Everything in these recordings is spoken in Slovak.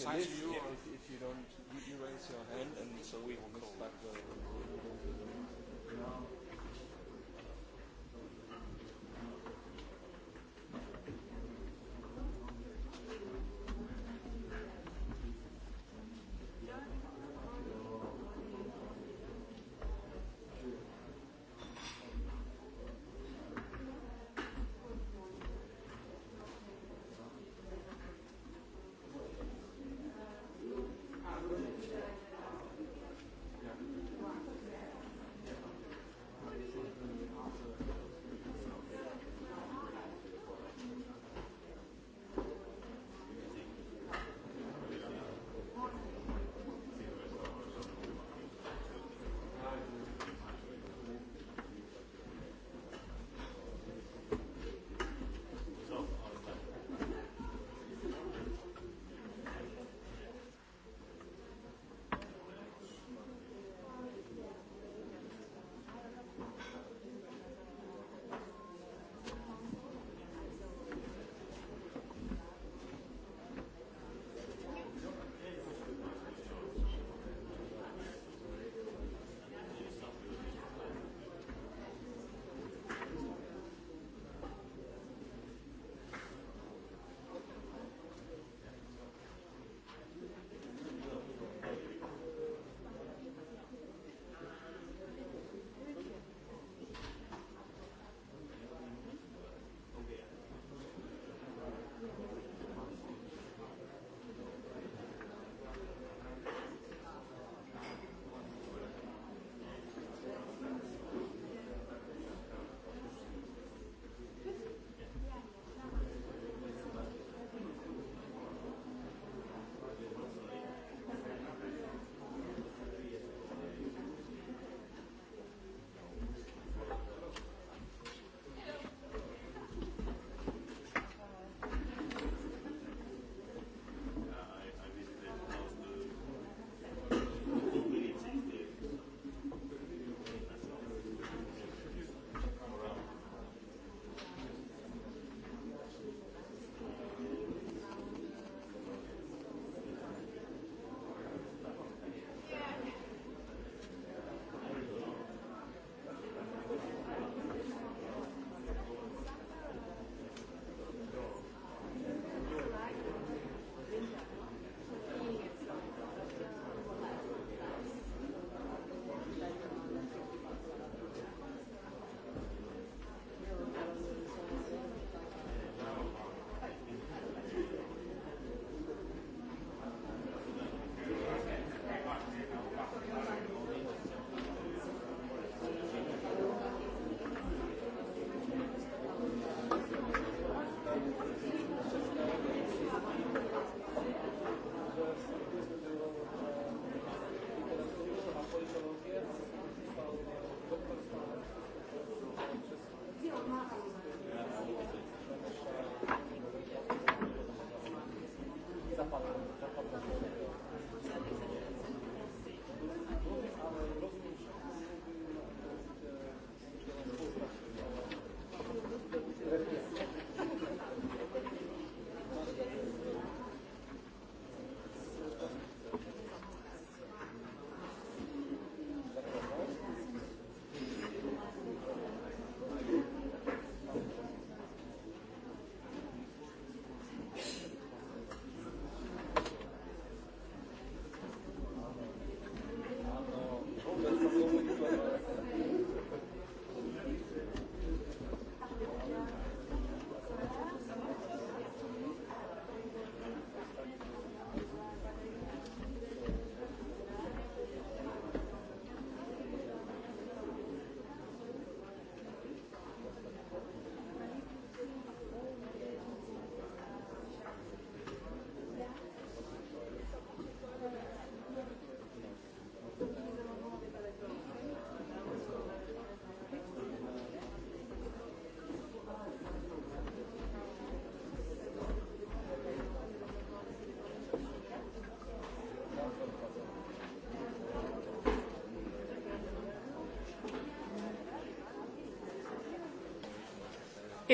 sign of you. Or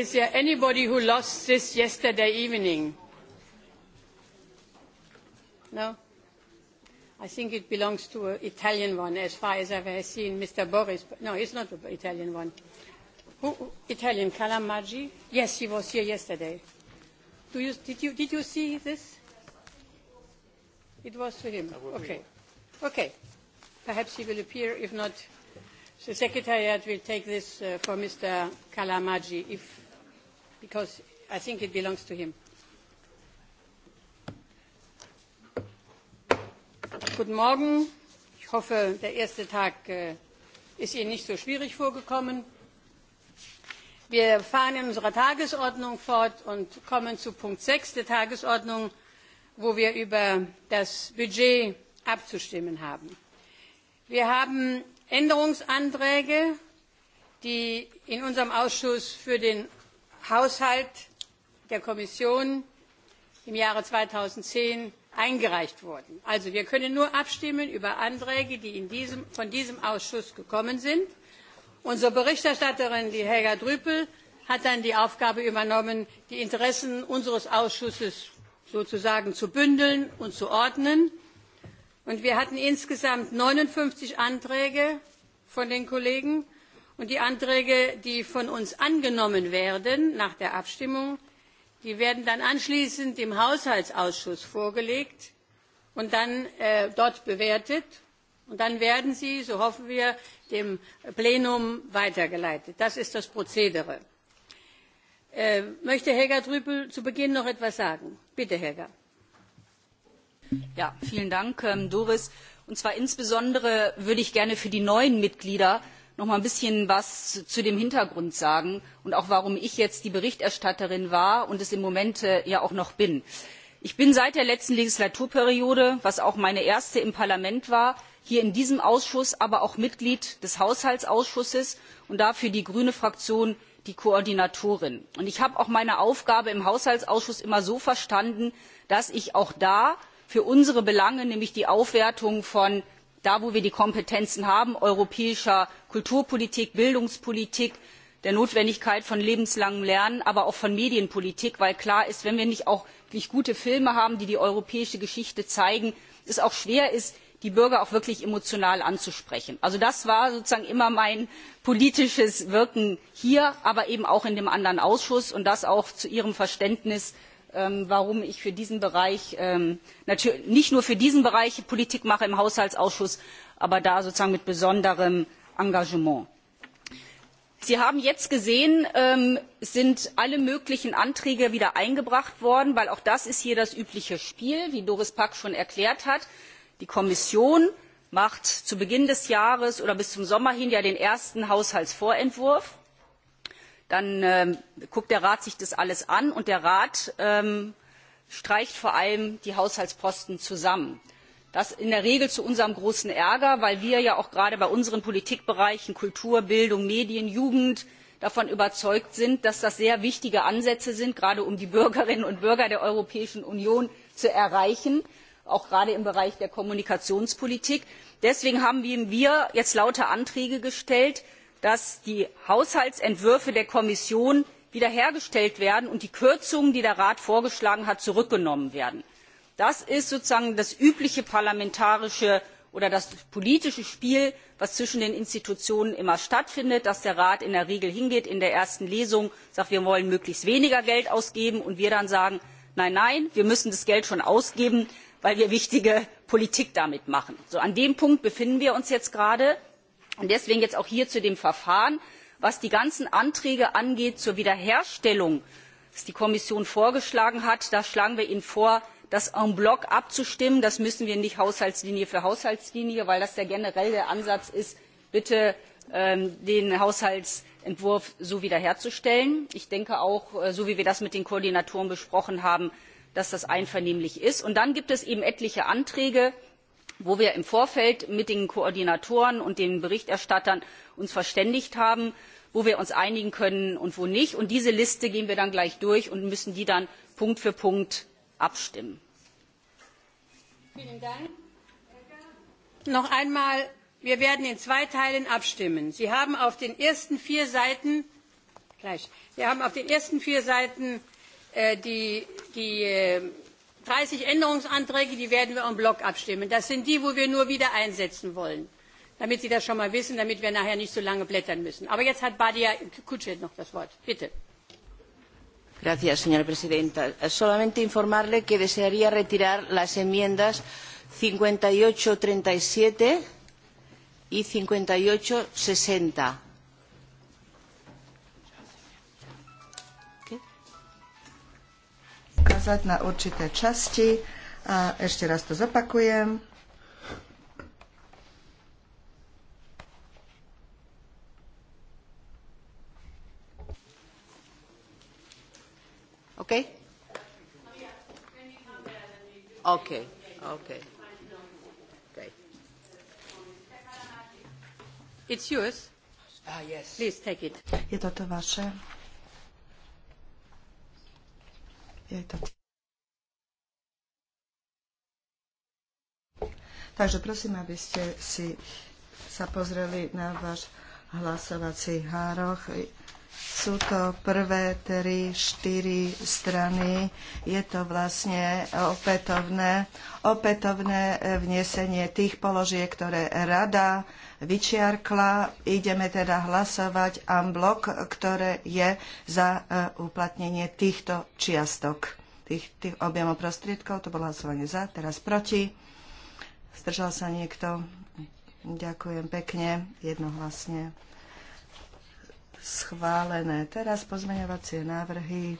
Is there anybody who lost this yesterday evening? No? I think it belongs to an Italian one, as far as I've seen. Mr. Boris, no, it's not an Italian one. Who, Italian, Calamaggi? Yes, he was here yesterday. Do you, did, you, did you see this? It was to him. Okay. Okay. Perhaps he will appear. If not, the Secretariat will take this uh, for Mr. Calamaggi. If because I think it belongs to him. Guten Morgen. Ich hoffe, der erste Tag äh, ist Ihnen nicht so schwierig vorgekommen. Wir fahren in unserer Tagesordnung fort und kommen zu Punkt 6 der Tagesordnung, wo wir über das Budget abzustimmen haben. Wir haben Änderungsanträge, die in unserem Ausschuss für den haushalt der kommission im jahre zweitausendzehn eingereicht wurden. also wir können nur abstimmen über anträge die von diesem ausschuss gekommen sind. unsere berichterstatterin die helga drüpel hat dann die aufgabe übernommen die interessen unseres ausschusses sozusagen zu bündeln und zu ordnen. Und wir hatten insgesamt neunundfünfzig anträge von den kollegen Und die Anträge, die von uns angenommen werden nach der Abstimmung, die werden dann anschließend dem Haushaltsausschuss vorgelegt und dann äh, dort bewertet. Und dann werden sie, so hoffen wir, dem Plenum weitergeleitet. Das ist das Prozedere. Äh, möchte Helga Trüpel zu Beginn noch etwas sagen? Bitte, Helga. Ja, vielen Dank, ähm, Doris. Und zwar insbesondere würde ich gerne für die neuen Mitglieder noch mal ein bisschen was zu dem hintergrund sagen und auch warum ich jetzt die berichterstatterin war und es im moment äh, ja auch noch bin. ich bin seit der letzten legislaturperiode was auch meine erste im parlament war hier in diesem ausschuss aber auch mitglied des haushaltsausschusses und da für die grüne fraktion die koordinatorin. ich habe auch meine aufgabe im haushaltsausschuss immer so verstanden dass ich auch da für unsere belange nämlich die aufwertung von da wo wir die kompetenzen haben europäischer kulturpolitik bildungspolitik der notwendigkeit von lebenslangem lernen aber auch von medienpolitik weil klar ist wenn wir nicht auch wirklich gute filme haben die die europäische geschichte zeigen es auch schwer ist die bürger auch wirklich emotional anzusprechen. also das war sozusagen immer mein politisches wirken hier aber eben auch in dem anderen ausschuss und das auch zu ihrem verständnis Ähm, warum ich für diesen Bereich, ähm, nicht nur für diesen Bereich Politik mache im Haushaltsausschuss, aber da sozusagen mit besonderem Engagement. Sie haben jetzt gesehen, ähm, es sind alle möglichen Anträge wieder eingebracht worden, denn auch das ist hier das übliche Spiel, wie Doris Pack schon erklärt hat. Die Kommission macht zu Beginn des Jahres oder bis zum Sommer hin ja den ersten Haushaltsvorentwurf dann schaut ähm, der Rat sich das alles an und der Rat ähm, streicht vor allem die Haushaltsposten zusammen. Das in der Regel zu unserem großen Ärger, weil wir ja auch gerade bei unseren Politikbereichen Kultur, Bildung, Medien, Jugend davon überzeugt sind, dass das sehr wichtige Ansätze sind, gerade um die Bürgerinnen und Bürger der Europäischen Union zu erreichen auch gerade im Bereich der Kommunikationspolitik. Deswegen haben wir jetzt lauter Anträge gestellt, dass die haushaltsentwürfe der kommission wiederhergestellt werden und die kürzungen die der rat vorgeschlagen hat zurückgenommen werden. das ist sozusagen das übliche parlamentarische oder das politische spiel das zwischen den institutionen immer stattfindet dass der rat in der regel hingeht in der ersten lesung sagt wir wollen möglichst weniger geld ausgeben und wir dann sagen nein nein wir müssen das geld schon ausgeben weil wir wichtige politik damit machen. an dem punkt befinden wir uns jetzt gerade und deswegen jetzt auch hier zu dem verfahren was die ganzen anträge angeht zur wiederherstellung was die kommission vorgeschlagen hat da schlagen wir ihnen vor das en bloc abzustimmen das müssen wir nicht haushaltslinie für haushaltslinie weil das generell der ansatz ist bitte ähm, den haushaltsentwurf so wiederherzustellen. ich denke auch äh, so wie wir das mit den koordinatoren besprochen haben dass das einvernehmlich ist. und dann gibt es eben etliche anträge wo wir uns im vorfeld mit den koordinatoren und den berichterstattern verständigt haben wo wir uns einigen können und wo nicht. Und diese liste gehen wir dann gleich durch und müssen die dann punkt für punkt abstimmen. noch einmal wir werden in zwei teilen abstimmen. sie haben auf den ersten vier seiten, gleich, den ersten vier seiten äh, die, die äh, dreißig änderungsanträge die werden wir en bloc abstimmen. das sind die wo wir nur wieder einsetzen wollen damit sie das schon mal wissen damit wir nachher nicht so lange blättern müssen. aber jetzt hat badia kuchet noch das wort. bitte. señora presidenta. Solamente informarle que desearía retirar las enmiendas ocho treinta y ocho sesenta rozkázať na určité časti a ešte raz to zopakujem. OK? OK, OK. It's yours. Ah, yes. Please take it. Je toto vaše? Je toto. Takže prosím, aby ste si sa pozreli na váš hlasovací hároch. Sú to prvé tri štyri strany. Je to vlastne opätovné, opätovné vnesenie tých položiek, ktoré rada vyčiarkla. Ideme teda hlasovať amblok, ktoré je za e, uplatnenie týchto čiastok, tých, tých objemov prostriedkov. To bolo hlasovanie za, teraz proti Zdržal sa niekto? Ďakujem pekne, jednohlasne. Schválené. Teraz pozmeňovacie návrhy.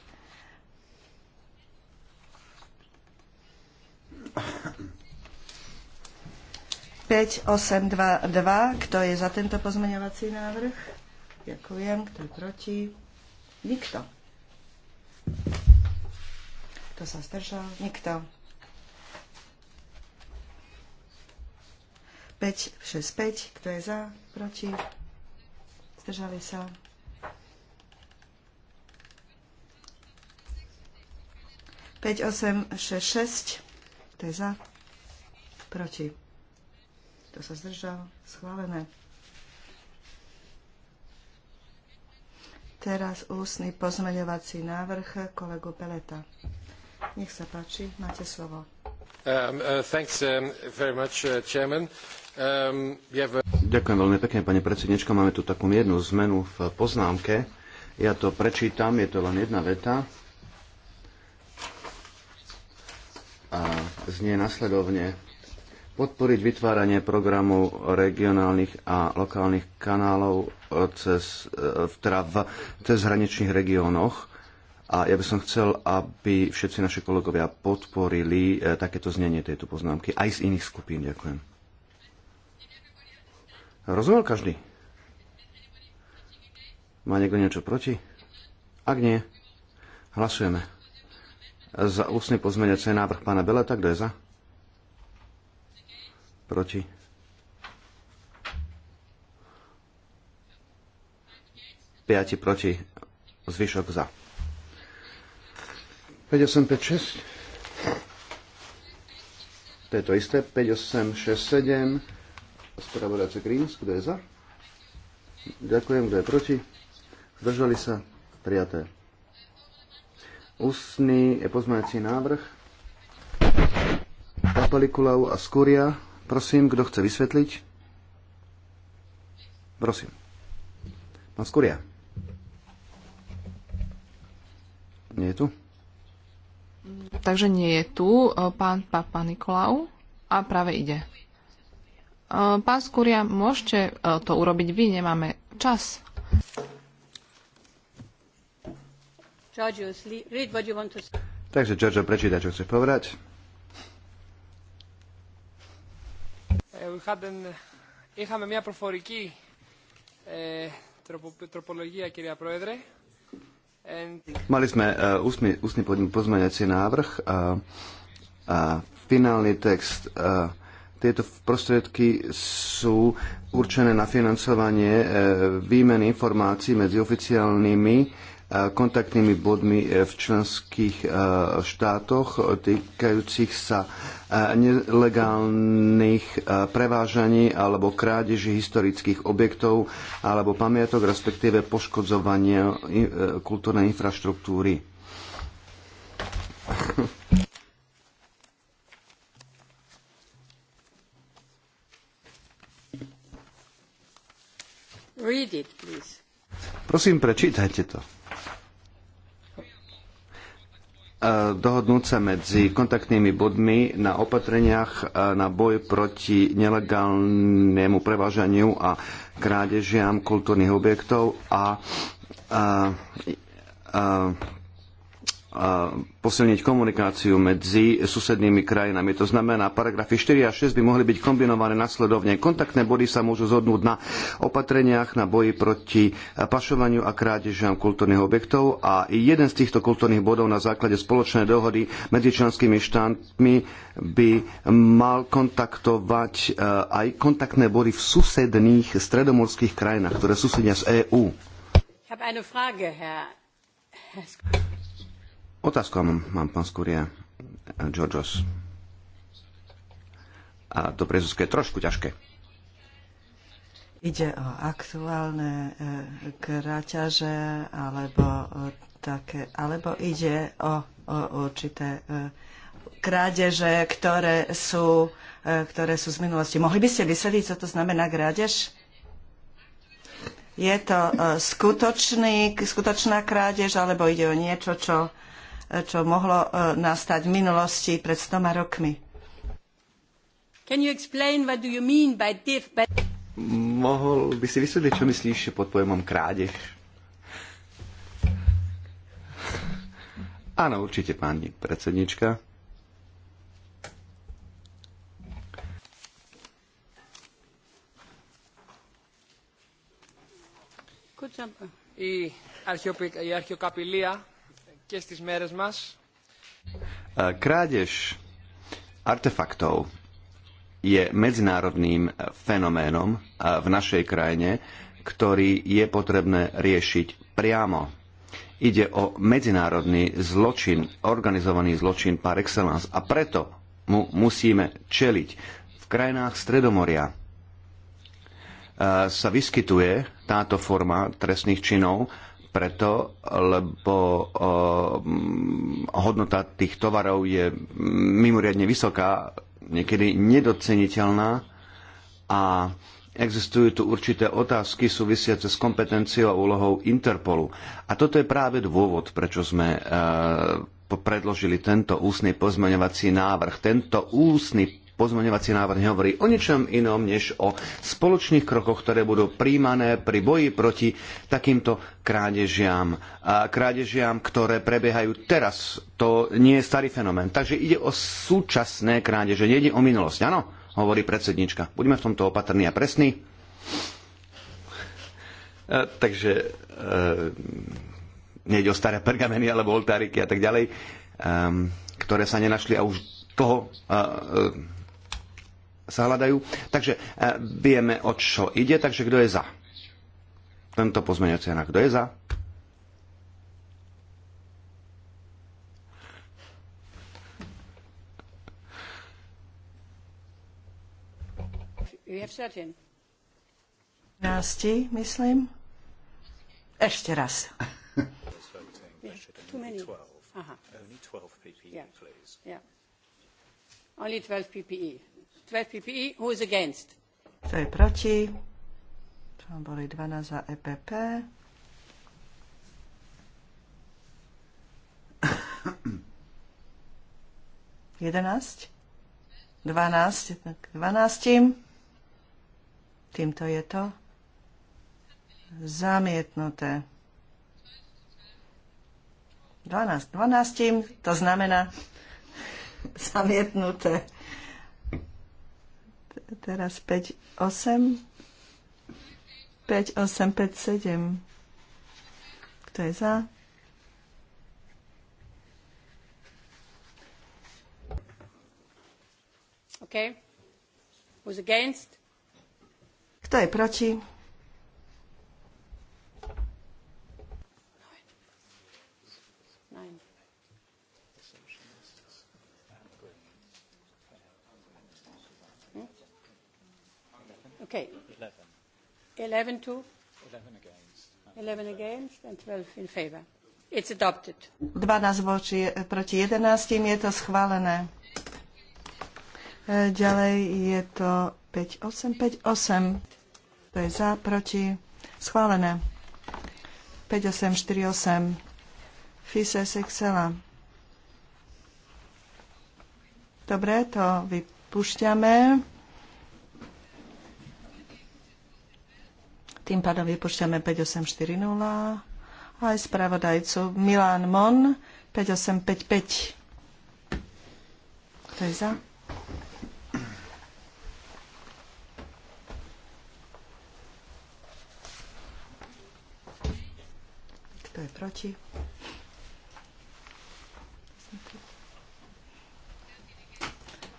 Päť, osem, dva, dva. Kto je za tento pozmeňovací návrh? Ďakujem. Kto je proti? Nikto. Kto sa zdržal? Nikto. 565, kto je za, proti, zdržali sa. Päť, osem, šesť, šesť, to je za, proti. To sa zdržal, schválené. Teraz ústny pozmeňovací návrh kolegu Peleta. Nech sa páči, máte slovo. Um, uh, thanks um, very much, uh, Chairman. Um, Ďakujem veľmi pekne, pani predsednička. Máme tu takú jednu zmenu v poznámke. Ja to prečítam, je to len jedna veta. A znie nasledovne podporiť vytváranie programov regionálnych a lokálnych kanálov cez, e, teda v hraničných regiónoch. A ja by som chcel, aby všetci naši kolegovia podporili e, takéto znenie tejto poznámky aj z iných skupín. Ďakujem. Rozumel každý? Má niekto niečo proti? Ak nie, hlasujeme. Za ústny pozmeňujúci návrh pána Beleta, kto je za? Proti? Piati proti, zvyšok za. 5856. To je to isté. 5867. Spravodajca Grins, kto je za? Ďakujem, kto je proti? Zdržali sa? Prijaté. Ústny pozmeňací návrh. Papalikulau a Skúria. Prosím, kto chce vysvetliť? Prosím. Pán Skúria. Nie je tu? Takže nie je tu eh, pán Papa Nikolau a práve ide. Eh, pán Skúria, môžete eh, to urobiť vy, nemáme čas. Takže Giorgio, prečítaj, čo chceš povedať. Eh, Mali sme uh, ústny pozmeňací návrh a, a finálny text uh, tieto prostriedky sú určené na financovanie e, výmeny informácií medzi oficiálnymi kontaktnými bodmi e, v členských e, štátoch týkajúcich sa nelegálnych prevážaní alebo krádeží historických objektov alebo pamiatok, respektíve poškodzovania kultúrnej infraštruktúry. Read it, please. Prosím, prečítajte to. Dohodnúť sa medzi kontaktnými bodmi na opatreniach na boj proti nelegálnemu prevážaniu a krádežiam kultúrnych objektov a, a, a posilniť komunikáciu medzi susednými krajinami. To znamená, paragrafy 4 a 6 by mohli byť kombinované nasledovne. Kontaktné body sa môžu zhodnúť na opatreniach na boji proti pašovaniu a krádežiam kultúrnych objektov a jeden z týchto kultúrnych bodov na základe spoločnej dohody medzi členskými štátmi by mal kontaktovať eh, aj kontaktné body v susedných stredomorských krajinách, ktoré susedia z EÚ. Otázku mám, pán Skúria. Georgios. A to prezúske je trošku ťažké. Ide o aktuálne e, kráťaže, alebo také, alebo ide o, o určité e, krádeže, ktoré sú, e, ktoré sú z minulosti. Mohli by ste vysvetliť, co to znamená krádež? Je to skutočný, skutočná krádež, alebo ide o niečo, čo čo mohlo e, nastať v minulosti pred stoma rokmi. By... Mohol by si vysvetliť, čo myslíš pod pojmom krádež? Áno, určite, pani predsednička. i archiokapilia, Krádež artefaktov je medzinárodným fenoménom v našej krajine, ktorý je potrebné riešiť priamo. Ide o medzinárodný zločin, organizovaný zločin par excellence a preto mu musíme čeliť. V krajinách Stredomoria e, sa vyskytuje táto forma trestných činov preto, lebo mm, hodnota tých tovarov je mimoriadne vysoká, niekedy nedoceniteľná a existujú tu určité otázky súvisiace s kompetenciou a úlohou Interpolu. A toto je práve dôvod, prečo sme e, predložili tento ústny pozmeňovací návrh. Tento ústny pozmeňovací návrh nehovorí o ničom inom, než o spoločných krokoch, ktoré budú príjmané pri boji proti takýmto krádežiam. A krádežiam, ktoré prebiehajú teraz. To nie je starý fenomén. Takže ide o súčasné krádeže, nejde o minulosť. Áno, hovorí predsednička. Buďme v tomto opatrní a presní. A, e, takže e nejde o staré pergameny alebo oltáriky a tak ďalej, e, ktoré sa nenašli a už toho e, sa hľadajú. Takže e, vieme, o čo ide, takže kto je za? Tento pozmeňovací návrh, kto je za? Násti, myslím. Ešte raz. Aha. Only 12 PPE, yeah. please. Yeah. Only 12 PPE. 12 Who is against? Kto je proti? To boli 12 za EPP. Jedenáct? Dvanáct, tak dvanáctim. Týmto je to zamietnuté. Dvanáct. Dvanáctim to znamená zamietnuté. Teraz 5, 8. 5, 8, 5, 7. Kto je za? Okay. Who's against? Kto je proti? Okay. 11. 11 to? 11 against. 11 against and 12 in favor. It's adopted. 12 voči, eh, proti 11 je to schválené. Eh, ďalej je to 5858. 58. To je za, proti. Schválené. 5848. Fises Excela. Dobre, to vypúšťame. Tým pádom vypúšťame 5840 aj spravodajcu Milan Mon 5855. Kto je za? Kto je proti?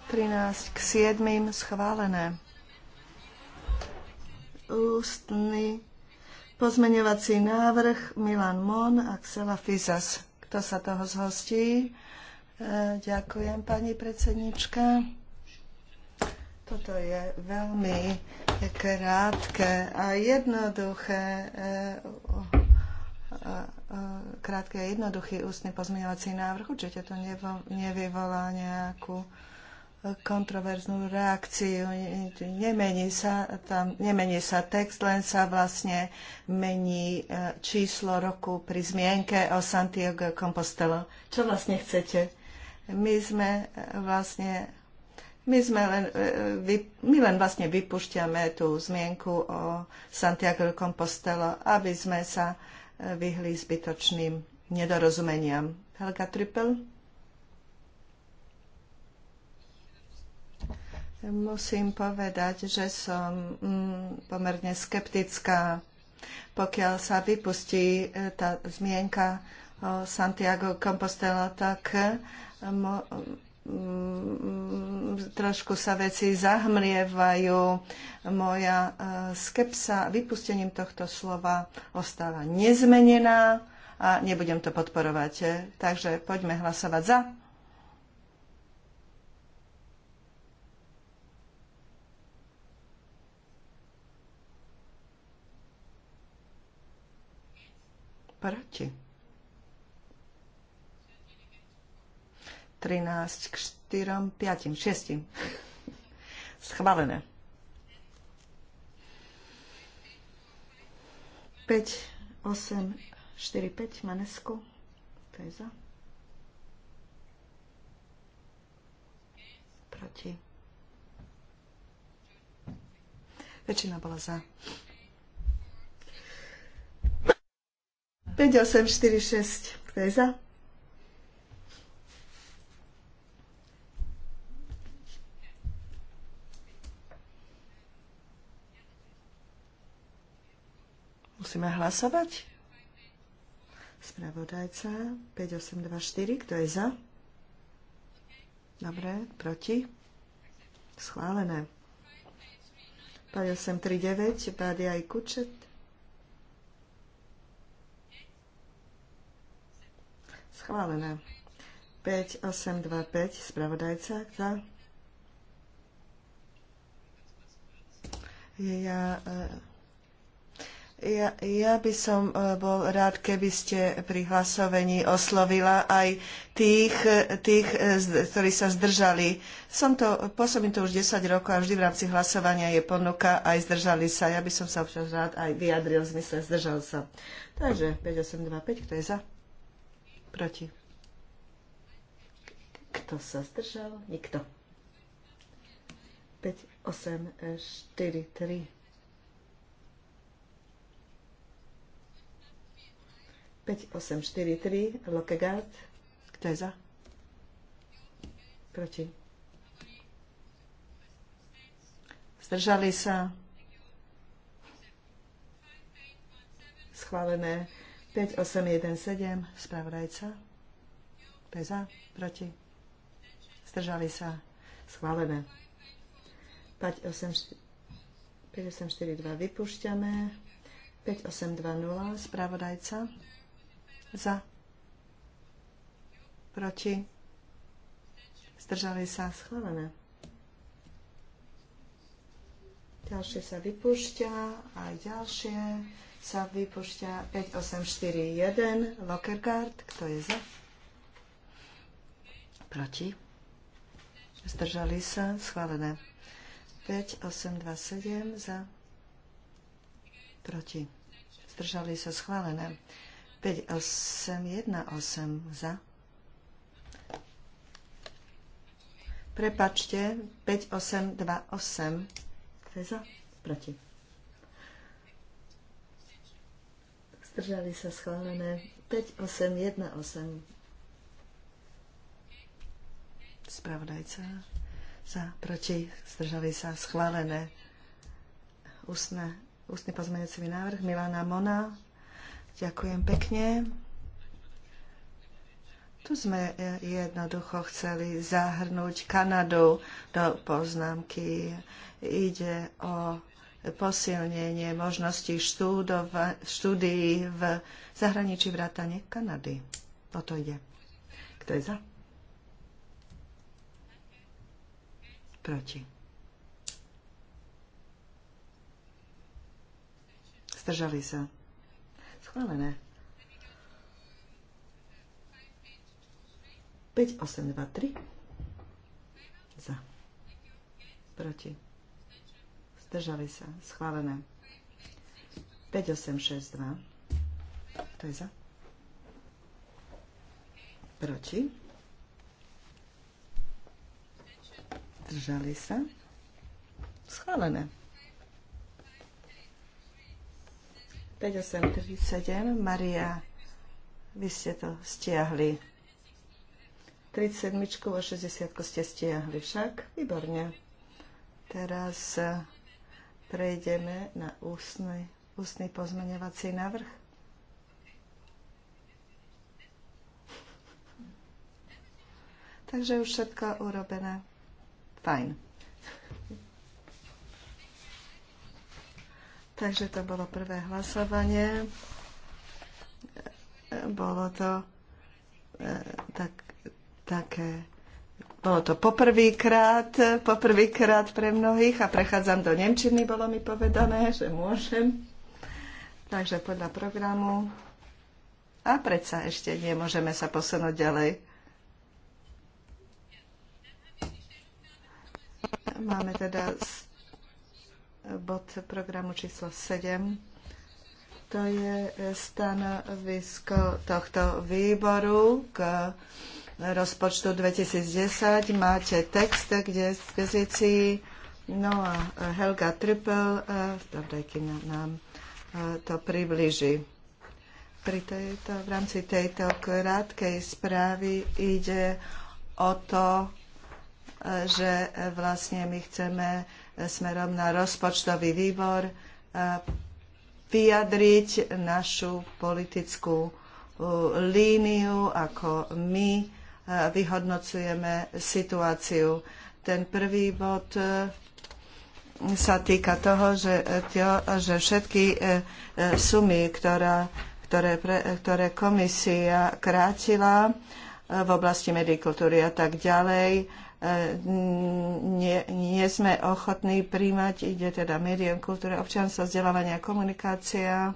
Trinásť k siedmým schválené ústny pozmeňovací návrh Milan Mon a Xela Fizas. Kto sa toho zhostí? E, ďakujem, pani predsednička. Toto je veľmi krátke a jednoduché e, e, krátky a jednoduchý ústny pozmeňovací návrh. Určite to nevyvolá nejakú kontroverznú reakciu. Nemení sa, tam, nemení sa text, len sa vlastne mení e, číslo roku pri zmienke o Santiago Compostelo. Čo vlastne chcete? My sme e, vlastne my, sme len, e, my len vlastne vypušťame tú zmienku o Santiago Compostelo, aby sme sa vyhli zbytočným nedorozumeniam. Helga Trippel? Musím povedať, že som mm, pomerne skeptická, pokiaľ sa vypustí e, tá zmienka o Santiago Compostela, tak e, mm, trošku sa veci zahmlievajú. Moja e, skepsa vypustením tohto slova ostáva nezmenená a nebudem to podporovať. Takže poďme hlasovať za. proti. 13 k 4, 5, 6. Schválené. 5, 8, 4, 5, manesko. To je za. Proti. Väčšina bola za. 5846. Kto je za? Musíme hlasovať? Spravodajca 5824, kto je za? Dobre, proti? Schválené. 5839, Bady aj Kučet. Schválené. 5825 spravodajca za. Ja, eh, ja, ja by som eh, bol rád, keby ste pri hlasovaní oslovila aj tých, eh, tých ktorí sa zdržali. Som to, pôsobím to už 10 rokov a vždy v rámci hlasovania je ponuka aj zdržali sa. Ja by som sa občas rád aj vyjadril v zmysle zdržal sa. Takže 5825, kto je za? Proti. Kto sa zdržal? Nikto. 5, 8, 4, 3. 5, osem, štyri, tri, Lokegard. Kto je za? Proti. Zdržali sa. Schválené. 5817, spravodajca. Peza, za, proti. Zdržali sa. Schválené. 5842 vypúšťame. 5820, spravodajca. Za. Proti. Zdržali sa. Schválené. Ďalšie sa vypúšťa a ďalšie sa vypúšťa 5841 Lockergard. Kto je za? Proti? Zdržali sa? Schválené. 5827 za? Proti? Zdržali sa? Schválené. 5818 za? Prepačte, 5828. Kto je za? Proti. Zdržali sa schválené 5818. Spravodajca za, proti, zdržali sa schválené ústne, ústne pozmeňujúci návrh Milana Mona. Ďakujem pekne. Tu sme e, jednoducho chceli zahrnúť Kanadu do poznámky. Ide o posilnenie možností štúdova, štúdií v zahraničí vrátane Kanady. O to ide. Kto je za? Proti. Zdržali sa. Schválené. 5, 8, 2, 3. Za. Proti zdržali sa, schválené. 5862. Kto je za? Proti? Zdržali sa? Schválené. 5837. Maria, vy ste to stiahli. 37 a 60 ste stiahli však. Výborne. Teraz prejdeme na ústny, ústny pozmeňovací návrh. Takže už všetko urobené. Fajn. Takže to bolo prvé hlasovanie. Bolo to e, tak, také bolo to poprvýkrát, poprvýkrát pre mnohých a prechádzam do Nemčiny, bolo mi povedané, že môžem. Takže podľa programu. A predsa ešte nie, môžeme sa posunúť ďalej. Máme teda bod programu číslo 7. To je stanovisko tohto výboru k rozpočtu 2010. Máte text, kde je v dispozícii. No a e, Helga Trippel, spravodajkyňa e, nám e, to približí. Pri tejto, v rámci tejto krátkej správy ide o to, že vlastne my chceme smerom na rozpočtový výbor vyjadriť našu politickú líniu, ako my vyhodnocujeme situáciu. Ten prvý bod e, sa týka toho, že, e, že všetky e, sumy, ktorá, ktoré, ktoré komisia krátila v oblasti medikultúry a tak ďalej, nie, nie sme ochotní príjmať, ide teda médium, kultúra, občianstvo, vzdelávanie a komunikácia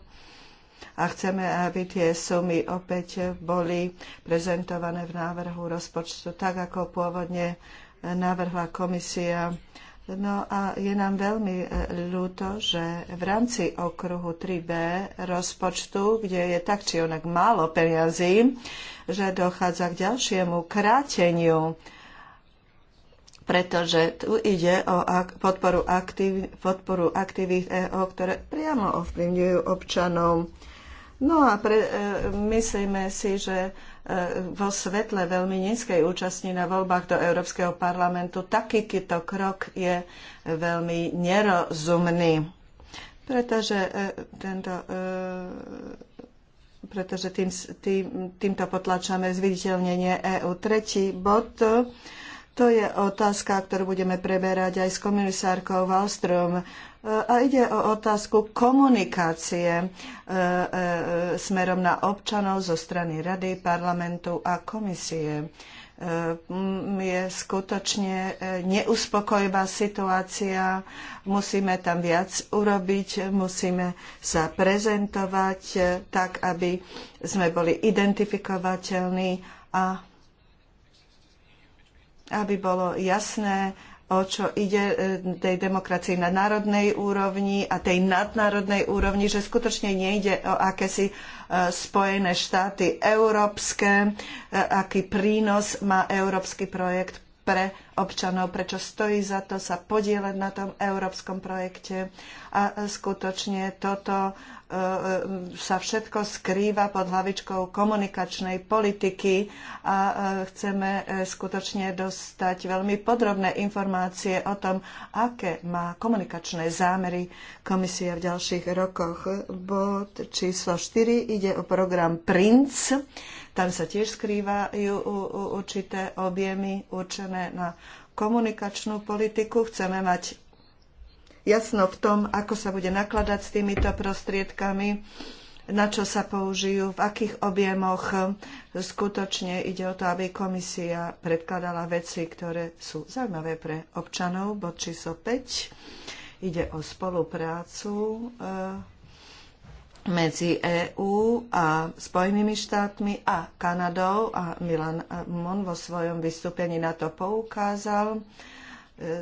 a chceme, aby tie sumy opäť boli prezentované v návrhu rozpočtu tak, ako pôvodne navrhla komisia. No a je nám veľmi e, ľúto, že v rámci okruhu 3B rozpočtu, kde je tak či onak málo peniazí, že dochádza k ďalšiemu kráteniu pretože tu ide o ak- podporu, aktiv- podporu aktivít EO, ktoré priamo ovplyvňujú občanov. No a pre, e, myslíme si, že e, vo svetle veľmi nízkej účastní na voľbách do Európskeho parlamentu takýto krok je veľmi nerozumný, pretože e, tento. pretože tým, tým, týmto potlačame zviditeľnenie EÚ. Tretí bod, to je otázka, ktorú budeme preberať aj s komisárkou Wallström. A ide o otázku komunikácie e, e, smerom na občanov zo strany Rady, parlamentu a komisie. E, je skutočne neuspokojivá situácia, musíme tam viac urobiť, musíme sa prezentovať tak, aby sme boli identifikovateľní a aby bolo jasné, o čo ide e, tej demokracii na národnej úrovni a tej nadnárodnej úrovni, že skutočne nejde o akési e, Spojené štáty európske, e, aký prínos má európsky projekt pre občanov, prečo stojí za to sa podieľať na tom európskom projekte. A skutočne toto E, sa všetko skrýva pod hlavičkou komunikačnej politiky a e, chceme e, skutočne dostať veľmi podrobné informácie o tom, aké má komunikačné zámery komisia v ďalších rokoch. Bod číslo 4 ide o program PRINCE. Tam sa tiež skrývajú určité objemy určené na komunikačnú politiku. Chceme mať jasno v tom, ako sa bude nakladať s týmito prostriedkami, na čo sa použijú, v akých objemoch. Skutočne ide o to, aby komisia predkladala veci, ktoré sú zaujímavé pre občanov. Bod číslo 5. Ide o spoluprácu eh, medzi EÚ a Spojenými štátmi a Kanadou a Milan Mon vo svojom vystúpení na to poukázal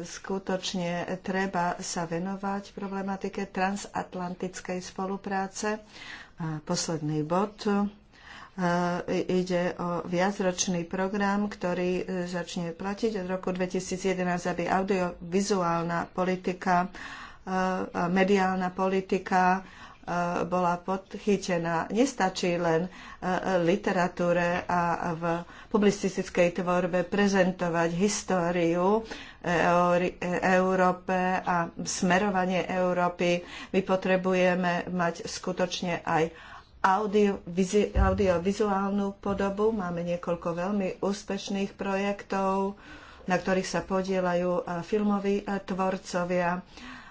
skutočne treba sa venovať problematike transatlantickej spolupráce. A posledný bod e, ide o viacročný program, ktorý e, začne platiť od roku 2011, aby audiovizuálna politika, e, mediálna politika Eh, bola podchytená. Nestačí len eh, literatúre a v publicistickej tvorbe prezentovať históriu eh, Európe a smerovanie Európy. My potrebujeme mať skutočne aj audiovizuálnu audio, podobu. Máme niekoľko veľmi úspešných projektov, na ktorých sa podielajú filmoví tvorcovia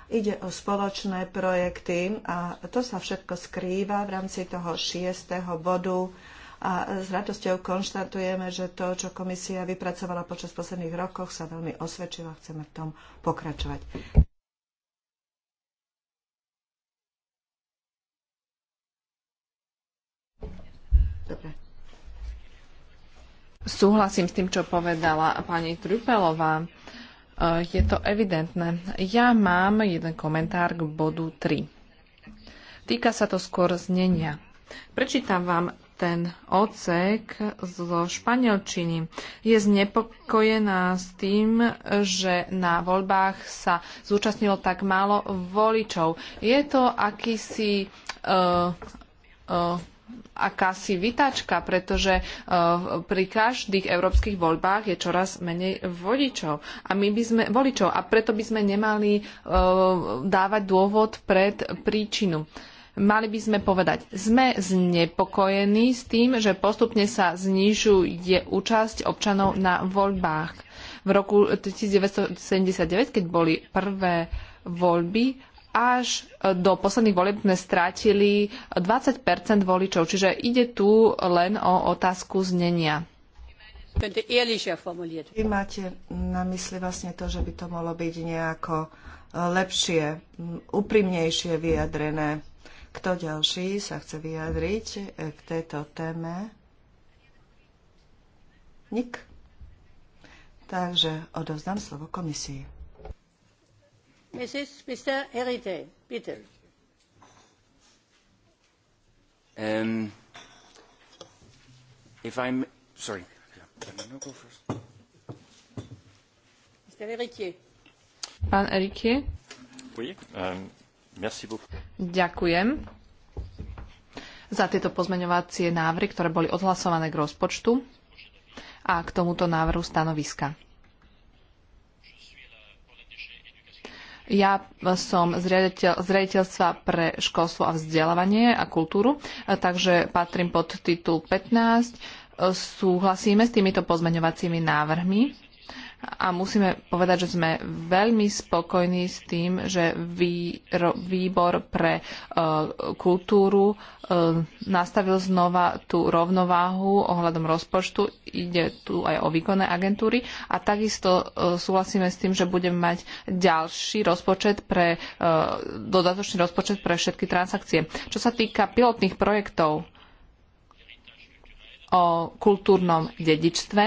Ide o spoločné projekty a to sa všetko skrýva v rámci toho šiestého bodu. A s radosťou konštatujeme, že to, čo komisia vypracovala počas posledných rokov, sa veľmi osvedčilo a chceme v tom pokračovať. Dobre. Súhlasím s tým, čo povedala pani Trupelová. Eh, je to evidentné. Ja mám jeden komentár k bodu 3. Týka sa to skôr znenia. Prečítam vám ten ocek zo španielčiny. Je znepokojená s tým, že na voľbách sa zúčastnilo tak málo voličov. Je to akýsi uh, uh, akási vytačka, pretože uh, pri každých európskych voľbách je čoraz menej vodičov. A my by sme, voličov a preto by sme nemali uh, dávať dôvod pred príčinu. Mali by sme povedať, sme znepokojení s tým, že postupne sa znižuje účasť občanov na voľbách. V roku 1979, keď boli prvé voľby, až do posledných volieb sme strátili 20 voličov, čiže ide tu len o otázku znenia. Vy máte na mysli vlastne to, že by to mohlo byť nejako lepšie, úprimnejšie vyjadrené. Kto ďalší sa chce vyjadriť e, k tejto téme? Nik? Takže odovzdám slovo komisii. Um, if I'm sorry, Pán Erikie. Oui, um, merci beaucoup. Ďakujem za tieto pozmeňovacie návrhy, ktoré boli odhlasované k rozpočtu a k tomuto návrhu stanoviska. Ja som z riaditeľ, riaditeľstva pre školstvo a vzdelávanie a kultúru, e, takže patrím pod titul 15. E, súhlasíme s týmito pozmeňovacími návrhmi a musíme povedať, že sme veľmi spokojní s tým, že výbor pre e, kultúru e, nastavil znova tú rovnováhu ohľadom rozpočtu. Ide tu aj o výkonné agentúry a takisto e, súhlasíme s tým, že budeme mať ďalší rozpočet pre dodatočný rozpočet pre všetky transakcie. Čo sa týka pilotných projektov o kultúrnom dedičstve,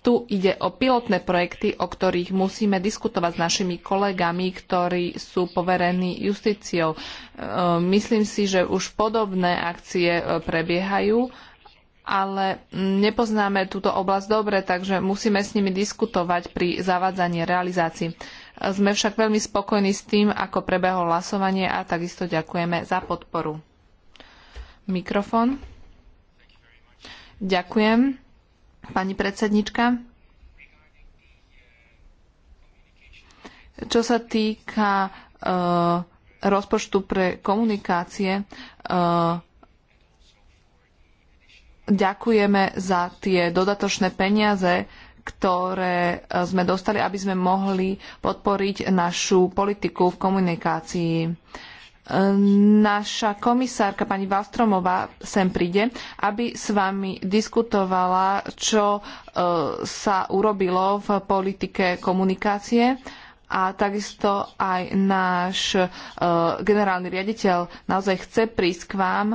tu ide o pilotné projekty, o ktorých musíme diskutovať s našimi kolegami, ktorí sú poverení justíciou. E, myslím si, že už podobné akcie e, prebiehajú, ale nepoznáme túto oblasť dobre, takže musíme s nimi diskutovať pri zavádzaní realizácií. Sme však veľmi spokojní s tým, ako prebehlo hlasovanie a takisto ďakujeme za podporu. Mikrofón. Ďakujem pani predsednička. Čo sa týka uh, rozpočtu pre komunikácie, uh, ďakujeme za tie dodatočné peniaze, ktoré eh, sme dostali, aby sme mohli podporiť našu politiku v komunikácii naša komisárka pani Valstromová sem príde, aby s vami diskutovala, čo e, sa urobilo v politike komunikácie a takisto aj náš e, generálny riaditeľ naozaj chce prísť k vám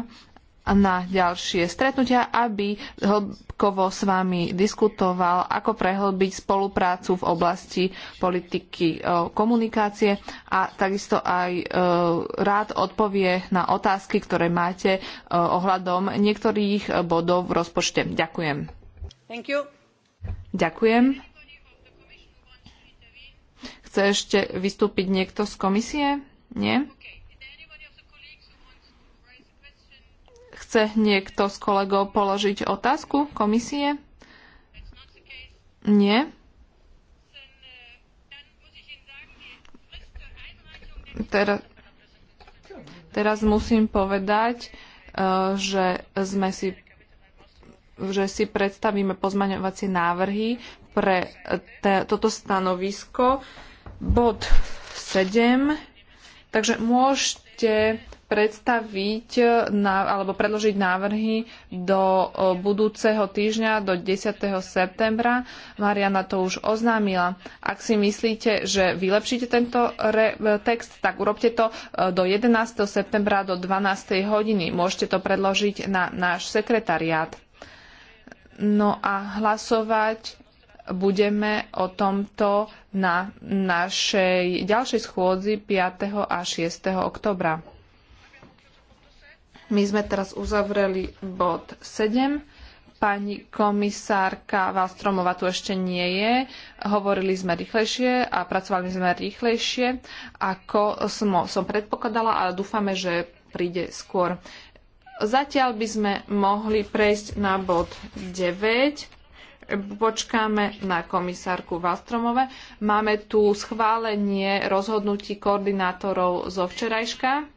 na ďalšie stretnutia, aby hĺbkovo s vami diskutoval, ako prehlbiť spoluprácu v oblasti politiky e, komunikácie a takisto aj e, rád odpovie na otázky, ktoré máte e, ohľadom niektorých bodov v rozpočte. Ďakujem. Ďakujem. Chce ešte vystúpiť niekto z komisie? Nie? Chce niekto z kolegov položiť otázku komisie? Nie. Teraz, teraz musím povedať, eh, že sme si že si predstavíme pozmaňovacie návrhy pre te, toto stanovisko. Bod 7. Takže môžete predstaviť eh, alebo predložiť návrhy do eh, budúceho týždňa, do 10. septembra. Mariana to už oznámila. Ak si myslíte, že vylepšíte tento re, eh, text, tak urobte to do 11. septembra do 12. hodiny. Môžete to predložiť na náš sekretariát. No a hlasovať budeme o tomto na našej ďalšej schôdzi 5. a 6. oktobra. My sme teraz uzavreli bod 7. Pani komisárka Valstromová tu ešte nie je. Hovorili sme rýchlejšie a pracovali sme rýchlejšie, ako som, som predpokladala, ale dúfame, že príde skôr. Zatiaľ by sme mohli prejsť na bod 9 počkáme na komisárku Valstromove. Máme tu schválenie rozhodnutí koordinátorov zo včerajška.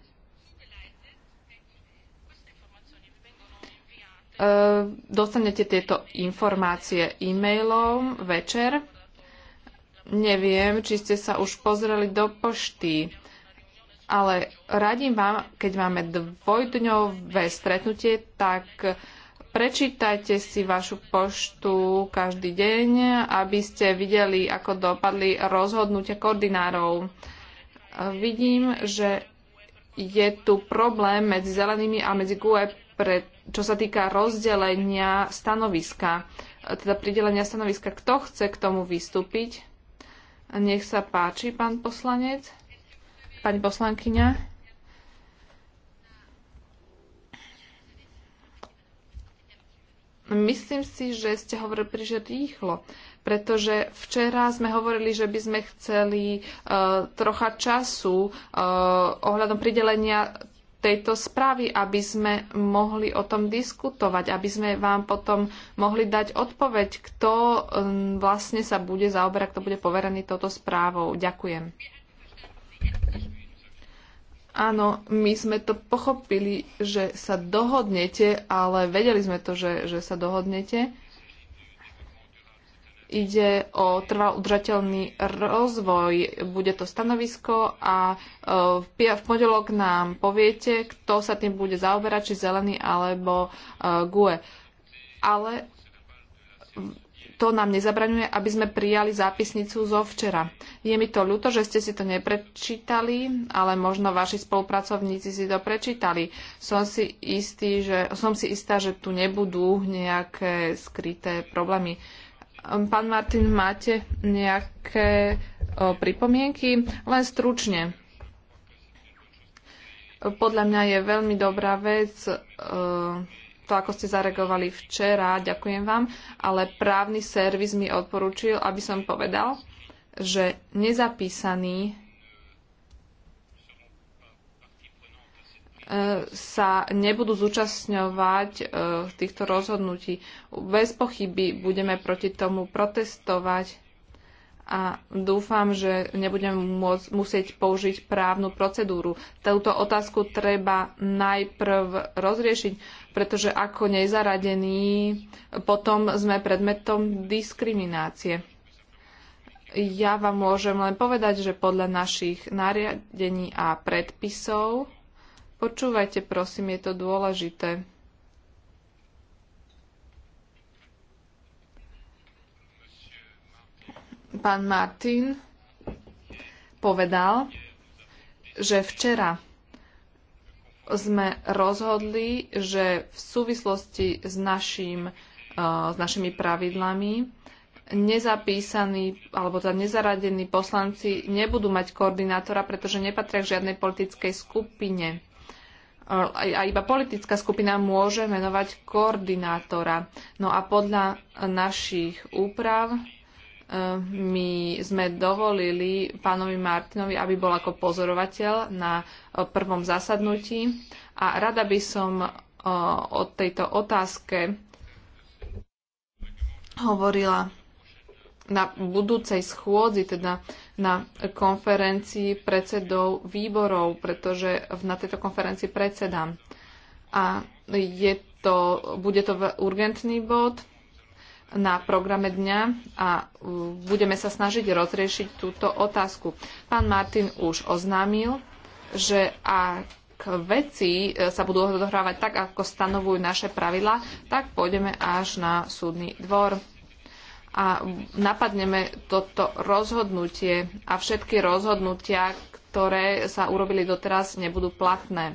E, dostanete tieto informácie e-mailom večer. Neviem, či ste sa už pozreli do pošty, ale radím vám, keď máme dvojdňové stretnutie, tak prečítajte si vašu poštu každý deň, aby ste videli, ako dopadli rozhodnutia koordinárov. E, vidím, že je tu problém medzi zelenými a medzi GUE, preto čo sa týka rozdelenia stanoviska, teda pridelenia stanoviska, kto chce k tomu vystúpiť. Nech sa páči, pán poslanec, pani poslankyňa. Myslím si, že ste hovorili príliš rýchlo, pretože včera sme hovorili, že by sme chceli uh, trocha času uh, ohľadom pridelenia tejto správy, aby sme mohli o tom diskutovať, aby sme vám potom mohli dať odpoveď, kto um, vlastne sa bude zaoberať, kto bude poverený touto správou. Ďakujem. Áno, my sme to pochopili, že sa dohodnete, ale vedeli sme to, že, že sa dohodnete ide o trval udržateľný rozvoj. Bude to stanovisko a e, v pondelok nám poviete, kto sa tým bude zaoberať, či zelený alebo e, GUE. Ale to nám nezabraňuje, aby sme prijali zápisnicu zo včera. Je mi to ľúto, že ste si to neprečítali, ale možno vaši spolupracovníci si to prečítali. Som si, istý, že, som si istá, že tu nebudú nejaké skryté problémy. Uh, Hm, pán Martin, máte nejaké pripomienky? Len stručne. Podľa mňa je veľmi dobrá vec to, ako ste zareagovali včera, ďakujem vám, ale právny servis mi odporúčil, aby som povedal, že nezapísaný sa nebudú zúčastňovať e, týchto rozhodnutí. Bez pochyby budeme proti tomu protestovať a dúfam, že nebudeme môcť, musieť použiť právnu procedúru. Túto otázku treba najprv rozriešiť, pretože ako nezaradení potom sme predmetom diskriminácie. Ja vám môžem len povedať, že podľa našich nariadení a predpisov Počúvajte, prosím, je to dôležité. Pán Martin povedal, že včera sme rozhodli, že v súvislosti s, našim, uh, s našimi pravidlami nezapísaní alebo teda nezaradení poslanci nebudú mať koordinátora, pretože nepatria k žiadnej politickej skupine a iba politická skupina môže menovať koordinátora. No a podľa našich úprav e, my sme dovolili pánovi Martinovi, aby bol ako pozorovateľ na e, prvom zasadnutí. A rada by som e, o tejto otázke hovorila na budúcej schôdzi, teda na konferencii predsedov výborov, pretože na tejto konferencii predsedám. A je to, bude to urgentný bod na programe dňa a budeme sa snažiť rozriešiť túto otázku. Pán Martin už oznámil, že ak veci e, sa budú odohrávať tak, ako stanovujú naše pravidlá, tak pôjdeme až na súdny dvor a napadneme toto rozhodnutie a všetky rozhodnutia, ktoré sa urobili doteraz, nebudú platné.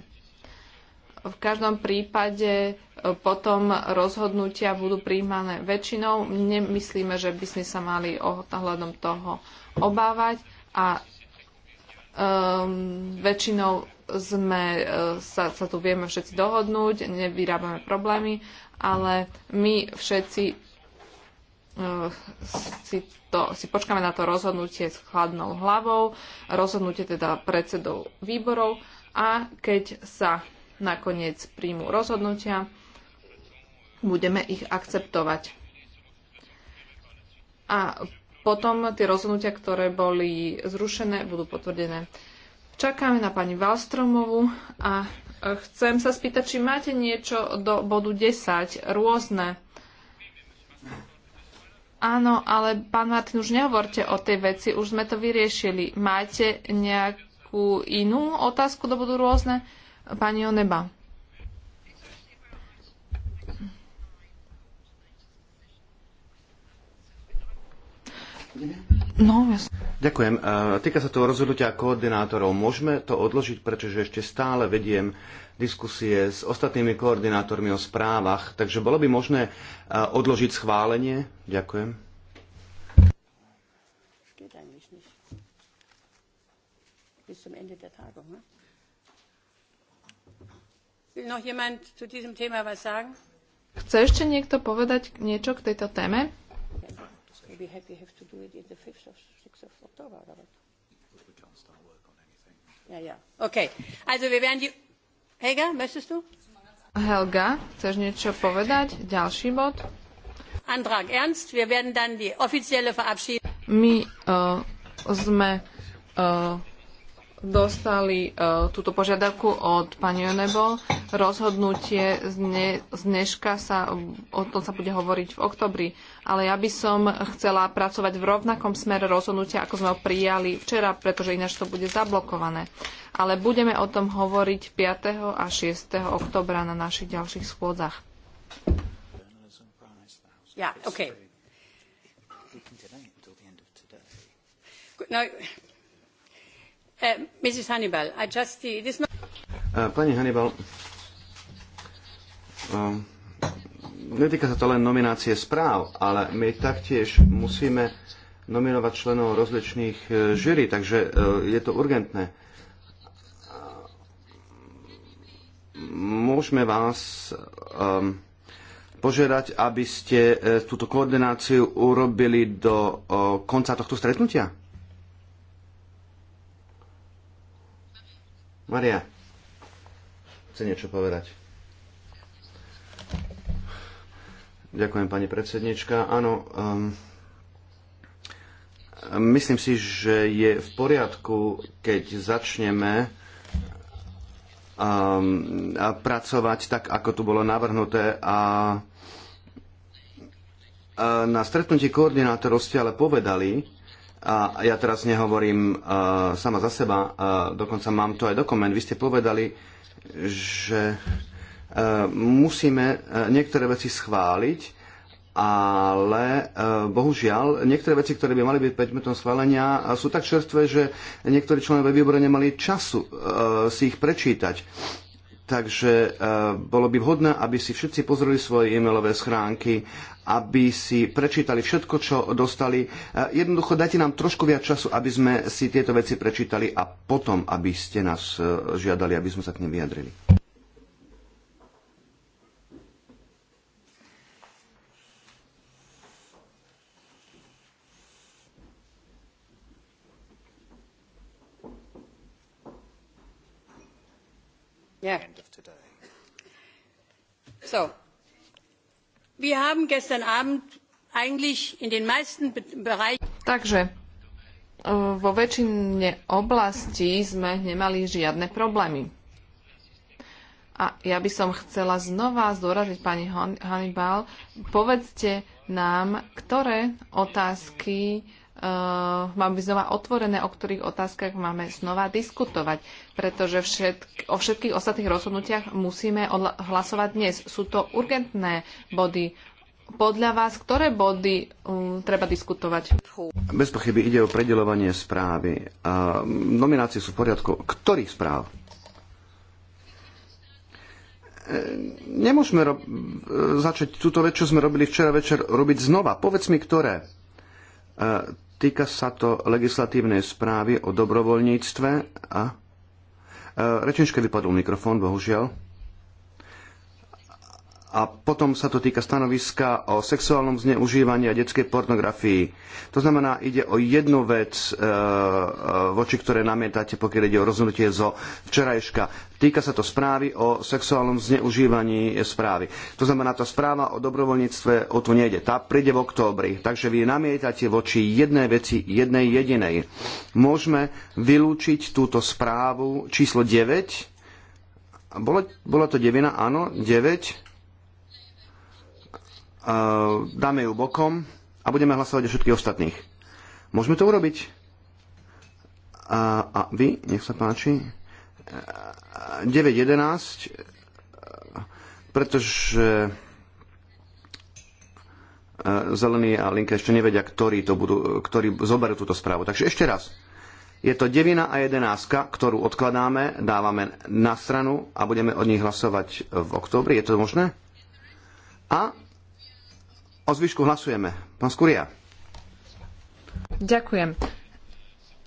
V každom prípade e, potom rozhodnutia budú príjmané väčšinou. Nemyslíme, že by sme sa mali ohľadom toho obávať a um, väčšinou sme, e, sa, sa tu vieme všetci dohodnúť, nevyrábame problémy, ale my všetci Eh, si, to, si počkáme na to rozhodnutie s chladnou hlavou, rozhodnutie teda predsedov výborov a keď sa nakoniec príjmu rozhodnutia, budeme ich akceptovať. A potom tie rozhodnutia, ktoré boli zrušené, budú potvrdené. Čakáme na pani Valstromovu a chcem sa spýtať, či máte niečo do bodu 10 rôzne Áno, ale pán Martin, už nehovorte o tej veci, už sme to vyriešili. Máte nejakú inú otázku, do budú rôzne? Pani Oneba. No, jasne. Ďakujem. Týka sa toho rozhodnutia koordinátorov. Môžeme to odložiť, pretože ešte stále vediem diskusie s ostatnými koordinátormi o správach, takže bolo by možné e, odložiť schválenie? Ďakujem. Chce ešte niekto povedať niečo k tejto téme? Ja, ja. we Okay. Also wir werden die Helga, möchtest du? Helga, chceš niečo povedať? Ďalší bod? Antrag ernst, wir werden dann die offizielle verabschiedung. My uh, sme uh, dostali uh, túto požiadavku od pani Jonebo. Rozhodnutie z, z dneška sa, o tom sa bude hovoriť v oktobri, ale ja by som chcela pracovať v rovnakom smere rozhodnutia, ako sme ho prijali včera, pretože ináč to bude zablokované. Ale budeme o tom hovoriť 5. a 6. oktobra na našich ďalších schôdzach. Yeah, okay. Uh, Hannibal, uh, Pani Hannibal, um, netýka sa to len nominácie správ, ale my taktiež musíme nominovať členov rozličných e, žiry, takže e, je to urgentné. Môžeme vás um, požiadať, aby ste e, túto koordináciu urobili do konca tohto stretnutia? Maria, chce niečo povedať? Ďakujem, pani predsednička. Áno, um, myslím si, že je v poriadku, keď začneme um, a pracovať tak, ako tu bolo navrhnuté a na stretnutí koordinátorov ste ale povedali, a ja teraz nehovorím uh, sama za seba, uh, dokonca mám to aj dokument. Vy ste povedali, že uh, musíme uh, niektoré veci schváliť, ale bohužiaľ niektoré veci, ktoré by mali byť predmetom schválenia, sú tak čerstvé, že niektorí členové výboru nemali času si ich prečítať. Takže e, bolo by vhodné, aby si všetci pozreli svoje e-mailové schránky, aby si prečítali všetko, čo dostali. E, jednoducho dajte nám trošku viac času, aby sme si tieto veci prečítali a potom, aby ste nás e, žiadali, aby sme sa k nim vyjadrili. yeah. end of today. So, we have gestern Abend eigentlich in den meisten Bereichen. Takže e, vo väčšine oblasti sme nemali žiadne problémy. A ja by som chcela znova zdôraziť, pani Hannibal, povedzte nám, ktoré otázky Eh, máme byť znova otvorené, o ktorých otázkach máme znova diskutovať, pretože všetk, o všetkých ostatných rozhodnutiach musíme hlasovať dnes. Sú to urgentné body. Podľa vás, ktoré body um, treba diskutovať? Bez pochyby ide o predelovanie správy. Uh, nominácie sú v poriadku. Ktorých správ? E, nemôžeme ro- e, začať túto vec, čo sme robili včera večer, robiť znova. Povedz mi, ktoré e, Týka sa to legislatívnej správy o dobrovoľníctve a e, vypadol mikrofón, bohužiaľ a potom sa to týka stanoviska o sexuálnom zneužívaní a detskej pornografii. To znamená, ide o jednu vec, e, e voči ktoré namietate, pokiaľ ide o rozhodnutie zo včerajška. Týka sa to správy o sexuálnom zneužívaní správy. To znamená, tá správa o dobrovoľníctve o tu nejde. Tá príde v októbri. Takže vy namietate voči jednej veci, jednej jedinej. Môžeme vylúčiť túto správu číslo 9. Bolo, bola to devina, áno, 9 dáme ju bokom a budeme hlasovať o všetkých ostatných. Môžeme to urobiť? A, a vy, nech sa páči. 9.11, pretože e, Zelený a Linka ešte nevedia, ktorí, to budú, ktorí zoberú túto správu. Takže ešte raz. Je to 9 a 11, ktorú odkladáme, dávame na stranu a budeme od nich hlasovať v októbri. Je to možné? A O zvyšku hlasujeme. Pán Skuria. Ďakujem.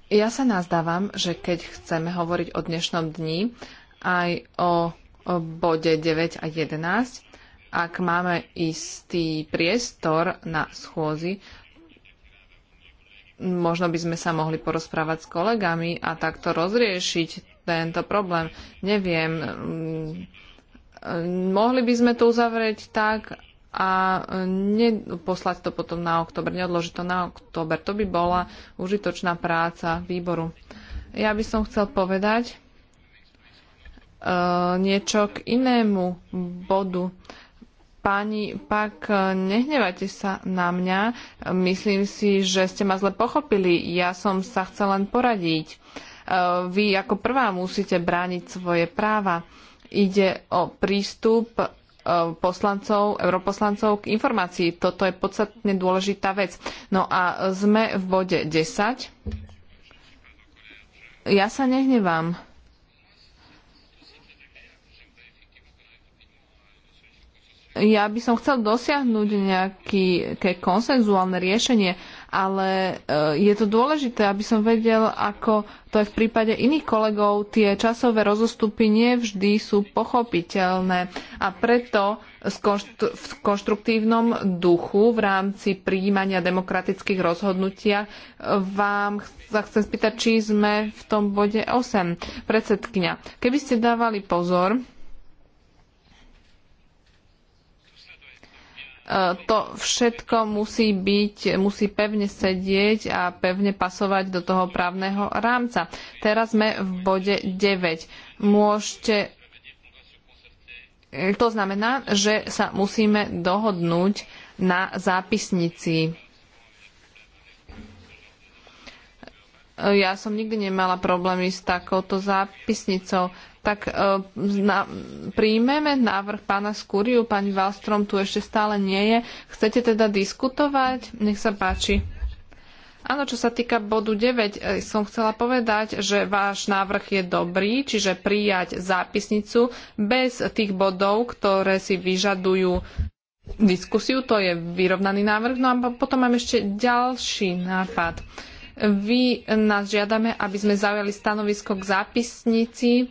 Ja sa nazdávam, že keď chceme hovoriť o dnešnom dni, aj o, o bode 9 a 11, ak máme istý priestor na schôzi, možno by sme sa mohli porozprávať s kolegami a takto rozriešiť tento problém. Neviem, mm, mohli by sme to uzavrieť tak, a e, neposlať to potom na október, neodložiť to na október. To by bola užitočná práca výboru. Ja by som chcel povedať uh, niečo k inému bodu. Pani pak e, nehnevajte sa na mňa. Myslím si, že ste ma zle pochopili. Ja som sa chcel len poradiť. Uh, vy ako prvá musíte brániť svoje práva. Ide o prístup poslancov, europoslancov k informácii. Toto je podstatne dôležitá vec. No a sme v bode 10. Ja sa nehnevám. Ja by som chcel dosiahnuť nejaké konsenzuálne riešenie ale e, je to dôležité, aby som vedel, ako to je v prípade iných kolegov, tie časové rozostupy nevždy sú pochopiteľné a preto v konštruktívnom duchu v rámci prijímania demokratických rozhodnutia vám sa chcem spýtať, či sme v tom bode 8. Predsedkňa, keby ste dávali pozor, to všetko musí byť, musí pevne sedieť a pevne pasovať do toho právneho rámca. Teraz sme v bode 9. Môžete to znamená, že sa musíme dohodnúť na zápisnici ja som nikdy nemala problémy s takouto zápisnicou. Tak e, na, príjmeme návrh pána Skúriu, pani Valstrom tu ešte stále nie je. Chcete teda diskutovať? Nech sa páči. Áno, čo sa týka bodu 9, e, som chcela povedať, že váš návrh je dobrý, čiže prijať zápisnicu bez tých bodov, ktoré si vyžadujú diskusiu, to je vyrovnaný návrh. No a potom mám ešte ďalší nápad. Uh, vy nás žiadame, aby sme zaujali stanovisko k zápisnici, e,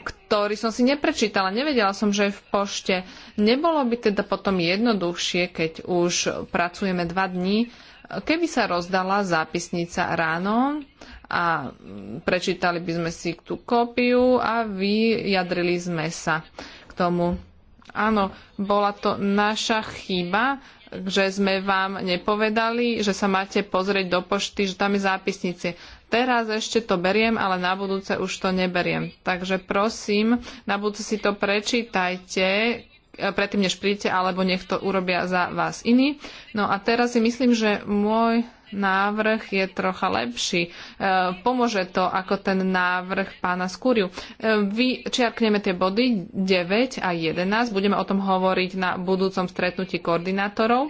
ktorý som si neprečítala. Nevedela som, že je v pošte. Nebolo by teda potom jednoduchšie, keď už pracujeme dva dní, keby sa rozdala zápisnica ráno a prečítali by sme si tú kópiu a vyjadrili sme sa k tomu. Áno, bola to naša chyba že sme vám nepovedali, že sa máte pozrieť do pošty, že tam je zápisnice. Teraz ešte to beriem, ale na budúce už to neberiem. Takže prosím, na budúce si to prečítajte, predtým, než príjete, alebo nech to urobia za vás iní. No a teraz si myslím, že môj návrh je trocha lepší. E, pomôže to ako ten návrh pána Skúriu. E, Vyčiarkneme tie body 9 a 11. Budeme o tom hovoriť na budúcom stretnutí koordinátorov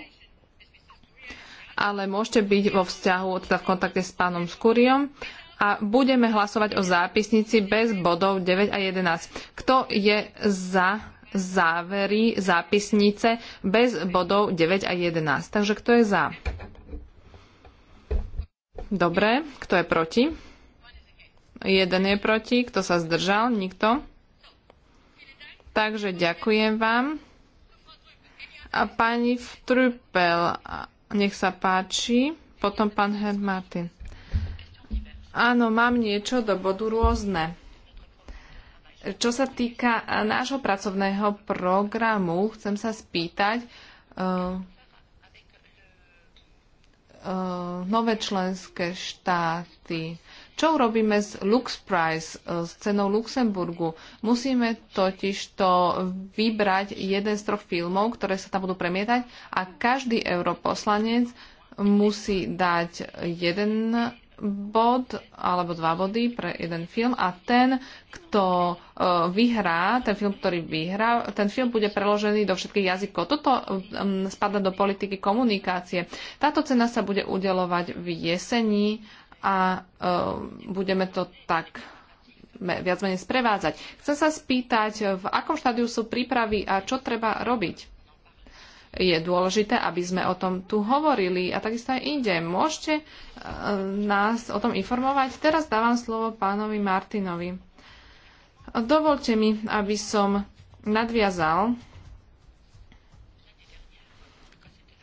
ale môžete byť vo vzťahu, teda v kontakte s pánom Skúriom a budeme hlasovať o zápisnici bez bodov 9 a 11. Kto je za závery, zápisnice bez bodov 9 a 11. Takže kto je za? Dobre, kto je proti? Jeden je proti, kto sa zdržal? Nikto. Takže ďakujem vám. A pani Vtrupel, nech sa páči. Potom pán Herr Martin. Áno, mám niečo do bodu rôzne. Čo sa týka e, nášho pracovného programu, chcem sa spýtať, uh, uh, nové členské štáty. Čo urobíme s Lux Price, s cenou Luxemburgu? Musíme totiž to vybrať jeden z troch filmov, ktoré sa tam budú premietať a každý europoslanec musí dať jeden bod alebo dva body pre jeden film a ten, kto e, vyhrá, ten film, ktorý vyhrá, ten film bude preložený do všetkých jazykov. Toto spada do politiky komunikácie. Táto cena sa bude udelovať v jeseni a e, budeme to tak viac menej sprevádzať. Chcem sa spýtať, v akom štádiu sú prípravy a čo treba robiť? je dôležité, aby sme o tom tu hovorili a takisto aj inde. Môžete e, nás o tom informovať. Teraz dávam slovo pánovi Martinovi. Dovolte mi, aby som nadviazal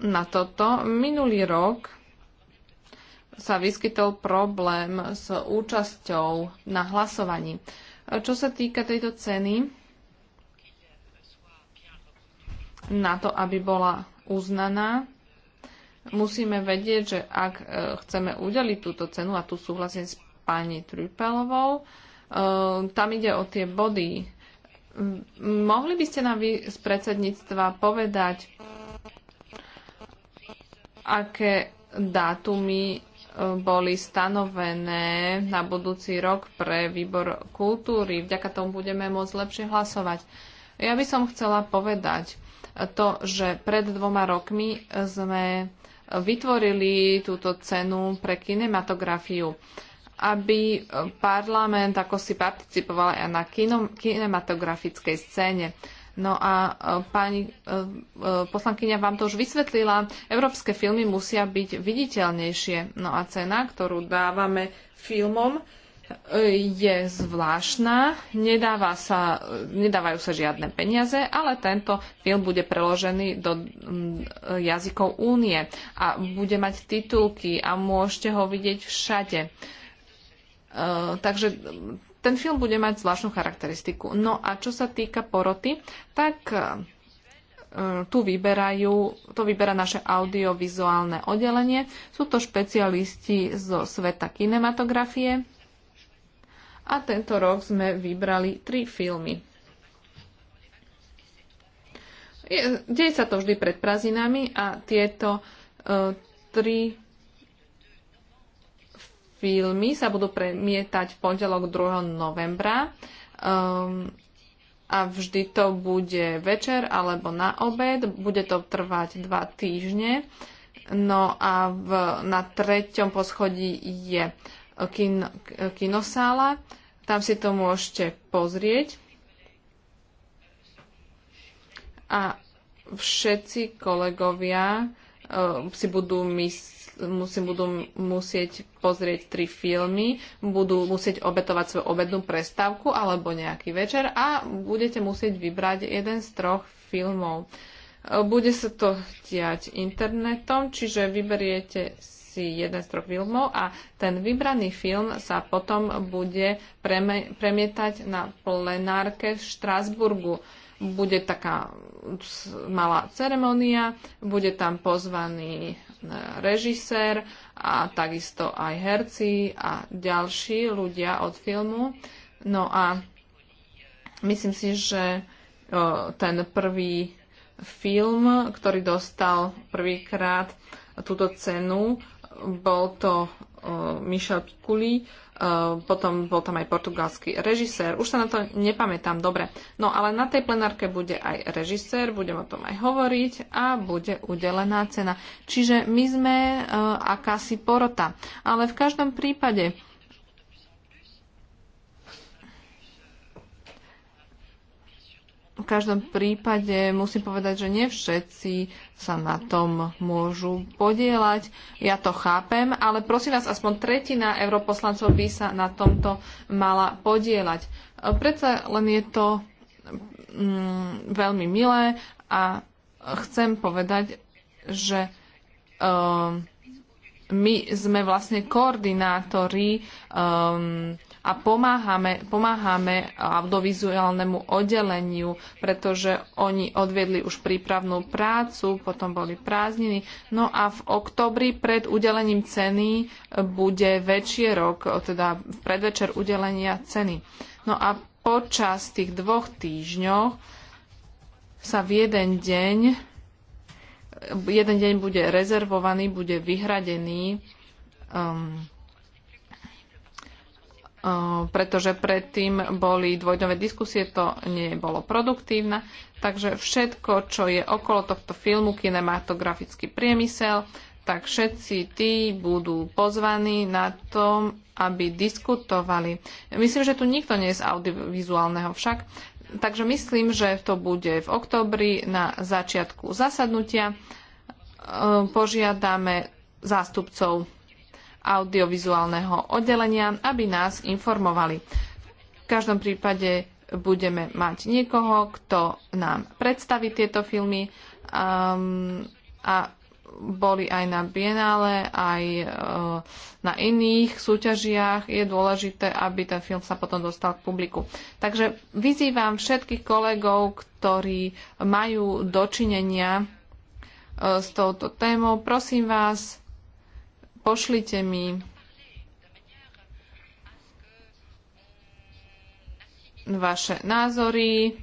na toto. Minulý rok sa vyskytol problém s účasťou na hlasovaní. Čo sa týka tejto ceny, na to, aby bola uznaná. Musíme vedieť, že ak e, chceme udeliť túto cenu, a tu súhlasím s pani Trupelovou, e, tam ide o tie body. Mohli by ste nám vy z predsedníctva povedať, aké dátumy e, boli stanovené na budúci rok pre výbor kultúry. Vďaka tomu budeme môcť lepšie hlasovať. Ja by som chcela povedať, to, že pred dvoma rokmi sme vytvorili túto cenu pre kinematografiu aby parlament ako si participoval aj na kino, kinematografickej scéne. No a e, pani e, e, poslankyňa vám to už vysvetlila, európske filmy musia byť viditeľnejšie. No a cena, ktorú dávame filmom, je zvláštna, nedáva sa, nedávajú sa žiadne peniaze, ale tento film bude preložený do jazykov únie a bude mať titulky a môžete ho vidieť všade. E, takže ten film bude mať zvláštnu charakteristiku. No a čo sa týka poroty, tak e, tu vyberajú, to vyberá naše audiovizuálne oddelenie. Sú to špecialisti zo sveta kinematografie, a tento rok sme vybrali tri filmy. Je, deje sa to vždy pred Prazinami a tieto uh, tri filmy sa budú premietať v pondelok 2. novembra um, a vždy to bude večer alebo na obed. Bude to trvať dva týždne. No a v, na treťom poschodí je kinosála. Tam si to môžete pozrieť. A všetci kolegovia uh, si budú musí, budú musieť pozrieť tri filmy, budú musieť obetovať svoju obednú prestávku alebo nejaký večer a budete musieť vybrať jeden z troch filmov. Eh, bude sa to diať internetom, čiže vyberiete si jeden z troch filmov a ten vybraný film sa potom bude premietať na plenárke v Štrásburgu. Bude taká malá ceremonia, bude tam pozvaný e, režisér a takisto aj herci a ďalší ľudia od filmu. No a myslím si, že ten prvý film, ktorý dostal prvýkrát túto cenu, bol to e, Michel uh, potom bol tam aj portugalský režisér. Už sa na to nepamätám dobre. No ale na tej plenárke bude aj režisér, budem o tom aj hovoriť a bude udelená cena. Čiže my sme e, akási porota. Ale v každom prípade v každom prípade musím povedať, že nevšetci všetci sa na tom môžu podielať. Ja to chápem, ale prosím vás, aspoň tretina europoslancov by sa na tomto mala podielať. Predsa len je to mm, veľmi milé a chcem povedať, že um, my sme vlastne koordinátori um, a pomáhame, pomáhame audiovizuálnemu oddeleniu, pretože oni odviedli už prípravnú prácu, potom boli prázdniny. No a v oktobri pred udelením ceny bude rok, teda v predvečer udelenia ceny. No a počas tých dvoch týždňov sa v jeden deň jeden deň bude rezervovaný, bude vyhradený um, pretože predtým boli dvojdové diskusie, to nebolo produktívne. Takže všetko, čo je okolo tohto filmu, kinematografický priemysel, tak všetci tí budú pozvaní na tom, aby diskutovali. Myslím, že tu nikto nie je z audiovizuálneho však. Takže myslím, že to bude v oktobri na začiatku zasadnutia. Požiadame zástupcov audiovizuálneho oddelenia, aby nás informovali. V každom prípade budeme mať niekoho, kto nám predstaví tieto filmy um, a boli aj na Bienále, aj e, na iných súťažiach, je dôležité, aby ten film sa potom dostal k publiku. Takže vyzývam všetkých kolegov, ktorí majú dočinenia e, s touto témou. Prosím vás, pošlite mi vaše názory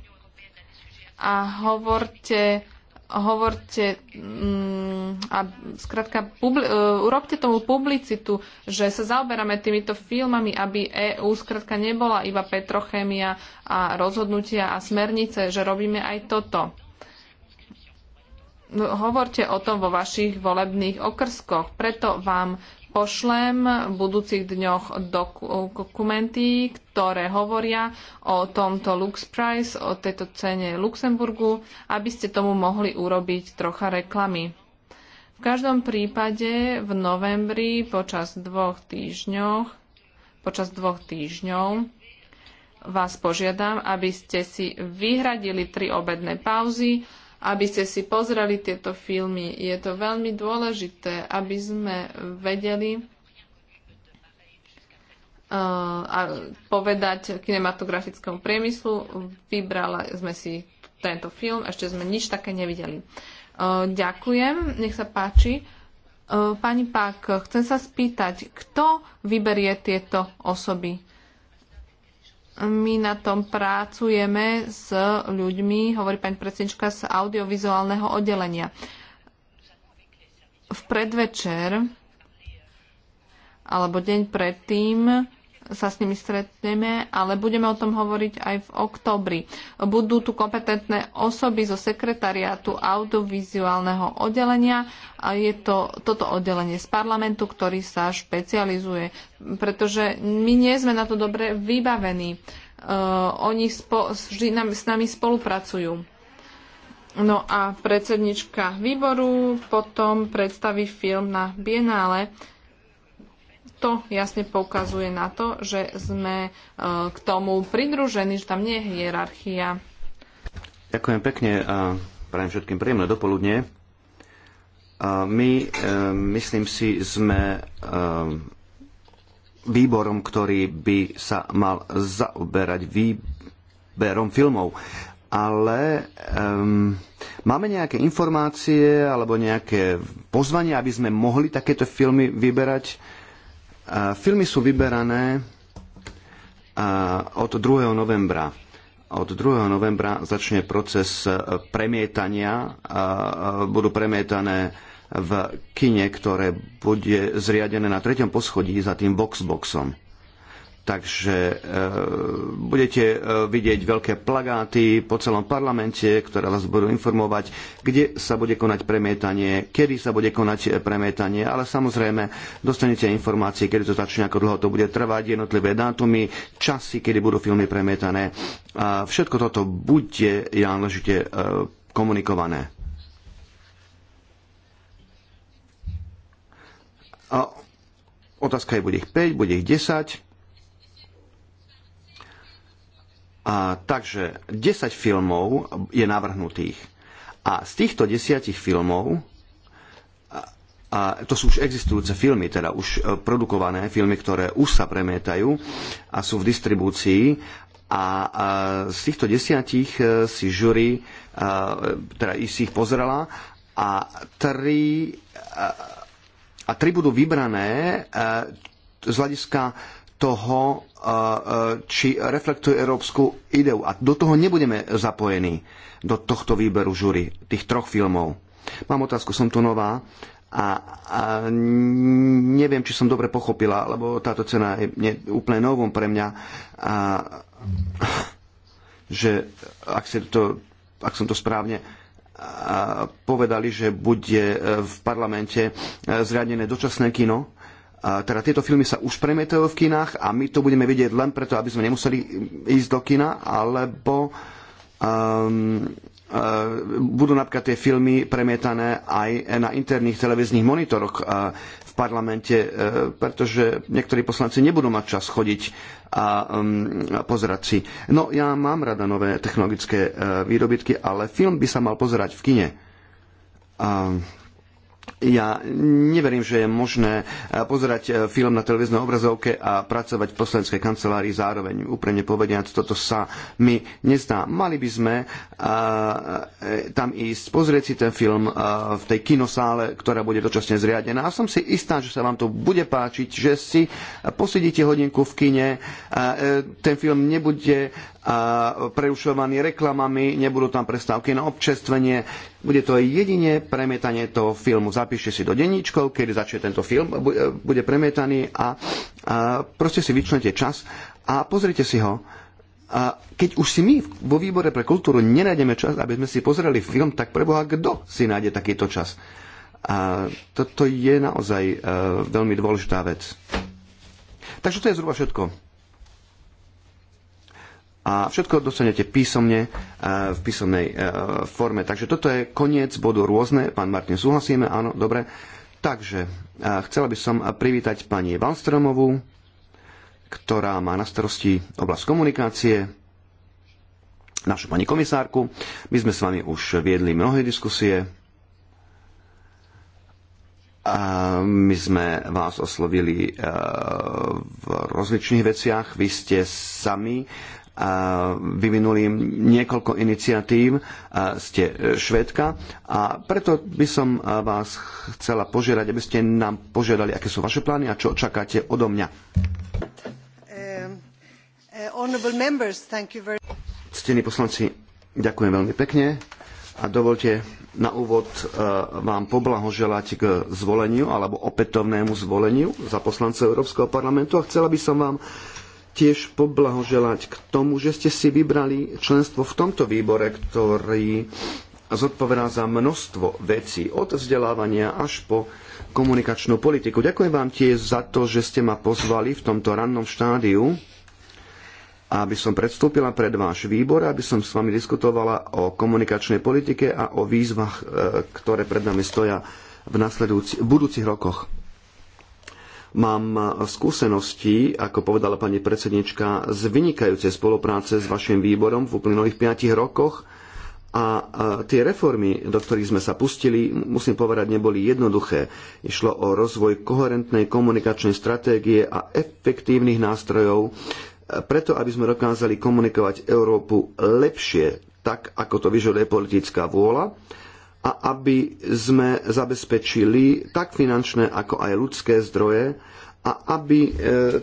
a hovorte, hovorte mm, a skrátka publi- e, urobte tomu publicitu, že sa zaoberáme týmito filmami, aby EÚ skrátka nebola iba petrochémia a rozhodnutia a smernice, že robíme aj toto hovorte o tom vo vašich volebných okrskoch. Preto vám pošlem v budúcich dňoch dokumenty, ktoré hovoria o tomto Lux Price, o tejto cene Luxemburgu, aby ste tomu mohli urobiť trocha reklamy. V každom prípade v novembri počas dvoch týždňoch, počas dvoch týždňov vás požiadam, aby ste si vyhradili tri obedné pauzy, aby ste si pozreli tieto filmy. Je to veľmi dôležité, aby sme vedeli uh, a povedať kinematografickému priemyslu. Vybrala sme si tento film, ešte sme nič také nevideli. Uh, ďakujem, nech sa páči. Uh, pani Pák, chcem sa spýtať, kto vyberie tieto osoby? my na tom pracujeme s ľuďmi, hovorí pani predsednička z audiovizuálneho oddelenia. V predvečer alebo deň predtým sa s nimi stretneme, ale budeme o tom hovoriť aj v oktobri. Budú tu kompetentné osoby zo sekretariátu audiovizuálneho oddelenia a je to toto oddelenie z parlamentu, ktorý sa špecializuje, pretože my nie sme na to dobre vybavení. Uh, oni spo, vždy nám, s nami spolupracujú. No a predsednička výboru potom predstaví film na Bienále to jasne poukazuje na to, že sme e, k tomu pridružení, že tam nie je hierarchia. Ďakujem pekne a prajem všetkým príjemné dopoludne. A my, e, myslím si, sme e, výborom, ktorý by sa mal zaoberať výberom filmov. Ale um, máme nejaké informácie alebo nejaké pozvanie, aby sme mohli takéto filmy vyberať? Filmy sú vyberané od 2. novembra. Od 2. novembra začne proces e, premietania. Budú premietané v kine, ktoré bude zriadené na treťom poschodí za tým Voxboxom. Takže e, budete e, vidieť veľké plagáty po celom parlamente, ktoré vás budú informovať, kde sa bude konať premietanie, kedy sa bude konať e, premietanie, ale samozrejme dostanete informácie, kedy to začne, ako dlho to bude trvať, jednotlivé dátumy, časy, kedy budú filmy premietané. A všetko toto bude náležite e, komunikované. A otázka je, bude ich 5, bude ich 10 A, takže 10 filmov je navrhnutých. A z týchto 10 filmov a to sú už existujúce filmy, teda už e, produkované filmy, ktoré už sa premietajú a sú v distribúcii. A, z týchto desiatich e, si žury, e, teda si ich pozrela a tri, a tri budú vybrané z hľadiska toho, či reflektuje európsku ideu. A do toho nebudeme zapojení, do tohto výberu žury, tých troch filmov. Mám otázku, som tu nová a, a neviem, či som dobre pochopila, lebo táto cena je úplne novom pre mňa. A, že ak, to, ak som to správne povedali, že bude e, v parlamente e, zriadené dočasné kino teda tieto filmy sa už premietajú v kinách a my to budeme vidieť len preto, aby sme nemuseli ísť do kina, alebo um, uh, budú napríklad tie filmy premietané aj na interných televíznych monitoroch uh, v parlamente, uh, pretože niektorí poslanci nebudú mať čas chodiť a, um, ehm, a pozerať si. No ja mám rada nové technologické uh, výrobitky, ale film by sa mal pozerať v kine. Uh, ja neverím, že je možné e, pozerať e, film na televíznej obrazovke a pracovať v poslaneckej kancelárii zároveň. Úprimne povediac, toto sa mi nezdá. Mali by sme e, tam ísť, pozrieť si ten film v tej kinosále, ktorá bude dočasne zriadená. A som si istá, že sa vám to bude páčiť, že si posedíte hodinku v kine. Ten film nebude prerušovaný reklamami, nebudú tam prestávky na občerstvenie, bude to jedine premietanie toho filmu. Zapíšte si do denníčkov, kedy začne tento film, bude premietaný a, proste si vyčlente čas a pozrite si ho. A keď už si my vo výbore pre kultúru nenájdeme čas, aby sme si pozreli film, tak preboha, kto si nájde takýto čas? A toto je naozaj e, veľmi dôležitá vec. Takže to je zhruba všetko a všetko dostanete písomne e, v písomnej e, forme. Takže toto je koniec bodu rôzne. Pán Martin, súhlasíme? Áno, dobre. Takže e, chcela by som privítať pani Valstromovú, ktorá má na starosti oblasť komunikácie, našu pani komisárku. My sme s vami už viedli mnohé diskusie. A my sme vás oslovili v rozličných veciach. Vy ste sami vyvinuli niekoľko iniciatív, ste e, švedka a preto by som e, vás chcela požiadať, aby ste nám požiadali, aké sú vaše plány a čo čakáte odo mňa. Um, uh, Ctení poslanci, ďakujem veľmi pekne a dovolte na úvod e, vám poblahoželať k zvoleniu alebo opätovnému zvoleniu za poslancov Európskeho parlamentu a chcela by som vám tiež poblahoželať k tomu, že ste si vybrali členstvo v tomto výbore, ktorý zodpovedá za množstvo vecí, od vzdelávania až po komunikačnú politiku. Ďakujem vám tiež za to, že ste ma pozvali v tomto rannom štádiu, aby som predstúpila pred váš výbor, aby som s vami diskutovala o komunikačnej politike a o výzvach, e, ktoré pred nami stoja v, v budúcich rokoch. Mám skúsenosti, ako povedala pani predsednička, z vynikajúcej spolupráce s vašim výborom v uplynulých 5 rokoch a tie reformy, do ktorých sme sa pustili, musím povedať, neboli jednoduché. Išlo o rozvoj koherentnej komunikačnej stratégie a efektívnych nástrojov, e, preto aby sme dokázali komunikovať Európu lepšie, tak ako to vyžaduje politická vôľa a aby sme zabezpečili tak finančné ako aj ľudské zdroje a aby e,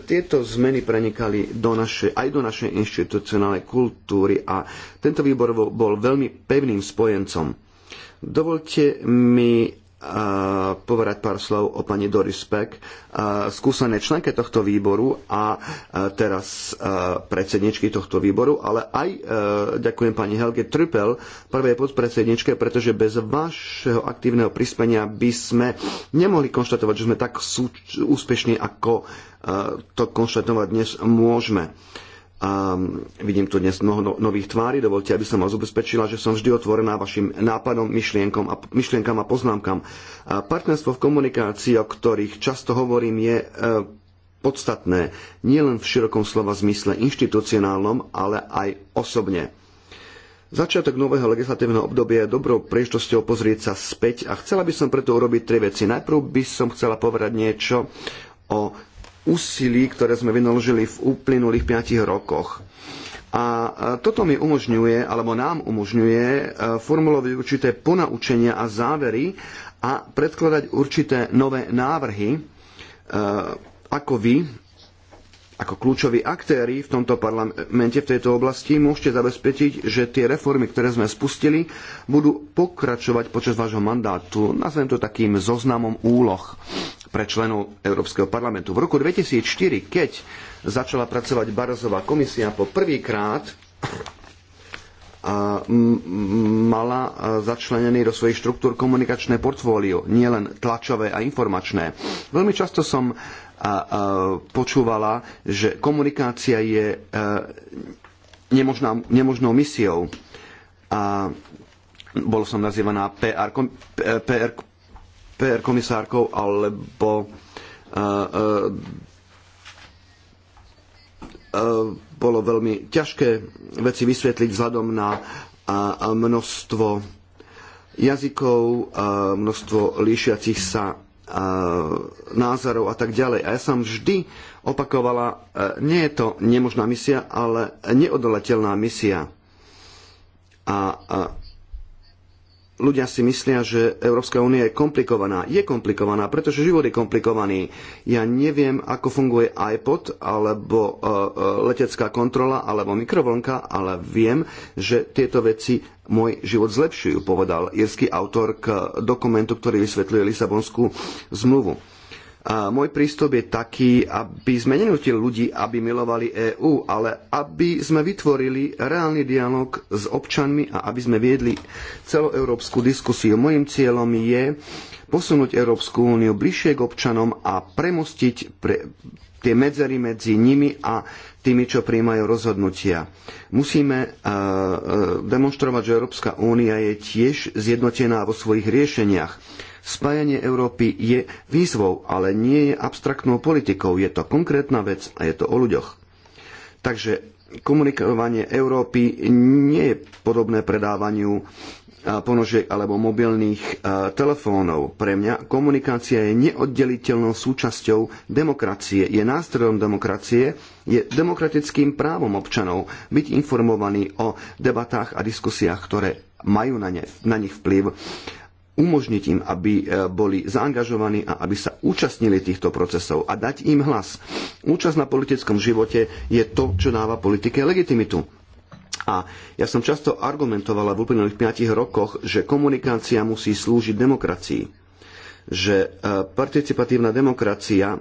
tieto zmeny prenikali do naše, aj do našej inštitucionálnej kultúry a tento výbor bol veľmi pevným spojencom. Dovolte mi povedať pár slov o pani Doris Peck, skúsenej členke tohto výboru a teraz predsedničky tohto výboru, ale aj e, ďakujem pani Helge Trüppel, prvej podpredsedničke, pretože bez vašeho aktívneho prispenia by sme nemohli konštatovať, že sme tak úspešní, ako e, to konštatovať dnes môžeme a vidím tu dnes mnoho no-, nových tvári. Dovolte, aby som vás ubezpečila, že som vždy otvorená vašim nápadom, myšlienkom a, myšlienkam a poznámkam. A partnerstvo v komunikácii, o ktorých často hovorím, je e, podstatné nielen v širokom slova zmysle inštitucionálnom, ale aj osobne. Začiatok nového legislatívneho obdobia je dobrou príležitosťou pozrieť sa späť a chcela by som preto urobiť tri veci. Najprv by som chcela povedať niečo o úsilí, ktoré sme vynaložili v uplynulých 5 rokoch. A toto mi umožňuje, alebo nám umožňuje e, formulovať určité ponaučenia a závery a predkladať určité nové návrhy, e, ako vy, ako kľúčoví aktéri v tomto parlamente v tejto oblasti môžete zabezpečiť, že tie reformy, ktoré sme spustili, budú pokračovať počas vášho mandátu. Nazvem to takým zoznamom úloh pre členov Európskeho parlamentu. V roku 2004, keď začala pracovať Barozová komisia po prvýkrát, mala začlenený do svojich štruktúr komunikačné portfólio, nielen tlačové a informačné. Veľmi často som počúvala, že komunikácia je e, nemožná, nemožnou misiou. A bol som nazývaná PR, PR PR komisárkou alebo bolo veľmi ťažké veci vysvetliť vzhľadom na množstvo jazykov, množstvo líšiacich sa názorov a tak ďalej. A ja som vždy opakovala, e, nie je to nemožná misia, ale neodolateľná misia. A ľudia si myslia, že Európska únia je komplikovaná. Je komplikovaná, pretože život je komplikovaný. Ja neviem, ako funguje iPod, alebo e, e, letecká kontrola, alebo mikrovlnka, ale viem, že tieto veci môj život zlepšujú, povedal írsky autor k dokumentu, ktorý vysvetľuje Lisabonskú zmluvu a môj prístup je taký, aby sme nenutili ľudí, aby milovali EÚ, ale aby sme vytvorili reálny dialog s občanmi a aby sme viedli celoeurópsku diskusiu. Mojím cieľom je posunúť Európsku úniu bližšie k občanom a premostiť pre tie medzery medzi nimi a tými, čo príjmajú rozhodnutia. Musíme e, e, demonstrovať, že Európska únia je tiež zjednotená vo svojich riešeniach Spájanie Európy je výzvou, ale nie je abstraktnou politikou. Je to konkrétna vec a je to o ľuďoch. Takže komunikovanie Európy nie je podobné predávaniu ponožiek alebo mobilných telefónov. Pre mňa komunikácia je neoddeliteľnou súčasťou demokracie, je nástrojom demokracie, je demokratickým právom občanov byť informovaní o debatách a diskusiách, ktoré majú na, ne, na nich vplyv umožniť im, aby e, boli zaangažovaní a aby sa účastnili týchto procesov a dať im hlas. Účasť na politickom živote je to, čo dáva politike legitimitu. A ja som často argumentovala v uplynulých 5 rokoch, že komunikácia musí slúžiť demokracii. Že e, participatívna demokracia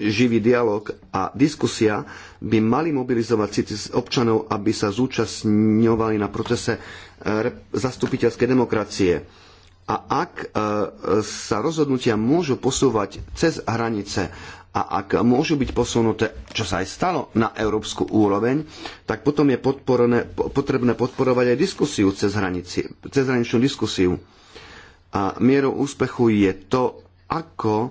živý dialog a diskusia by mali mobilizovať city občanov, aby sa zúčastňovali na procese e, zastupiteľskej demokracie a ak e, sa rozhodnutia môžu posúvať cez hranice a ak môžu byť posunuté, čo sa aj stalo, na európsku úroveň, tak potom je potrebné podporovať aj diskusiu cez hranici, cezhraničnú diskusiu. A mierou úspechu je to, ako e,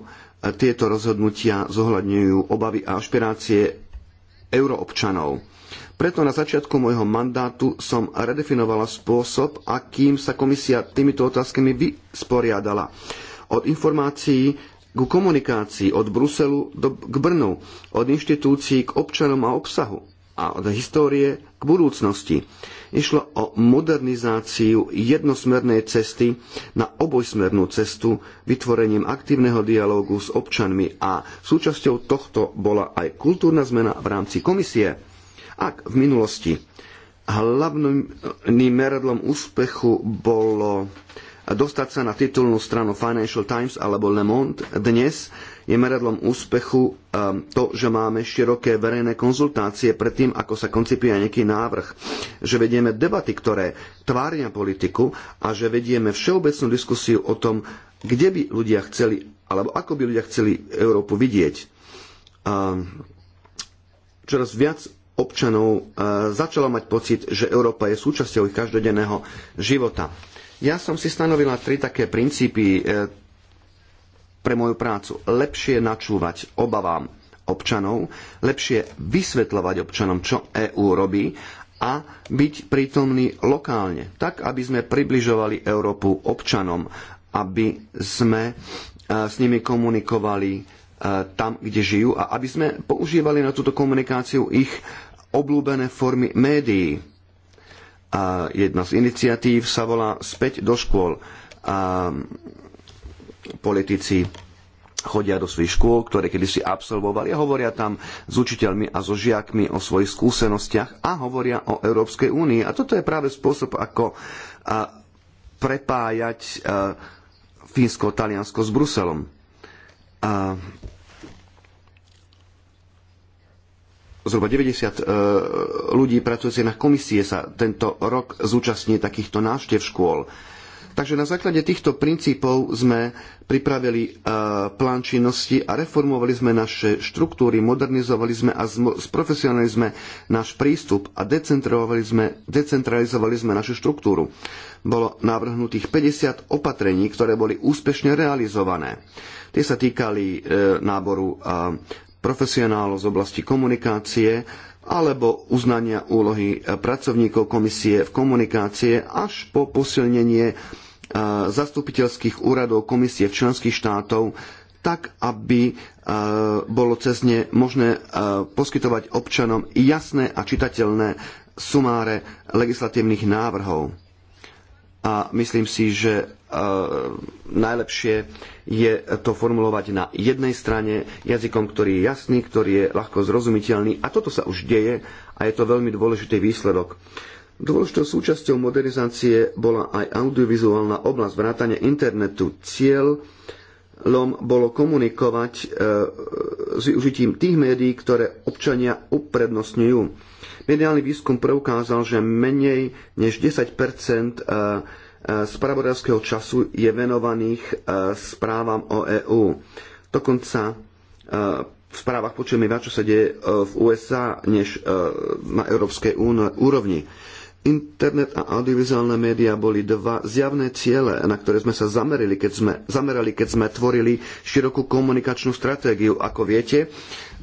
tieto rozhodnutia zohľadňujú obavy a ašpirácie euroobčanov. Preto na začiatku môjho mandátu som redefinovala spôsob, akým sa komisia týmito otázkami vysporiadala. Od informácií ku komunikácii, od Bruselu do, k Brnu, od inštitúcií k občanom a obsahu a od histórie k budúcnosti. Išlo o modernizáciu jednosmernej cesty na obojsmernú cestu vytvorením aktívneho dialógu s občanmi a súčasťou tohto bola aj kultúrna zmena v rámci komisie. Ak v minulosti hlavným meradlom úspechu bolo dostať sa na titulnú stranu Financial Times alebo Le Monde, dnes je meradlom úspechu um, to, že máme široké verejné konzultácie predtým, ako sa koncipuje nejaký návrh. Že vedieme debaty, ktoré tvária politiku a že vedieme všeobecnú diskusiu o tom, kde by ľudia chceli, alebo ako by ľudia chceli Európu vidieť. Um, čoraz viac občanov e, začala mať pocit, že Európa je súčasťou ich každodenného života. Ja som si stanovila tri také princípy e, pre moju prácu. Lepšie načúvať obavám občanov, lepšie vysvetľovať občanom, čo EÚ robí a byť prítomní lokálne, tak aby sme približovali Európu občanom, aby sme e, s nimi komunikovali tam, kde žijú a aby sme používali na túto komunikáciu ich obľúbené formy médií. A jedna z iniciatív sa volá Späť do škôl. A politici chodia do svojich škôl, ktoré kedysi absolvovali a hovoria tam s učiteľmi a so žiakmi o svojich skúsenostiach a hovoria o Európskej únii. A toto je práve spôsob, ako prepájať Fínsko, Taliansko s Bruselom. A zhruba 90 e, ľudí pracujúcich na komisie sa tento rok zúčastní takýchto návštev škôl. Takže na základe týchto princípov sme pripravili e, plán činnosti a reformovali sme naše štruktúry, modernizovali sme a sprofesionalizovali sme náš prístup a decentralizovali sme, decentralizovali sme našu štruktúru. Bolo navrhnutých 50 opatrení, ktoré boli úspešne realizované. Tie sa týkali e, náboru profesionálov z oblasti komunikácie alebo uznania úlohy eh, pracovníkov komisie v komunikácie až po posilnenie eh, zastupiteľských úradov komisie v členských štátov, tak aby eh, bolo cez ne možné poskytovať občanom jasné a čitateľné sumáre legislatívnych návrhov a myslím si, že e, najlepšie je to formulovať na jednej strane jazykom, ktorý je jasný, ktorý je ľahko zrozumiteľný a toto sa už deje a je to veľmi dôležitý výsledok. Dôležitou súčasťou modernizácie bola aj audiovizuálna oblasť vrátane internetu. Cieľom bolo komunikovať e, s využitím tých médií, ktoré občania uprednostňujú Mediálny výskum preukázal, že menej než 10 e, e, spravodajského času je venovaných e, správam o EÚ. Dokonca v správach počujeme viac, čo sa deje v USA, než na európskej úrovni. Internet a audiovizuálne médiá boli dva zjavné ciele, na ktoré sme sa zamerali, keď sme, zamerali, keď sme tvorili širokú komunikačnú stratégiu. Ako viete,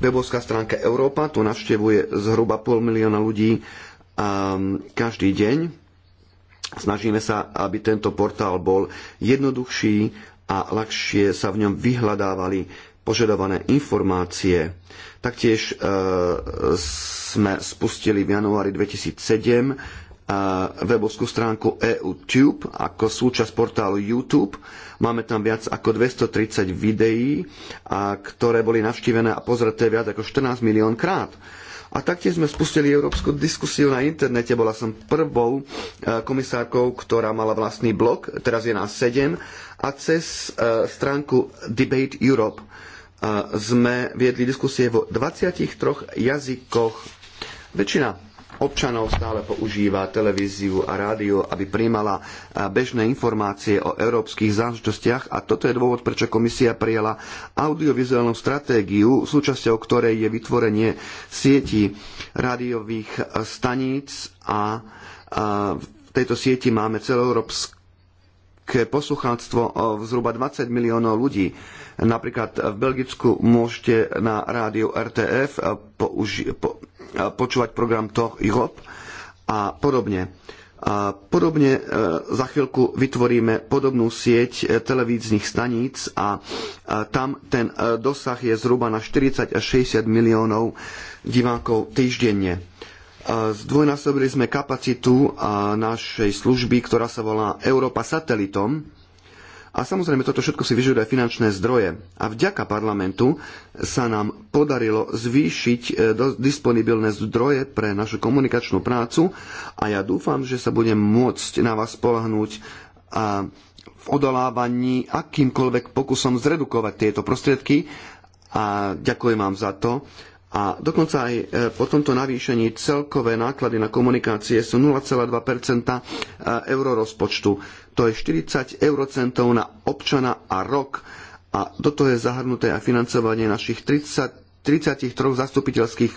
webovská stránka Európa tu navštevuje zhruba pol milióna ľudí um, každý deň. Snažíme sa, aby tento portál bol jednoduchší a ľahšie sa v ňom vyhľadávali požadované informácie. Taktiež e, sme spustili v januári 2007 webovskú stránku EUTube ako súčasť portálu YouTube. Máme tam viac ako 230 videí, ktoré boli navštívené a pozreté viac ako 14 milión krát. A taktiež sme spustili európsku diskusiu na internete. Bola som prvou e, komisárkou, ktorá mala vlastný blog, teraz je nás 7, a cez e, stránku Debate Europe e, sme viedli diskusie vo 23 jazykoch. Väčšina občanov stále používa televíziu a rádio, aby príjmala eh, bežné informácie o európskych záležitostiach a toto je dôvod, prečo komisia prijala audiovizuálnu stratégiu, súčasťou ktorej je vytvorenie sietí rádiových eh, staníc a eh, v tejto sieti máme celoeurópske poslucháctvo zhruba 20 miliónov ľudí. Napríklad v Belgicku môžete na rádiu RTF použi- po- počúvať program To Europe a podobne. A podobne e, za chvíľku vytvoríme podobnú sieť e, televíznych staníc a e, tam ten dosah je zhruba na 40 až 60 miliónov divákov týždenne. Zdvojnásobili sme kapacitu našej služby, ktorá sa volá Európa satelitom a samozrejme, toto všetko si vyžaduje finančné zdroje. A vďaka parlamentu sa nám podarilo zvýšiť e, disponibilné zdroje pre našu komunikačnú prácu a ja dúfam, že sa budem môcť na vás spolahnúť e, v odolávaní akýmkoľvek pokusom zredukovať tieto prostriedky a ďakujem vám za to a dokonca aj e, po tomto navýšení celkové náklady na komunikácie sú 0,2 e, eurorozpočtu. To je 40 eurocentov na občana a rok. A do toho je zahrnuté aj financovanie našich 30, 33 zastupiteľských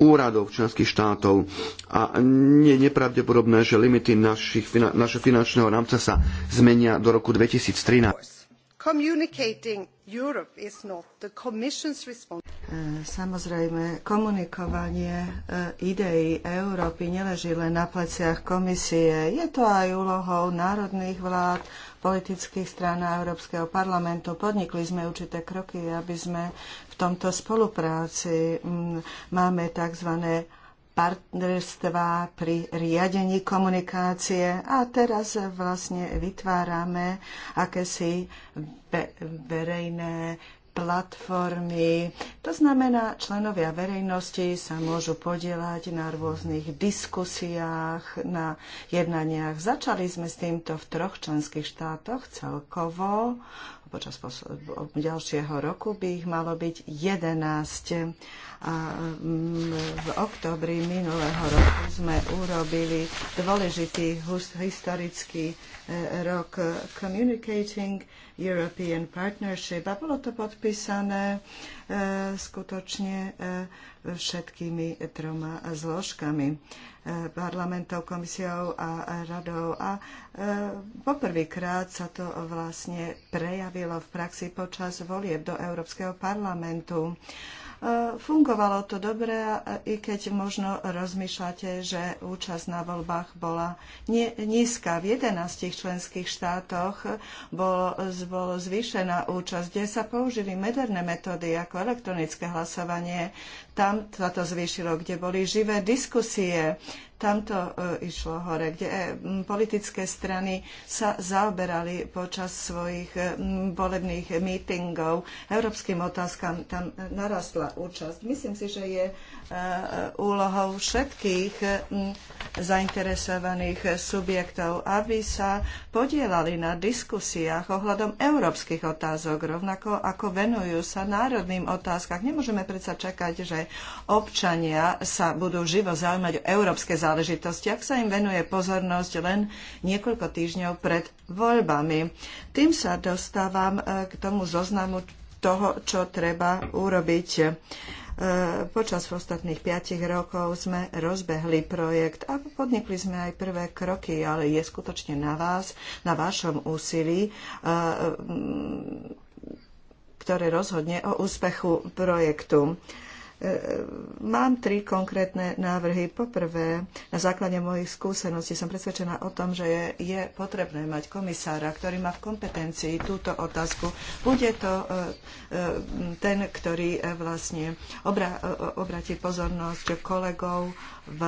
úradov členských štátov. A nie je nepravdepodobné, že limity našich, finančného rámca sa zmenia do roku 2013. Communicating Europe is not the Commission's responsibility. Eh, samozrejme, komunikovanie eh, ideí Európy neleží len na pleciach komisie. Je to aj úlohou národných vlád, politických strán a Európskeho parlamentu. Podnikli sme určité kroky, aby sme v tomto spolupráci hm, máme tzv partnerstva pri riadení komunikácie a teraz vlastne vytvárame akési verejné platformy. To znamená, členovia verejnosti sa môžu podielať na rôznych diskusiách, na jednaniach. Začali sme s týmto v troch členských štátoch celkovo počas ďalšieho roku by ich malo byť 11. A mm, v oktobri minulého roku sme urobili dôležitý historický e, rok Communicating European Partnership a bolo to podpísané e, skutočne e, všetkými troma zložkami parlamentov, komisiou a radou. A e, poprvýkrát sa to vlastne prejavilo v praxi počas volieb do Európskeho parlamentu e, fungovalo to dobre, i keď možno rozmýšľate, že účasť na voľbách bola nízka. V 11 členských štátoch bolo, bolo zvýšená účasť, kde sa použili moderné metódy ako elektronické hlasovanie, tam sa to zvýšilo, kde boli živé diskusie, tam to e, išlo hore, kde e, politické strany sa zaoberali počas svojich e, volebných mítingov európskym otázkam, tam narastla účasť. Myslím si, že je E, úlohou všetkých e, zainteresovaných subjektov, aby sa podielali na diskusiách ohľadom európskych otázok, rovnako ako venujú sa národným otázkach. Nemôžeme predsa čakať, že občania sa budú živo zaujímať o európske záležitosti, ak sa im venuje pozornosť len niekoľko týždňov pred voľbami. Tým sa dostávam e, k tomu zoznamu toho, čo treba urobiť E, počas ostatných 5 rokov sme rozbehli projekt a podnikli sme aj prvé kroky, ale je skutočne na vás, na vašom úsilí e, ktoré rozhodne o úspechu projektu. E, mám tri konkrétne návrhy. Poprvé, na základe mojich skúseností som presvedčená o tom, že je, je potrebné mať komisára, ktorý má v kompetencii túto otázku. Bude to e, e, ten, ktorý vlastne obra, obratí pozornosť kolegov v, v,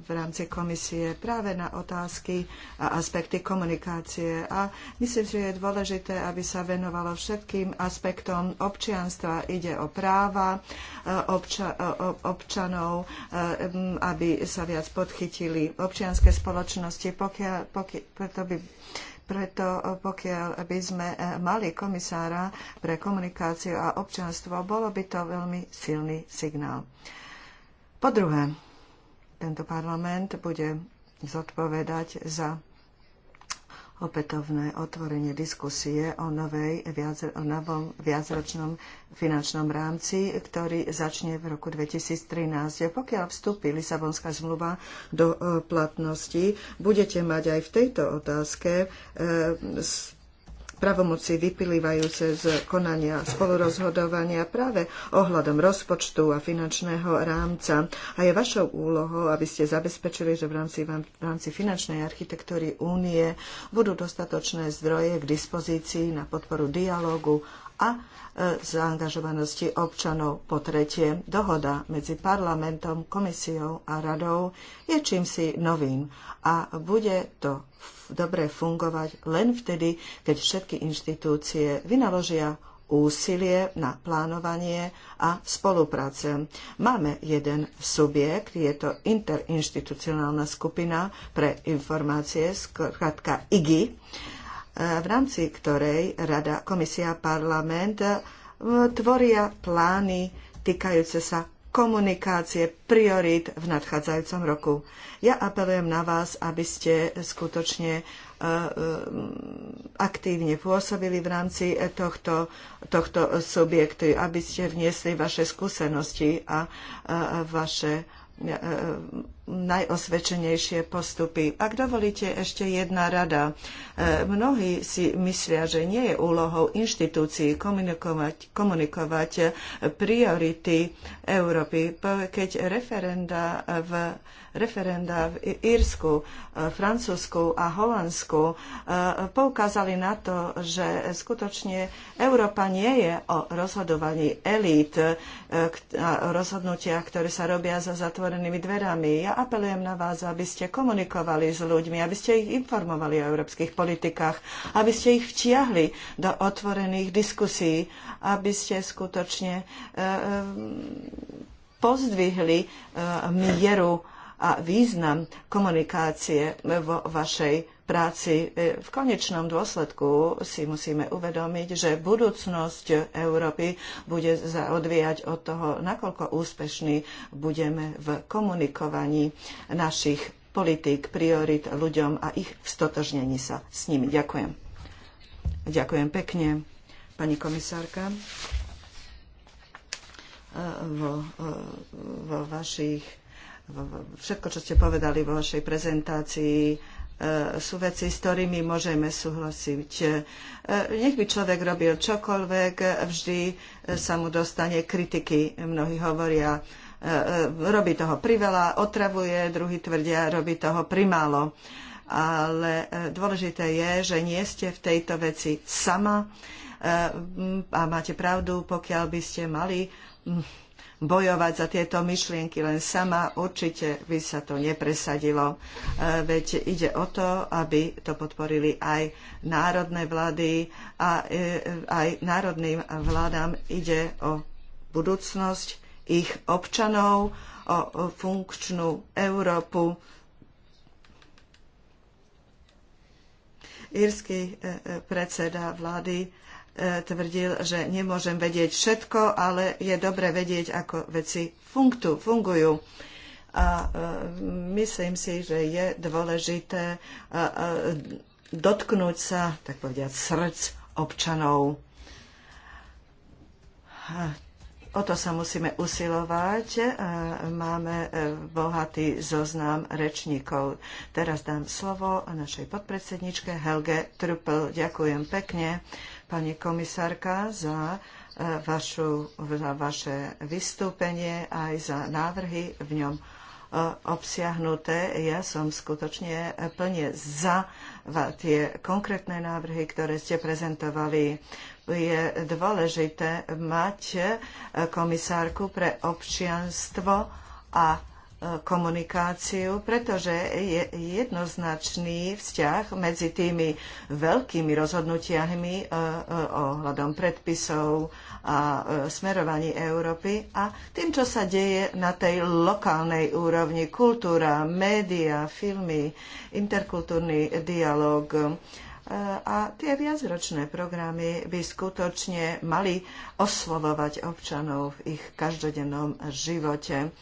v rámci komisie práve na otázky a aspekty komunikácie. A myslím, že je dôležité, aby sa venovalo všetkým aspektom občianstva. Ide o práva, obča, občanov, eh, aby sa viac podchytili občianske spoločnosti, pokiaľ, pokiaľ preto by preto pokiaľ by sme eh, mali komisára pre komunikáciu a občanstvo, bolo by to veľmi silný signál. Po druhé, tento parlament bude zodpovedať za opätovné otvorenie diskusie o, novej, o novom viacročnom finančnom rámci, ktorý začne v roku 2013. Pokiaľ vstúpi Lisabonská zmluva do e, platnosti, budete mať aj v tejto otázke e, pravomoci vyplývajúce z konania spolurozhodovania práve ohľadom rozpočtu a finančného rámca. A je vašou úlohou, aby ste zabezpečili, že v rámci, v rámci finančnej architektúry únie budú dostatočné zdroje k dispozícii na podporu dialógu a e, zaangažovanosti občanov. Po tretie, dohoda medzi parlamentom, komisiou a radou je čímsi novým a bude to dobre fungovať len vtedy, keď všetky inštitúcie vynaložia úsilie na plánovanie a spolupráce. Máme jeden subjekt, je to interinstitucionálna skupina pre informácie, skratka IGI, e, v rámci ktorej Rada, Komisia, Parlament e, tvoria plány týkajúce sa komunikácie priorít v nadchádzajúcom roku. Ja apelujem na vás, aby ste skutočne e, e, aktívne pôsobili v rámci tohto, tohto subjektu, aby ste vniesli vaše skúsenosti a e, vaše najosvedčenejšie postupy. Ak dovolíte, ešte jedna rada. E, mnohí si myslia, že nie je úlohou inštitúcií komunikovať, komunikovať priority Európy. Keď referenda v referenda v Írsku, e, Francúzsku a Holandsku e, poukázali na to, že skutočne Európa nie je o rozhodovaní elít o rozhodnutiach, ktoré sa robia za zatvorenými dverami. Ja ja apelujem na vás, aby ste komunikovali s ľuďmi, aby ste ich informovali o európskych politikách, aby ste ich vtiahli do otvorených diskusí, aby ste skutočne e, e, pozdvihli e, mieru a význam komunikácie vo vašej práci. E, v konečnom dôsledku si musíme uvedomiť, že budúcnosť Európy bude sa odvíjať od toho, nakoľko úspešní budeme v komunikovaní našich politík, priorit ľuďom a ich vstotožnení sa s nimi. Ďakujem. Ďakujem pekne, pani komisárka e, vo, e, vo vašich, vo, všetko, čo ste povedali vo vašej prezentácii, E, sú veci, s ktorými môžeme súhlasiť. E, nech by človek robil čokoľvek, vždy e, sa mu dostane kritiky. Mnohí hovoria, robí toho priveľa, otravuje, druhý tvrdia, robí toho primálo. Ale dôležité je, že nie ste v tejto veci sama a máte pravdu, pokiaľ by ste mali bojovať za tieto myšlienky, len sama určite by sa to nepresadilo. E, veď ide o to, aby to podporili aj národné vlády a e, aj národným vládam ide o budúcnosť ich občanov, o funkčnú Európu. Írsky e, predseda vlády E, tvrdil, že nemôžem vedieť všetko, ale je dobre vedieť, ako veci funktu, fungujú. A e, myslím si, že je dôležité e, dotknúť sa, tak povediať, srdc občanov. O to sa musíme usilovať. Máme bohatý zoznam rečníkov. Teraz dám slovo našej podpredsedničke Helge Trupel. Ďakujem pekne pani komisárka, za, e, vašu, za vaše vystúpenie aj za návrhy v ňom e, obsiahnuté. Ja som skutočne plne za tie konkrétne návrhy, ktoré ste prezentovali. Je dôležité mať e, komisárku pre občianstvo a komunikáciu, pretože je jednoznačný vzťah medzi tými veľkými rozhodnutiami e, e, ohľadom predpisov a e, smerovaní Európy a tým, čo sa deje na tej lokálnej úrovni. Kultúra, média, filmy, interkultúrny dialog a tie viacročné programy by skutočne mali oslovovať občanov v ich každodennom živote.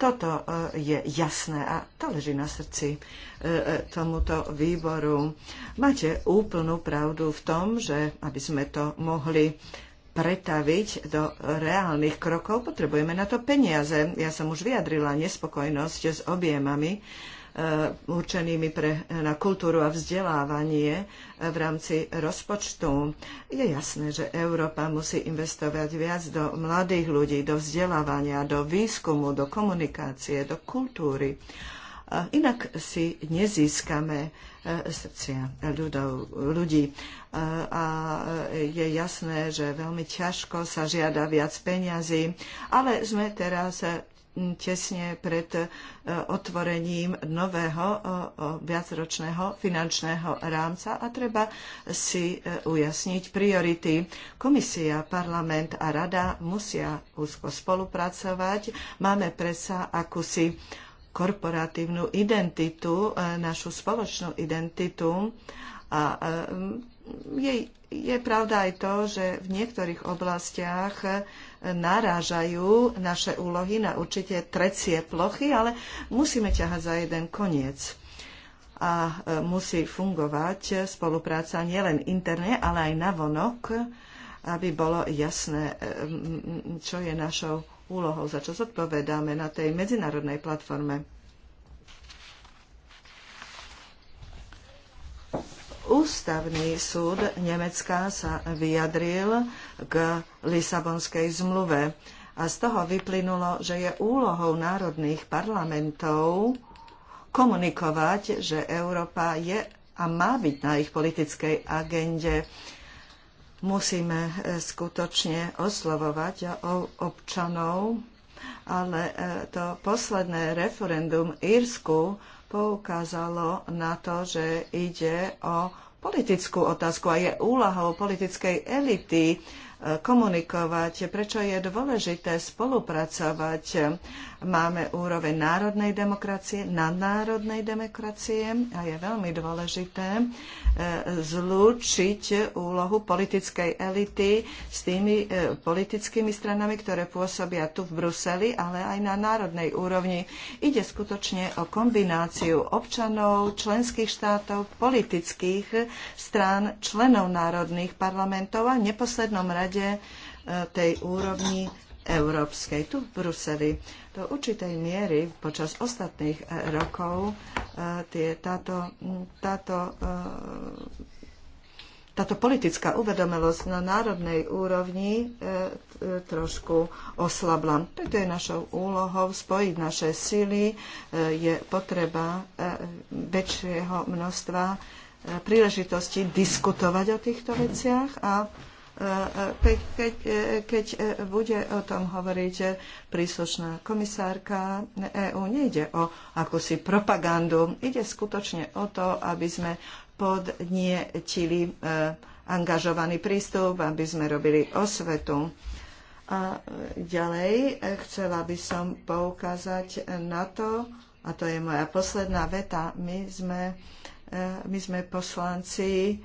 Toto e, je jasné a to leží na srdci e, e, tomuto výboru. Máte úplnú pravdu v tom, že aby sme to mohli pretaviť do reálnych krokov, potrebujeme na to peniaze. Ja som už vyjadrila nespokojnosť s objemami Eh, určenými pre, eh, na kultúru a vzdelávanie eh, v rámci rozpočtu. Je jasné, že Európa musí investovať viac do mladých ľudí, do vzdelávania, do výskumu, do komunikácie, do kultúry. Inak si nezískame srdcia ľudov, ľudí. A je jasné, že veľmi ťažko sa žiada viac peňazí, ale sme teraz tesne pred e, otvorením nového e, viacročného finančného rámca a treba si e, ujasniť priority. Komisia, parlament a rada musia úzko spolupracovať. Máme predsa akúsi korporatívnu identitu, našu spoločnú identitu a je, je pravda aj to, že v niektorých oblastiach narážajú naše úlohy na určite trecie plochy, ale musíme ťahať za jeden koniec a e, musí fungovať spolupráca nielen interne, ale aj navonok, aby bolo jasné, e, čo je našou úlohou, za čo zodpovedáme na tej medzinárodnej platforme. Ústavný súd Nemecka sa vyjadril k Lisabonskej zmluve a z toho vyplynulo, že je úlohou národných parlamentov komunikovať, že Európa je a má byť na ich politickej agende. Musíme e, skutočne oslovovať občanov, ale e, to posledné referendum Írsku poukázalo na to, že ide o politickú otázku a je úlohou politickej elity e, komunikovať, prečo je dôležité spolupracovať Máme úroveň národnej demokracie, nadnárodnej demokracie a je veľmi dôležité e, zlúčiť úlohu politickej elity s tými e, politickými stranami, ktoré pôsobia tu v Bruseli, ale aj na národnej úrovni. Ide skutočne o kombináciu občanov, členských štátov, politických strán, členov národných parlamentov a v neposlednom rade e, tej úrovni európskej, tu v Bruseli. Do určitej miery počas ostatných e, rokov e, tie, táto, táto e, táto politická uvedomelosť na národnej úrovni trošku oslabla. Preto je našou úlohou spojiť naše sily. je potreba väčšieho množstva príležitosti diskutovať o týchto veciach a keď, keď, keď bude o tom hovoriť príslušná komisárka EÚ, nejde o akúsi propagandu, ide skutočne o to, aby sme podnietili e, angažovaný prístup, aby sme robili osvetu. A ďalej e, chcela by som poukázať na to, a to je moja posledná veta, my sme, e, my sme poslanci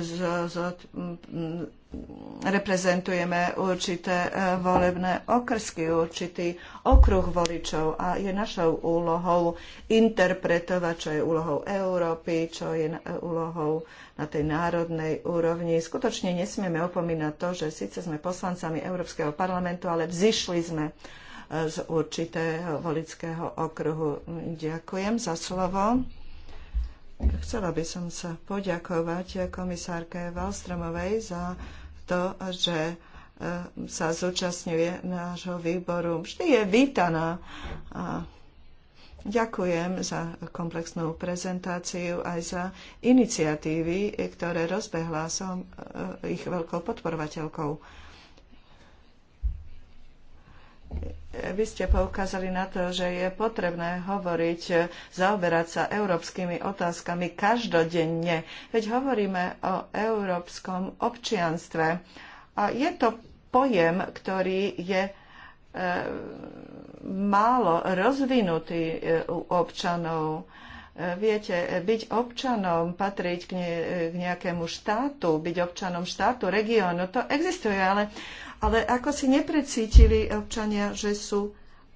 z, z, mm, reprezentujeme určité e, volebné okrsky, určitý okruh voličov a je našou úlohou interpretovať, čo je úlohou Európy, čo je e, úlohou na tej národnej úrovni. Skutočne nesmieme opomínať to, že síce sme poslancami Európskeho parlamentu, ale vzýšli sme e, z určitého volického okruhu. Ďakujem za slovo. Chcela by som sa poďakovať komisárke Wallströmovej za to, že e, sa zúčastňuje nášho výboru. Vždy je vítaná. A ďakujem za komplexnú prezentáciu aj za iniciatívy, ktoré rozbehla som e, ich veľkou podporovateľkou. Vy ste poukázali na to, že je potrebné hovoriť, zaoberať sa európskymi otázkami každodenne. Veď hovoríme o európskom občianstve. A je to pojem, ktorý je e, málo rozvinutý e, u občanov. E, viete, byť občanom, patriť k, ne, k nejakému štátu, byť občanom štátu, regiónu, to existuje, ale, ale ako si neprecítili občania, že sú e,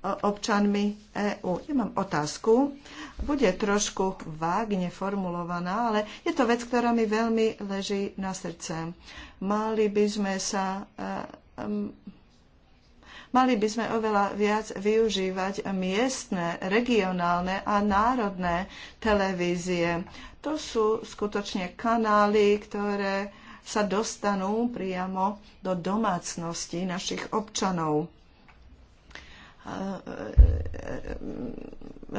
občanmi EÚ. Ja mám otázku, bude trošku vágne formulovaná, ale je to vec, ktorá mi veľmi leží na srdce. Mali by sme sa e, Mali by sme oveľa viac využívať miestne, regionálne a národné televízie. To sú skutočne kanály, ktoré sa dostanú priamo do domácnosti našich občanov. E, e,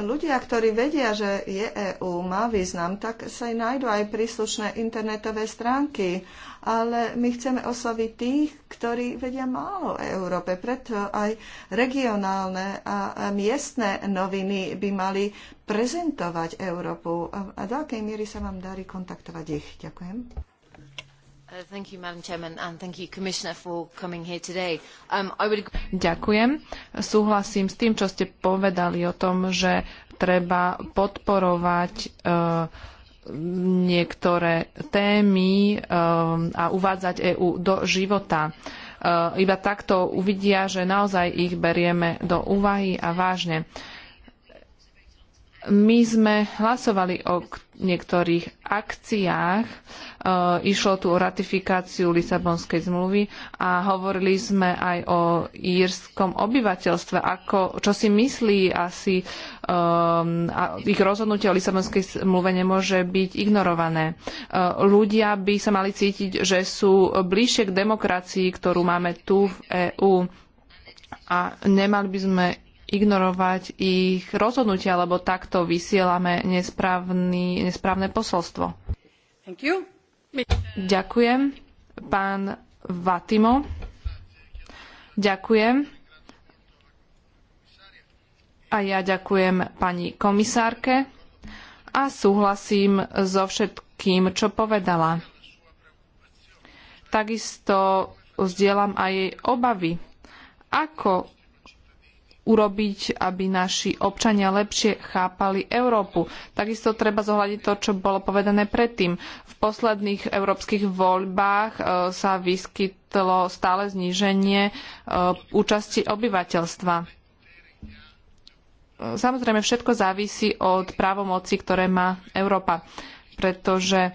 e, ľudia, ktorí vedia, že je EU má význam, tak sa aj nájdú aj príslušné internetové stránky. Ale my chceme osloviť tých, ktorí vedia málo o Európe. Preto aj regionálne a miestne noviny by mali prezentovať Európu. A do akej miery sa vám darí kontaktovať ich? Ďakujem. Uh, um, Ďakujem. Súhlasím s tým, čo ste povedali o tom, že treba podporovať uh, niektoré témy um, a uvádzať EÚ do života. Uh, iba takto uvidia, že naozaj ich berieme do úvahy a vážne. My sme hlasovali o niektorých akciách. E, išlo tu o ratifikáciu Lisabonskej zmluvy a hovorili sme aj o írskom obyvateľstve, ako, čo si myslí asi e, a ich rozhodnutie o Lisabonskej zmluve nemôže byť ignorované. E, ľudia by sa mali cítiť, že sú bližšie k demokracii, ktorú máme tu v EÚ a nemali by sme ignorovať ich rozhodnutia, lebo takto vysielame nesprávny, nesprávne posolstvo. Ďakujem. Pán Vatimo. Ďakujem. A ja ďakujem pani komisárke a súhlasím so všetkým, čo povedala. Takisto vzdielam aj jej obavy. Ako urobiť, aby naši občania lepšie chápali Európu. Takisto treba zohľadiť to, čo bolo povedané predtým. V posledných európskych voľbách e, sa vyskytlo stále zníženie e, účasti obyvateľstva. E, samozrejme, všetko závisí od právomoci, ktoré má Európa, pretože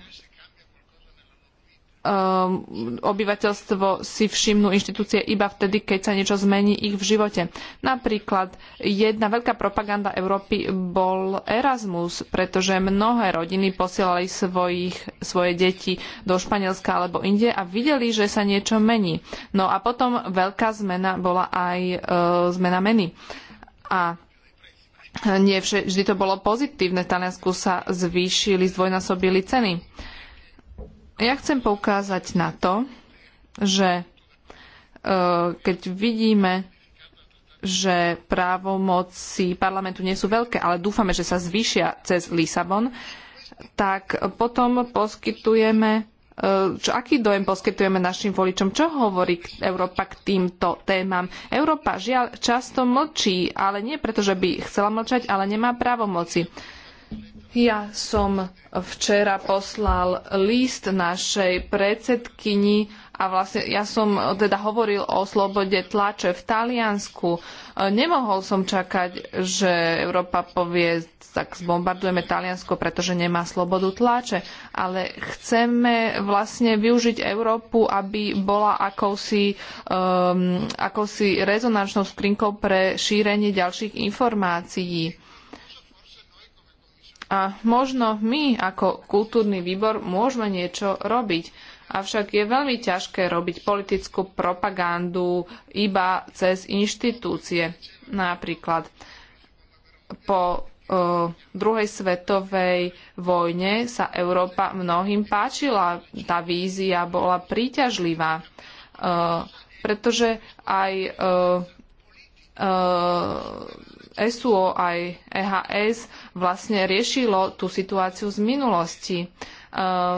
Um, obyvateľstvo si všimnú inštitúcie iba vtedy, keď sa niečo zmení ich v živote. Napríklad jedna veľká propaganda Európy bol Erasmus, pretože mnohé rodiny posielali svojich, svoje deti do Španielska alebo inde a videli, že sa niečo mení. No a potom veľká zmena bola aj e, zmena meny. A nie vždy to bolo pozitívne. V Taliansku sa zvýšili, zdvojnásobili ceny. Ja chcem poukázať na to, že e, keď vidíme, že právomoci parlamentu nie sú veľké, ale dúfame, že sa zvýšia cez Lisabon, tak potom poskytujeme e, čo, aký dojem poskytujeme našim voličom, čo hovorí Európa k týmto témam. Európa žiaľ často mlčí, ale nie preto, že by chcela mlčať, ale nemá právomoci. moci ja som včera poslal list našej predsedkyni a vlastne ja som teda hovoril o slobode tlače v Taliansku. E, nemohol som čakať, že Európa povie, tak zbombardujeme Taliansko, pretože nemá slobodu tlače, ale chceme vlastne využiť Európu, aby bola akousi, um, akousi rezonančnou skrinkou pre šírenie ďalších informácií a možno my ako kultúrny výbor môžeme niečo robiť. Avšak je veľmi ťažké robiť politickú propagandu iba cez inštitúcie. Napríklad po e, druhej svetovej vojne sa Európa mnohým páčila. Tá vízia bola príťažlivá, e, pretože aj e, SUO aj EHS vlastne riešilo tú situáciu z minulosti. Eh,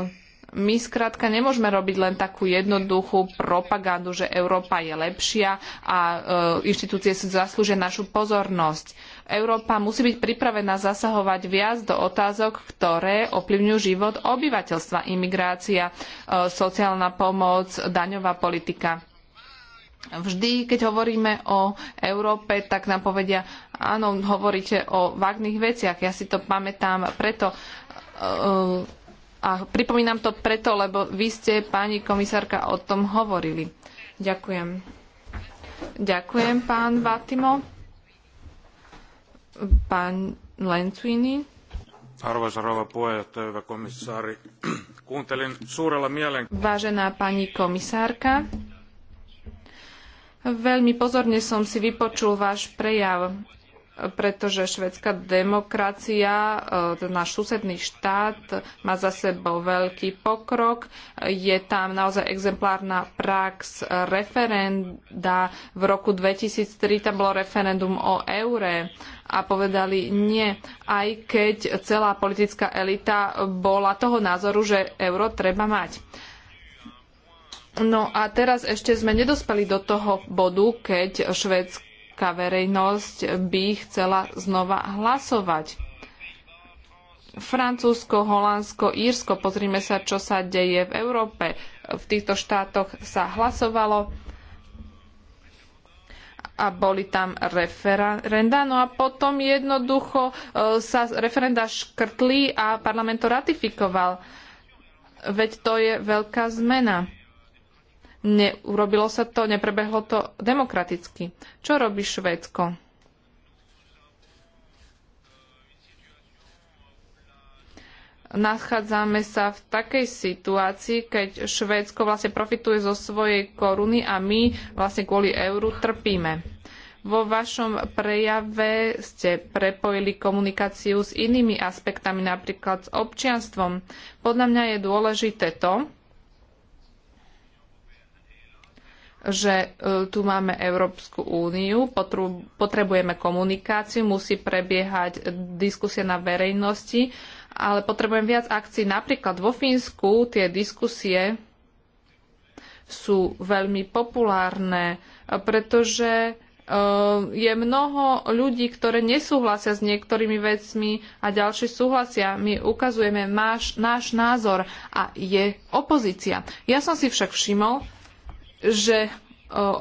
my skrátka nemôžeme robiť len takú jednoduchú propagandu, že Európa je lepšia a eh, inštitúcie si zaslúžia našu pozornosť. Európa musí byť pripravená zasahovať viac do otázok, ktoré ovplyvňujú život obyvateľstva, imigrácia, eh, sociálna pomoc, daňová politika vždy, keď hovoríme o Európe, tak nám povedia, áno, hovoríte o vágnych veciach. Ja si to pamätám preto. Eh, a pripomínam to preto, lebo vy ste, pani komisárka, o tom hovorili. Ďakujem. Ďakujem, pán Vatimo. Pán Lencuini. Arvoisa puheenjohtaja, hyvä komissaari. Kuuntelin suurella mielen... Vážená pani komisárka, Veľmi pozorne som si vypočul váš prejav, pretože švedská demokracia, e, náš susedný štát, má za sebou veľký pokrok. Je tam naozaj exemplárna prax referenda. V roku 2003 tam bolo referendum o eure a povedali nie, aj keď celá politická elita bola toho názoru, že euro treba mať. No a teraz ešte sme nedospeli do toho bodu, keď švédska verejnosť by chcela znova hlasovať. Francúzsko, Holandsko, Írsko, pozrime sa, čo sa deje v Európe. V týchto štátoch sa hlasovalo a boli tam referenda. No a potom jednoducho e, sa referenda škrtli a parlament to ratifikoval. Veď to je veľká zmena Neurobilo sa to, neprebehlo to demokraticky. Čo robí Švédsko? Nachádzame sa v takej situácii, keď Švédsko vlastne profituje zo svojej koruny a my vlastne kvôli euru trpíme. Vo vašom prejave ste prepojili komunikáciu s inými aspektami, napríklad s občianstvom. Podľa mňa je dôležité to, že e, tu máme Európsku úniu, potrebujeme komunikáciu, musí prebiehať diskusia na verejnosti, ale potrebujem viac akcií. Napríklad vo Fínsku tie diskusie sú veľmi populárne, pretože e, je mnoho ľudí, ktoré nesúhlasia s niektorými vecmi a ďalší súhlasia. My ukazujeme náš, náš názor a je opozícia. Ja som si však všimol, že e,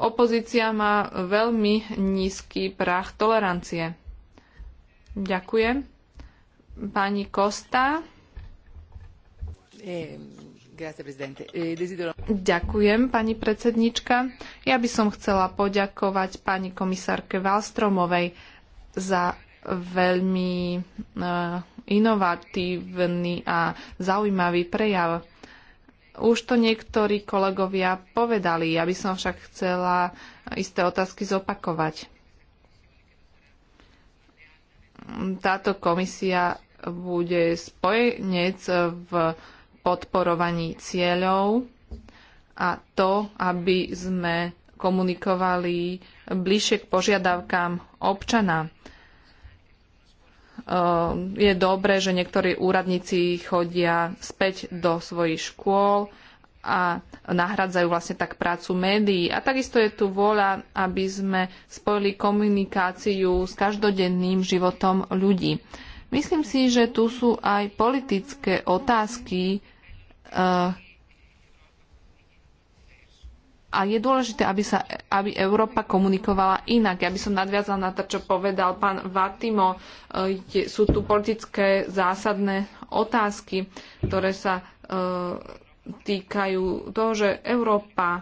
opozícia má veľmi nízky práh tolerancie. Ďakujem. Pani Kosta. Eh, eh, Ďakujem, pani predsednička. Ja by som chcela poďakovať pani komisárke Valstromovej za veľmi eh, inovatívny a zaujímavý prejav. Už to niektorí kolegovia povedali, ja by som však chcela isté otázky zopakovať. Táto komisia bude spojenec v podporovaní cieľov a to, aby sme komunikovali bližšie k požiadavkám občana. Ehm, je dobré, že niektorí úradníci chodia späť do svojich škôl a nahradzajú vlastne tak prácu médií. A takisto je tu vôľa, aby sme spojili komunikáciu s každodenným životom ľudí. Myslím si, že tu sú aj politické otázky, ehm, a je dôležité, aby, sa, aby Európa komunikovala inak. Ja by som nadviazala na to, čo povedal pán Vatimo. E, sú tu politické zásadné otázky, ktoré sa e, týkajú toho, že Európa e,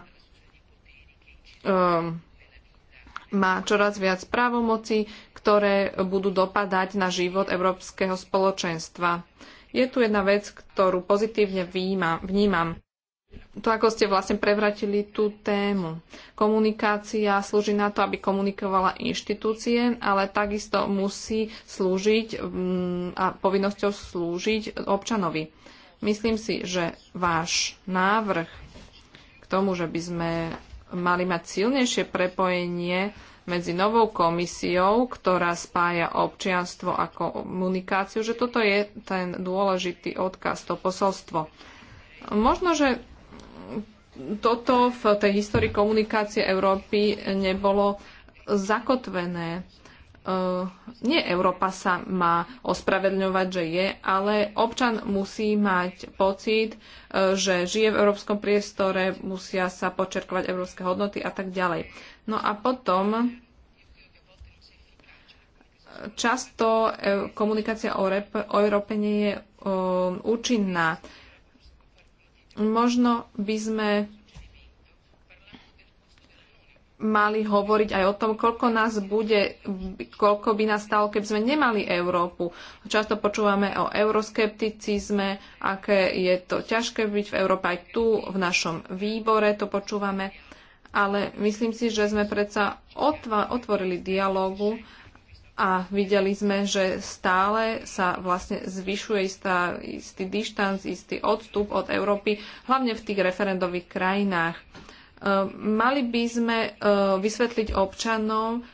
má čoraz viac právomoci, ktoré budú dopadať na život európskeho spoločenstva. Je tu jedna vec, ktorú pozitívne vnímam to, ako ste vlastne prevratili tú tému. Komunikácia slúži na to, aby komunikovala inštitúcie, ale takisto musí slúžiť mm, a povinnosťou slúžiť občanovi. Myslím si, že váš návrh k tomu, že by sme mali mať silnejšie prepojenie medzi novou komisiou, ktorá spája občianstvo a komunikáciu, že toto je ten dôležitý odkaz, to posolstvo. Možno, že toto v tej histórii komunikácie Európy nebolo zakotvené. Eh, nie Európa sa má ospravedľovať, že je, ale občan musí mať pocit, eh, že žije v európskom priestore, musia sa počerkovať európske hodnoty a tak ďalej. No a potom eh, často komunikácia o Európe nie je účinná Možno by sme mali hovoriť aj o tom, koľko nás bude, koľko by nás stalo, keby sme nemali Európu. Často počúvame o euroskepticizme, aké je to ťažké byť v Európe aj tu, v našom výbore to počúvame. Ale myslím si, že sme predsa otvorili dialógu a videli sme, že stále sa vlastne zvyšuje istá, istý dištanc, istý odstup od Európy, hlavne v tých referendových krajinách. Ehm, mali by sme ehm, vysvetliť občanom,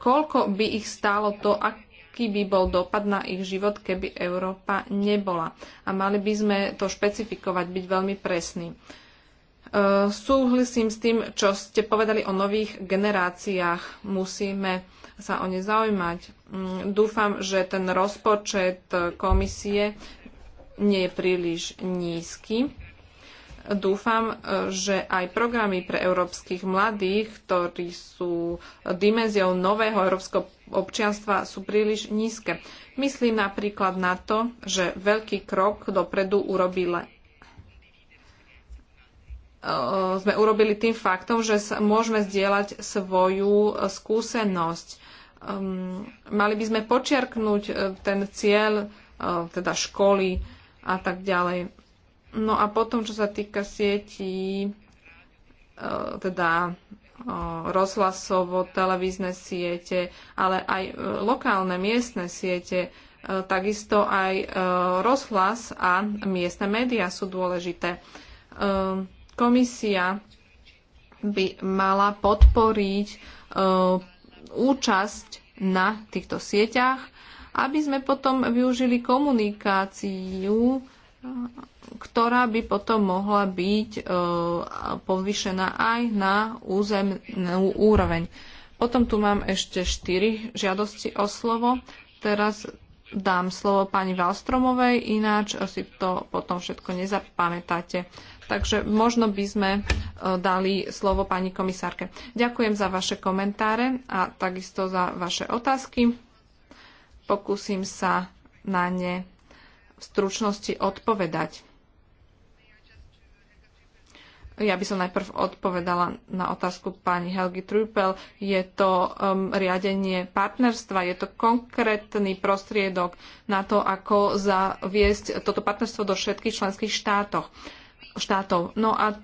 koľko by ich stálo to, aký by bol dopad na ich život, keby Európa nebola. A mali by sme to špecifikovať, byť veľmi presný. Ehm, súhlasím s tým, čo ste povedali o nových generáciách. Musíme sa o ne zaujímať. Mm, dúfam, že ten rozpočet komisie nie je príliš nízky. Dúfam, e, že aj programy pre európskych mladých, ktorí sú dimenziou nového európskeho občianstva, sú príliš nízke. Myslím napríklad na to, že veľký krok dopredu urobil e, e, sme urobili tým faktom, že môžeme zdieľať svoju skúsenosť um, mali by sme počiarknúť e, ten cieľ, uh, teda školy a tak ďalej. No a potom, čo sa týka sietí, e, teda rozhlasovo, televízne siete, ale aj lokálne miestne siete, takisto aj rozhlas a miestne médiá sú dôležité. komisia by mala podporiť účasť na týchto sieťach, aby sme potom využili komunikáciu, ktorá by potom mohla byť e, povýšená aj na územnú úroveň. Potom tu mám ešte 4 žiadosti o slovo. Teraz dám slovo pani Valstromovej, ináč si to potom všetko nezapamätáte. Takže možno by sme e, dali slovo pani komisárke. Ďakujem za vaše komentáre a takisto za vaše otázky. Pokúsim sa na ne v stručnosti odpovedať. Ja by som najprv odpovedala na otázku pani Helgi Trupel. Je to um, riadenie partnerstva, je to konkrétny prostriedok na to, ako zaviesť toto partnerstvo do všetkých členských štátoch štátov. No a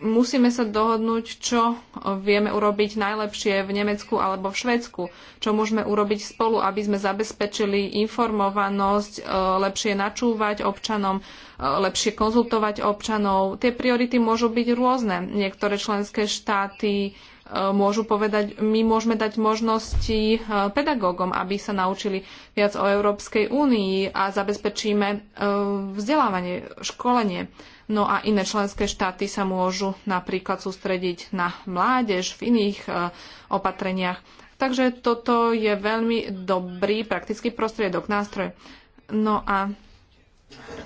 musíme sa dohodnúť, čo vieme urobiť najlepšie v Nemecku alebo v Švedsku, čo môžeme urobiť spolu, aby sme zabezpečili informovanosť, e, lepšie načúvať občanom, e, lepšie konzultovať občanov. Tie priority môžu byť rôzne. Niektoré členské štáty e, môžu povedať, my môžeme dať možnosti pedagógom, aby sa naučili viac o Európskej únii a zabezpečíme vzdelávanie, školenie No a iné členské štáty sa môžu napríklad sústrediť na mládež v iných e, opatreniach. Takže toto je veľmi dobrý praktický prostriedok, nástroj. No a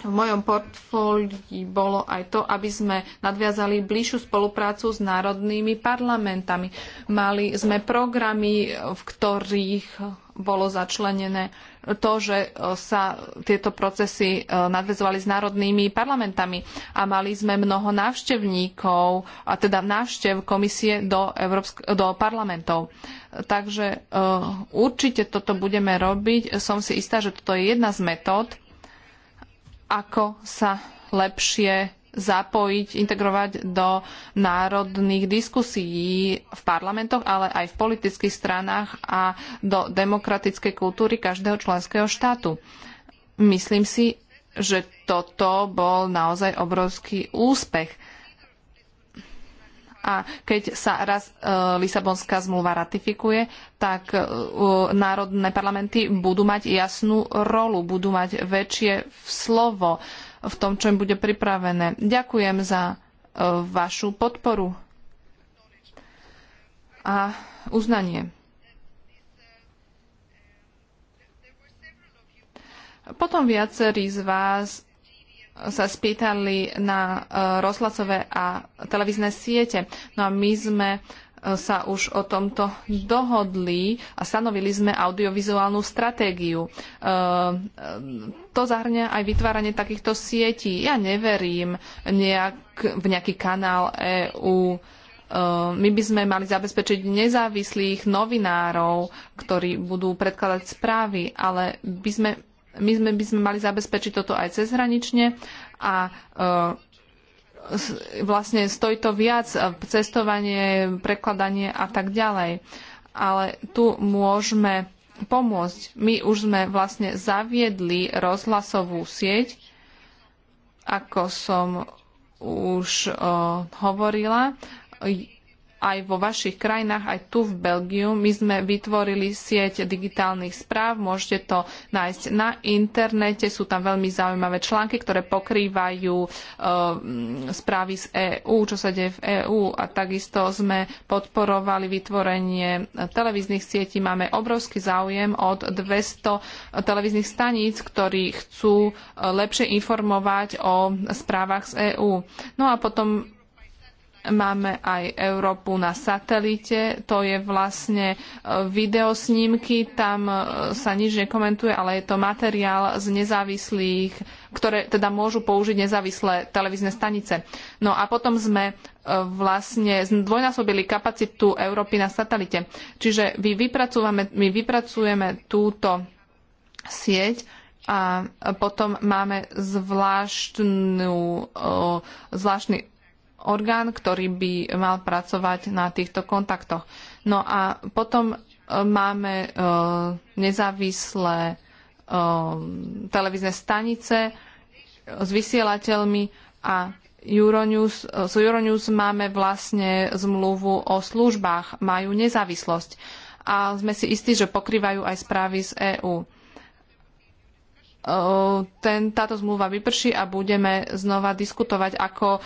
v mojom portfóliu bolo aj to, aby sme nadviazali bližšiu spoluprácu s národnými parlamentami. Mali sme programy, v ktorých bolo začlenené to, že e, sa tieto procesy e, nadvezovali s národnými parlamentami a mali sme mnoho návštevníkov, a teda návštev komisie do, Európsk- do parlamentov. Takže e, určite toto budeme robiť. Som si istá, že toto je jedna z metód, ako sa lepšie zapojiť, integrovať do národných diskusií v parlamentoch, ale aj v politických stranách a do demokratickej kultúry každého členského štátu. Myslím si, že toto bol naozaj obrovský úspech a keď sa raz e, Lisabonská zmluva ratifikuje, tak e, národné parlamenty budú mať jasnú rolu, budú mať väčšie slovo v tom, čo im bude pripravené. Ďakujem za e, vašu podporu a uznanie. Potom viacerí z vás sa spýtali na e, rozhlasové a televízne siete. No a my sme e, sa už o tomto dohodli a stanovili sme audiovizuálnu stratégiu. E, to zahrňa aj vytváranie takýchto sietí. Ja neverím nejak, v nejaký kanál EÚ. my by sme mali zabezpečiť nezávislých novinárov, ktorí budú predkladať správy, ale by sme my sme, by sme mali zabezpečiť toto aj cezhranične a e, vlastne stojí to viac e, cestovanie, prekladanie a tak ďalej. Ale tu môžeme pomôcť. My už sme vlastne zaviedli rozhlasovú sieť, ako som už e, hovorila aj vo vašich krajinách, aj tu v Belgiu. My sme vytvorili sieť digitálnych správ, môžete to nájsť na internete, sú tam veľmi zaujímavé články, ktoré pokrývajú e, správy z EÚ, čo sa deje v EÚ a takisto sme podporovali vytvorenie televíznych sietí. Máme obrovský záujem od 200 televíznych staníc, ktorí chcú e, lepšie informovať o správach z EÚ. No a potom Máme aj Európu na satelite, to je vlastne e, videosnímky, tam e, sa nič nekomentuje, ale je to materiál z nezávislých, ktoré teda môžu použiť nezávislé televízne stanice. No a potom sme e, vlastne zdvojnásobili kapacitu Európy na satelite. Čiže my vypracujeme, my vypracujeme túto sieť, a potom máme zvláštnu, zvláštny orgán, ktorý by mal pracovať na týchto kontaktoch. No a potom e, máme e, nezávislé e, televízne stanice s vysielateľmi a Euronews, s Euronews máme vlastne zmluvu o službách, majú nezávislosť a sme si istí, že pokrývajú aj správy z EÚ ten, táto zmluva vyprší a budeme znova diskutovať, ako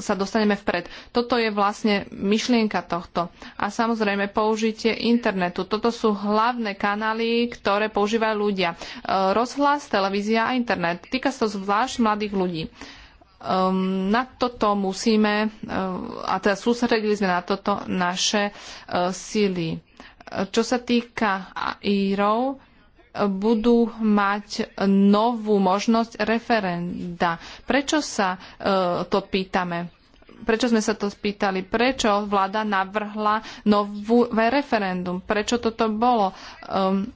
sa dostaneme vpred. Toto je vlastne myšlienka tohto. A samozrejme použitie internetu. Toto sú hlavné kanály, ktoré používajú ľudia. Rozhlas, televízia a internet. Týka sa to zvlášť mladých ľudí. Ehm, na toto musíme, e, a teda sústredili sme na toto naše e, síly. Čo sa týka írov, budú mať novú možnosť referenda. Prečo sa e, to pýtame? Prečo sme sa to spýtali? Prečo vláda navrhla novú referendum? Prečo toto bolo? Um,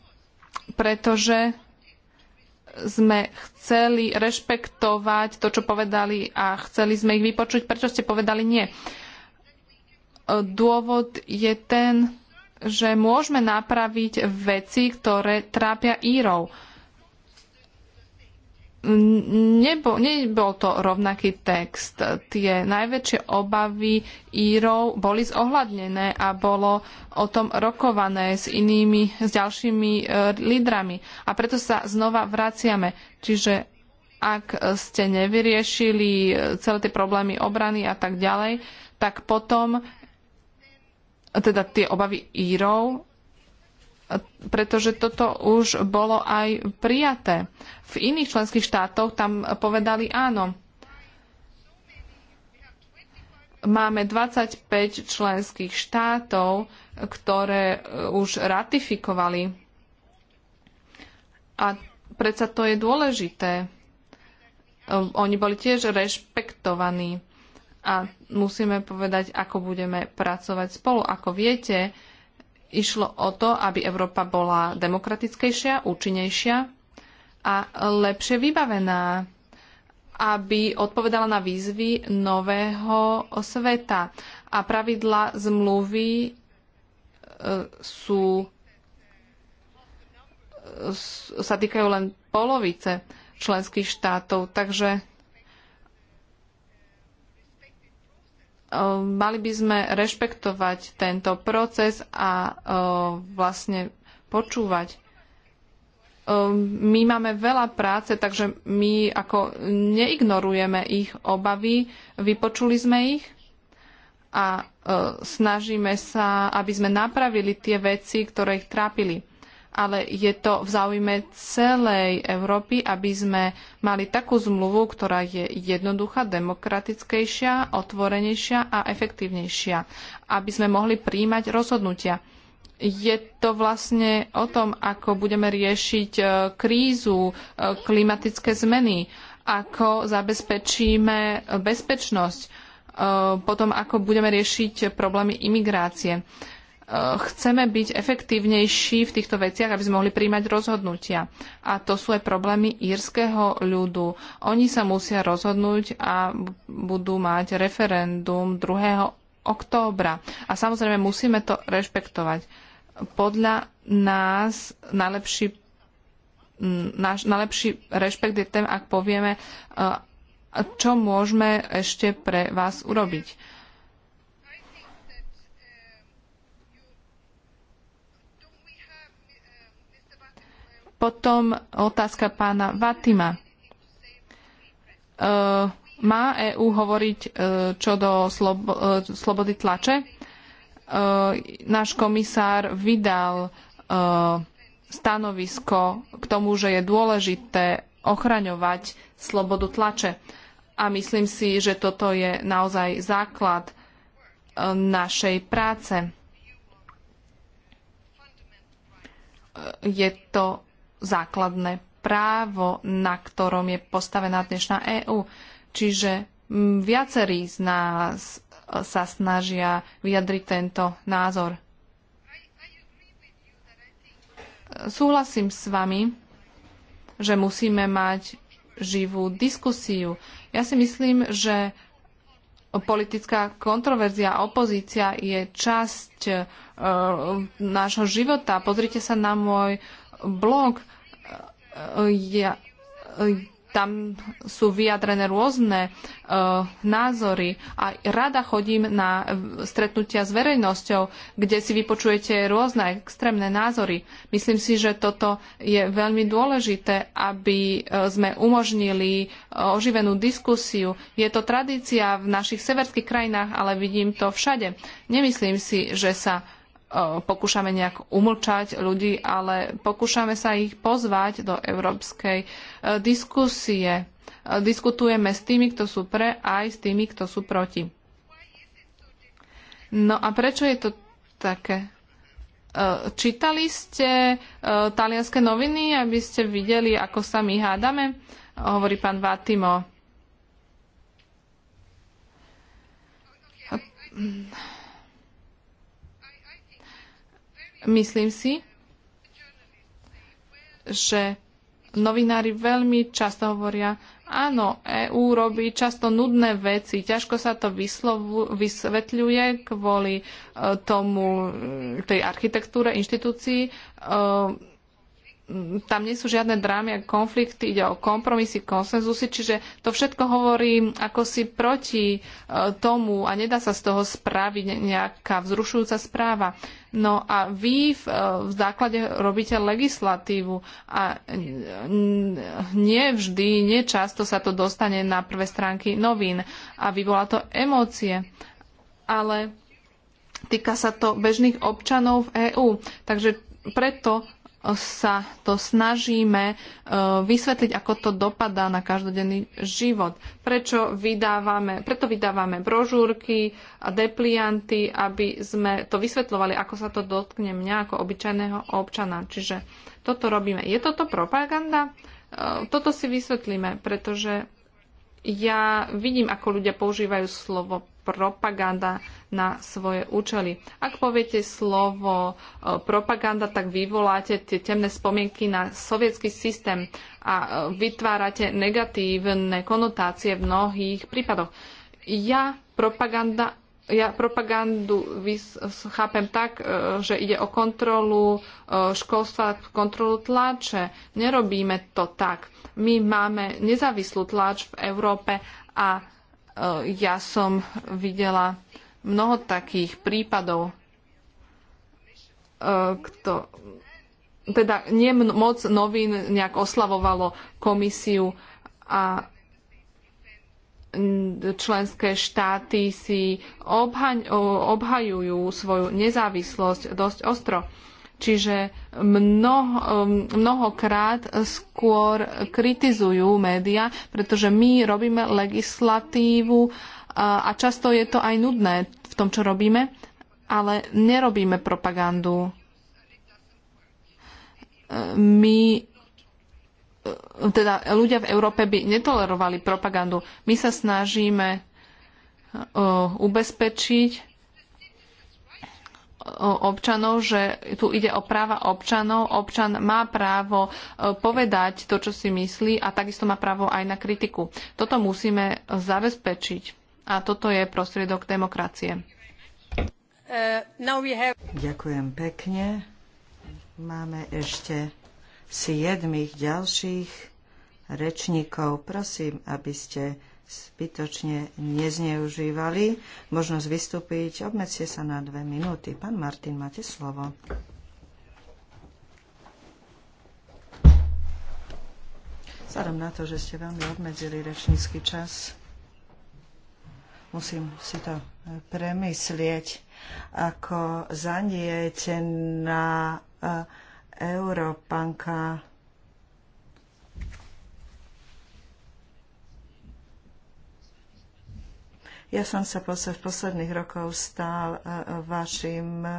pretože sme chceli rešpektovať to, čo povedali a chceli sme ich vypočuť. Prečo ste povedali nie? E, dôvod je ten, že môžeme napraviť veci, ktoré trápia Írov. Nebol, nebol to rovnaký text. Tie najväčšie obavy Írov boli zohľadnené a bolo o tom rokované s inými, s ďalšími e, lídrami. A preto sa znova vraciame. Čiže ak ste nevyriešili e, celé tie problémy obrany a tak ďalej, tak potom teda tie obavy Írov, pretože toto už bolo aj prijaté. V iných členských štátoch tam povedali áno. Máme 25 členských štátov, ktoré e, už ratifikovali. A predsa to je dôležité. E, oni boli tiež rešpektovaní. A musíme povedať, ako budeme pracovať spolu. Ako viete, išlo o to, aby Európa bola demokratickejšia, účinnejšia a lepšie vybavená, aby odpovedala na výzvy nového sveta. A pravidla zmluvy e, sú e, sa týkajú len polovice členských štátov, takže Ehm, mali by sme rešpektovať tento proces a e, vlastne počúvať. Ehm, my máme veľa práce, takže my ako neignorujeme ich obavy, vypočuli sme ich a e, snažíme sa, aby sme napravili tie veci, ktoré ich trápili ale je to v záujme celej Európy, aby sme mali takú zmluvu, ktorá je jednoduchá, demokratickejšia, otvorenejšia a efektívnejšia, aby sme mohli príjmať rozhodnutia. Je to vlastne o tom, ako budeme riešiť e, krízu, e, klimatické zmeny, ako zabezpečíme bezpečnosť, e, potom ako budeme riešiť problémy imigrácie. Eh, chceme byť efektívnejší v týchto veciach, aby sme mohli príjmať rozhodnutia. A to sú aj problémy írskeho ľudu. Oni sa musia rozhodnúť a budú mať referendum 2. októbra. A samozrejme musíme to rešpektovať. Podľa nás najlepší, náš najlepší rešpekt je ten, ak povieme, eh, čo môžeme ešte pre vás urobiť Potom otázka pána Vatima. E, má EÚ hovoriť e, čo do slobo e, slobody tlače? Náš komisár vydal stanovisko k tomu, že je dôležité ochraňovať slobodu tlače. A myslím si, že toto je naozaj základ našej práce. Je to základné právo, na ktorom je postavená dnešná EÚ. Čiže viacerí z nás sa snažia vyjadriť tento názor. Súhlasím s vami, že musíme mať živú diskusiu. Ja si myslím, že politická kontroverzia a opozícia je časť e, nášho života. Pozrite sa na môj blog, ja, tam sú vyjadrené rôzne uh, názory a rada chodím na stretnutia s verejnosťou, kde si vypočujete rôzne extrémne názory. Myslím si, že toto je veľmi dôležité, aby e, sme umožnili e, oživenú diskusiu. Je to tradícia v našich severských krajinách, ale vidím to všade. Nemyslím si, že sa pokúšame nejak umlčať ľudí, ale pokúšame sa ich pozvať do európskej e, diskusie. E, diskutujeme s tými, kto sú pre, aj s tými, kto sú proti. No a prečo je to také? E, čítali ste talianské noviny, aby ste videli, ako sa my hádame? Hovorí pán Vatimo. Myslím si, že novinári veľmi často hovoria, áno, EÚ robí často nudné veci, ťažko sa to vyslovu, vysvetľuje kvôli e, tomu, e, tej architektúre inštitúcií. E, tam nie sú žiadne drámy a konflikty, ide o kompromisy, konsenzusy, čiže to všetko hovorí ako si proti e, tomu a nedá sa z toho spraviť nejaká vzrušujúca správa. No a vy v, e, v základe robíte legislatívu a nevždy nečasto často sa to dostane na prvé stránky novín a vyvolá to emócie. Ale týka sa to bežných občanov v EÚ. Takže preto sa to snažíme e, vysvetliť, ako to dopadá na každodenný život. Prečo vydávame, preto vydávame brožúrky a deplianty, aby sme to vysvetlovali, ako sa to dotkne mňa ako obyčajného občana. Čiže toto robíme. Je toto propaganda? E, toto si vysvetlíme, pretože ja vidím, ako ľudia používajú slovo propaganda na svoje účely. Ak poviete slovo e, propaganda, tak vyvoláte tie temné spomienky na sovietský systém a e, vytvárate negatívne konotácie v mnohých prípadoch. Ja propaganda ja propagandu chápem tak, e, že ide o kontrolu školstva, kontrolu tlače. Nerobíme to tak my máme nezávislú tlač v Európe a e, ja som videla mnoho takých prípadov, e, kto, teda nie moc novín nejak oslavovalo komisiu a členské štáty si obhaň, obhajujú svoju nezávislosť dosť ostro. Čiže mnoho, um, mnohokrát skôr kritizujú média, pretože my robíme legislatívu uh, a často je to aj nudné v tom, čo robíme, ale nerobíme propagandu. Uh, my uh, teda ľudia v Európe by netolerovali propagandu. My sa snažíme ubezpečiť občanov, že tu ide o práva občanov. Občan má právo e, povedať to, čo si myslí a takisto má právo aj na kritiku. Toto musíme zabezpečiť a toto je prostriedok demokracie. E, Ďakujem pekne. Máme ešte siedmých ďalších rečníkov. Prosím, aby ste zbytočne nezneužívali. Možnosť vystúpiť, obmedzte sa na dve minúty. Pán Martin, máte slovo. Vzhľadom na to, že ste veľmi obmedzili rečnícky čas, musím si to e, premyslieť, ako na e, Európanka Ja som sa v posledných rokov stal e, vašim e,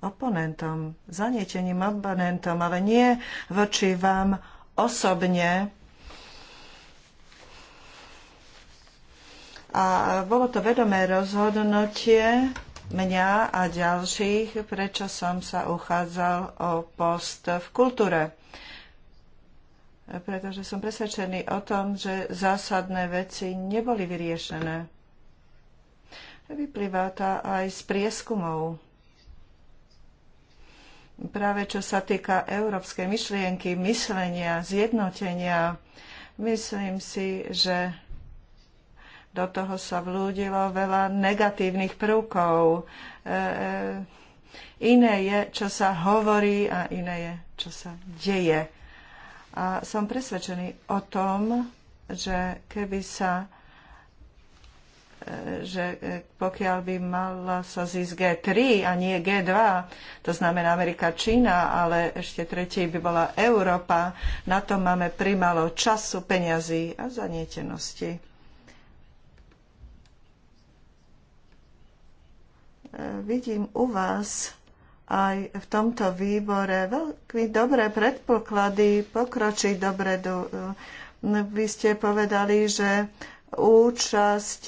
oponentom, zanietením oponentom, ale nie voči vám osobne. A bolo to vedomé rozhodnutie mňa a ďalších, prečo som sa uchádzal o post v kultúre pretože som presvedčený o tom, že zásadné veci neboli vyriešené. Vyplýva tá aj z prieskumov. Práve čo sa týka európskej myšlienky, myslenia, zjednotenia, myslím si, že do toho sa vlúdilo veľa negatívnych prvkov. E, e iné je, čo sa hovorí a iné je, čo sa deje a som presvedčený o tom, že keby sa e, že e, pokiaľ by mala sa zísť G3 a nie G2, to znamená Amerika, Čína, ale ešte tretí by bola Európa, na to máme primalo času, peňazí a zanietenosti. E, vidím u vás aj v tomto výbore veľmi dobré predpoklady pokročiť Do, e, Vy ste povedali, že účasť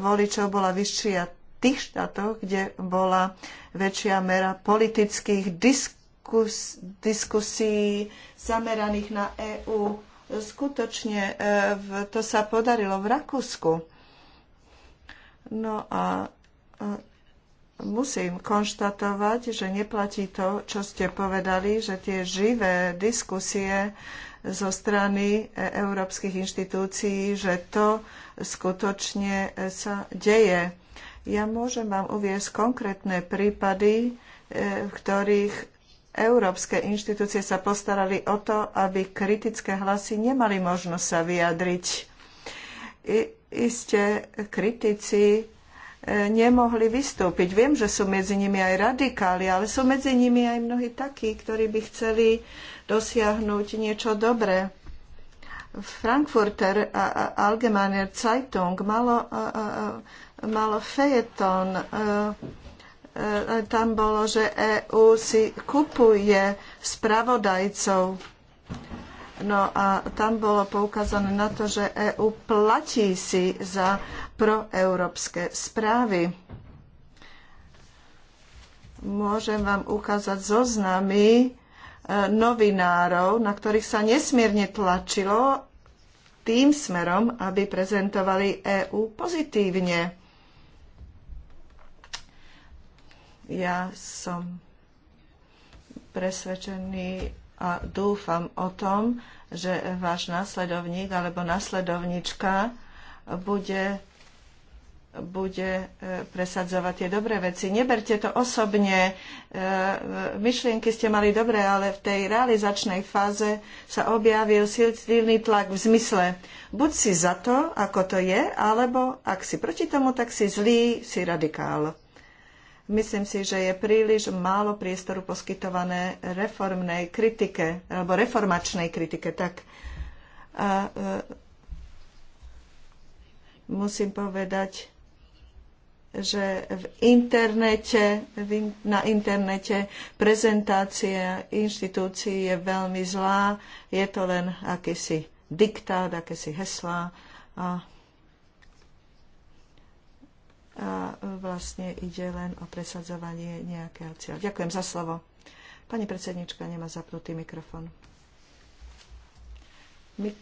voličov bola vyššia v tých štátoch, kde bola väčšia mera politických diskus, diskusí zameraných na EÚ. Skutočne e, to sa podarilo v Rakúsku. No a e, musím konštatovať, že neplatí to, čo ste povedali, že tie živé diskusie zo strany e, európskych inštitúcií, že to skutočne e, sa deje. Ja môžem vám uviesť konkrétne prípady, e, v ktorých európske inštitúcie sa postarali o to, aby kritické hlasy nemali možnosť sa vyjadriť. I, iste kritici E, nemohli vystúpiť. Viem, že sú medzi nimi aj radikáli, ale sú medzi nimi aj mnohí takí, ktorí by chceli dosiahnuť niečo dobré. Frankfurter Allgemeiner Zeitung malo, malo fejeton. E, e, tam bolo, že EU si kupuje spravodajcov. No a tam bolo poukázané na to, že EU platí si za proeurópske správy. Môžem vám ukázať zoznamy e, novinárov, na ktorých sa nesmierne tlačilo tým smerom, aby prezentovali EÚ pozitívne. Ja som presvedčený a dúfam o tom, že váš následovník alebo následovnička bude bude e, presadzovať tie dobré veci. Neberte to osobne. E, e, myšlienky ste mali dobré, ale v tej realizačnej fáze sa objavil silný tlak v zmysle buď si za to, ako to je, alebo ak si proti tomu, tak si zlý, si radikál. Myslím si, že je príliš málo priestoru poskytované reformnej kritike, alebo reformačnej kritike. Tak a, musím povedať, že v internete, na internete prezentácia inštitúcií je veľmi zlá, je to len akýsi diktát, akési heslá a, a vlastne ide len o presadzovanie nejakého cieľa. Ďakujem za slovo. Pani predsednička nemá zapnutý mikrofón. Mik.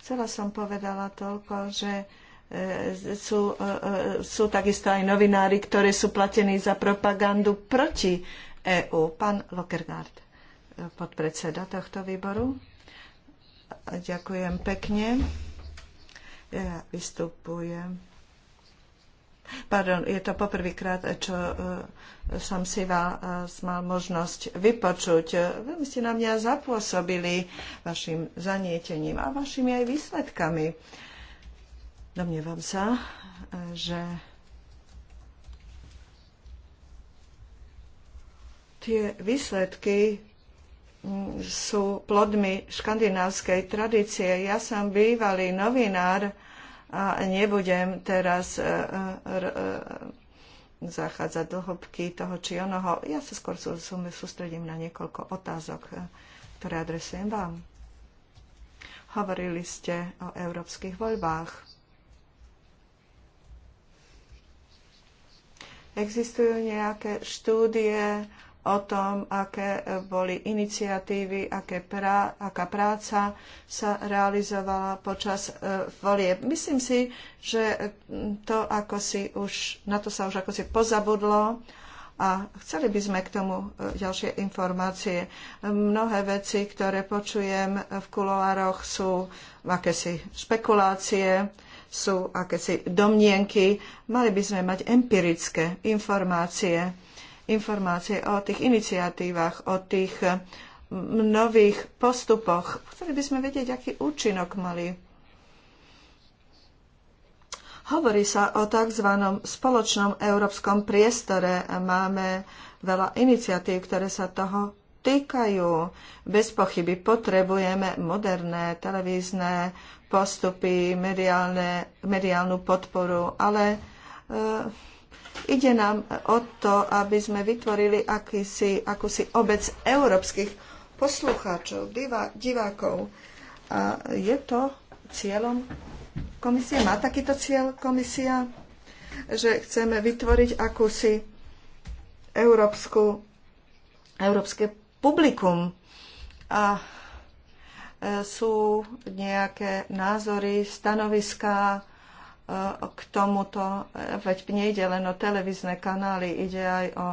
Chcela som povedala toľko, že E, sú, e, e, sú takisto aj novinári, ktorí sú platení za propagandu proti EÚ. Pán Lokergaard, podpredseda tohto výboru. Ďakujem pekne. Ja vystupujem. Pardon, je to poprvýkrát, čo som si vás mal možnosť vypočuť. Veľmi ste na mňa zapôsobili vašim zanietením a vašimi aj výsledkami. Uh, Domnievam sa, že tie výsledky sú plodmi škandinávskej tradície. Ja som bývalý novinár a nebudem teraz e, e, e, zachádzať do hĺbky toho či onoho. Ja sa skôr sústredím na niekoľko otázok, ktoré adresujem vám. Hovorili ste o európskych voľbách. Existujú nejaké štúdie o tom, aké boli iniciatívy, aké pra, aká práca sa realizovala počas e, volieb. Myslím si, že to, ako si už, na to sa už ako si pozabudlo a chceli by sme k tomu e, ďalšie informácie. Mnohé veci, ktoré počujem v kuloároch, sú akési špekulácie, sú akési domnienky. Mali by sme mať empirické informácie, informácie o tých iniciatívach, o tých nových postupoch. Chceli by sme vedieť, aký účinok mali. Hovorí sa o tzv. spoločnom európskom priestore. Máme veľa iniciatív, ktoré sa toho týkajú. Bez pochyby potrebujeme moderné televízne postupy, mediálne, mediálnu podporu, ale e, ide nám o to, aby sme vytvorili akýsi, akúsi obec európskych poslucháčov, divá, divákov. A je to cieľom komisie? Má takýto cieľ komisia? Že chceme vytvoriť akúsi európsku, európske publikum. A e, sú nejaké názory, stanoviská e, k tomuto, e, veď nejde len o televízne kanály, ide aj o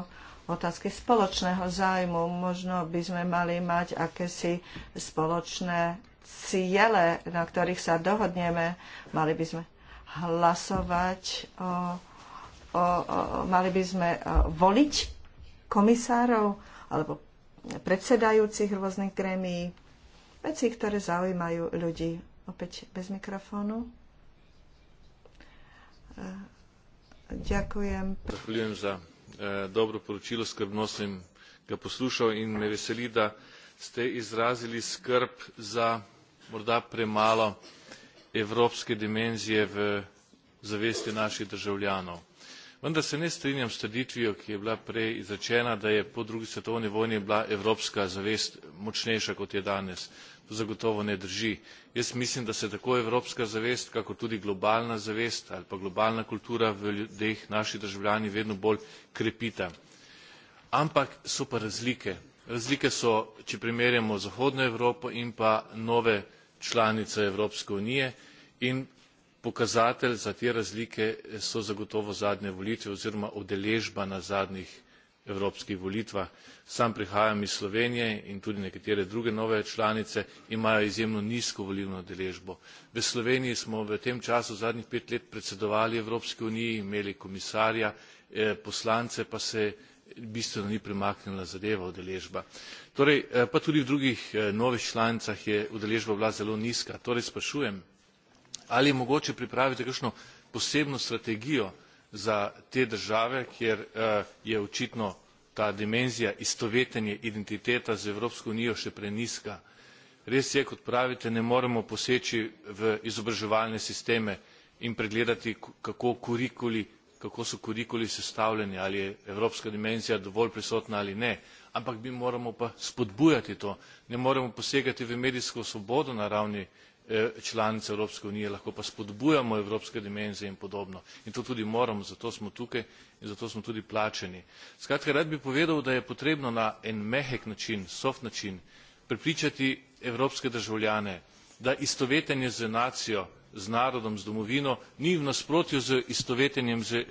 otázky spoločného zájmu. Možno by sme mali mať akési spoločné ciele, na ktorých sa dohodneme. Mali by sme hlasovať, o, o, o, mali by sme voliť komisárov alebo predsedajúcich rôznych grémií, veci, ktoré zaujímajú ľudí. Opäť bez mikrofónu. E, ďakujem. Ďakujem za e, dobro poručilo, skrbno nosím ga poslušal in me veseli, da ste izrazili skrb za morda premalo evropske dimenzije v zavesti naših državljanov vendar se ne strinjam s trditvijo ki je bila prej izrečena da je po drugi svetovni vojni bila evropska zavest močnejša kot je danes. to zagotovo ne drži. jaz mislim da se tako evropska zavest kakor tudi globalna zavest ali pa globalna kultura v ljudeh naši državljani vedno bolj krepita. ampak so pa razlike. razlike so če primerjamo zahodno evropo in pa nove članice evropske unije in pokazatelj za te razlike eh, so zagotovo zadnje volitve oziroma udeležba na zadnjih evropskih volitvah. sam prihajam iz slovenije in tudi nekatere druge nove članice imajo izjemno nizko volilno udeležbo. v sloveniji smo v tem času zadnjih pet let predsedovali evropski uniji imeli komisarja eh, poslance pa se bistveno ni premaknila zadeva udeležba. Torej, eh, pa tudi v drugih novih članicah je udeležba bila zelo nizka. torej sprašujem Ali je mogoče pripraviti kakšno posebno strategijo za te države, kjer eh, je očitno ta dimenzija istovetenje identiteta z Evropsko unijo še preniska. Res je, kot pravite, ne moremo poseči v izobraževalne sisteme in pregledati, kako, kurikuli, kako so kurikuli sestavljeni, ali je evropska dimenzija dovolj prisotna ali ne, ampak mi moramo pa spodbujati to. Ne moremo posegati v medijsko svobodo na ravni E, članice Evropske unije, lahko pa spodbujamo evropske dimenzije in podobno. In to tudi moramo, zato smo tukaj in zato smo tudi plačani. Skratka, rad bi povedal, da je potrebno na en mehek način, soft način, prepričati evropske državljane, da istovetenje z nacijo, z narodom, z domovino ni v nasprotju z istovetenjem z,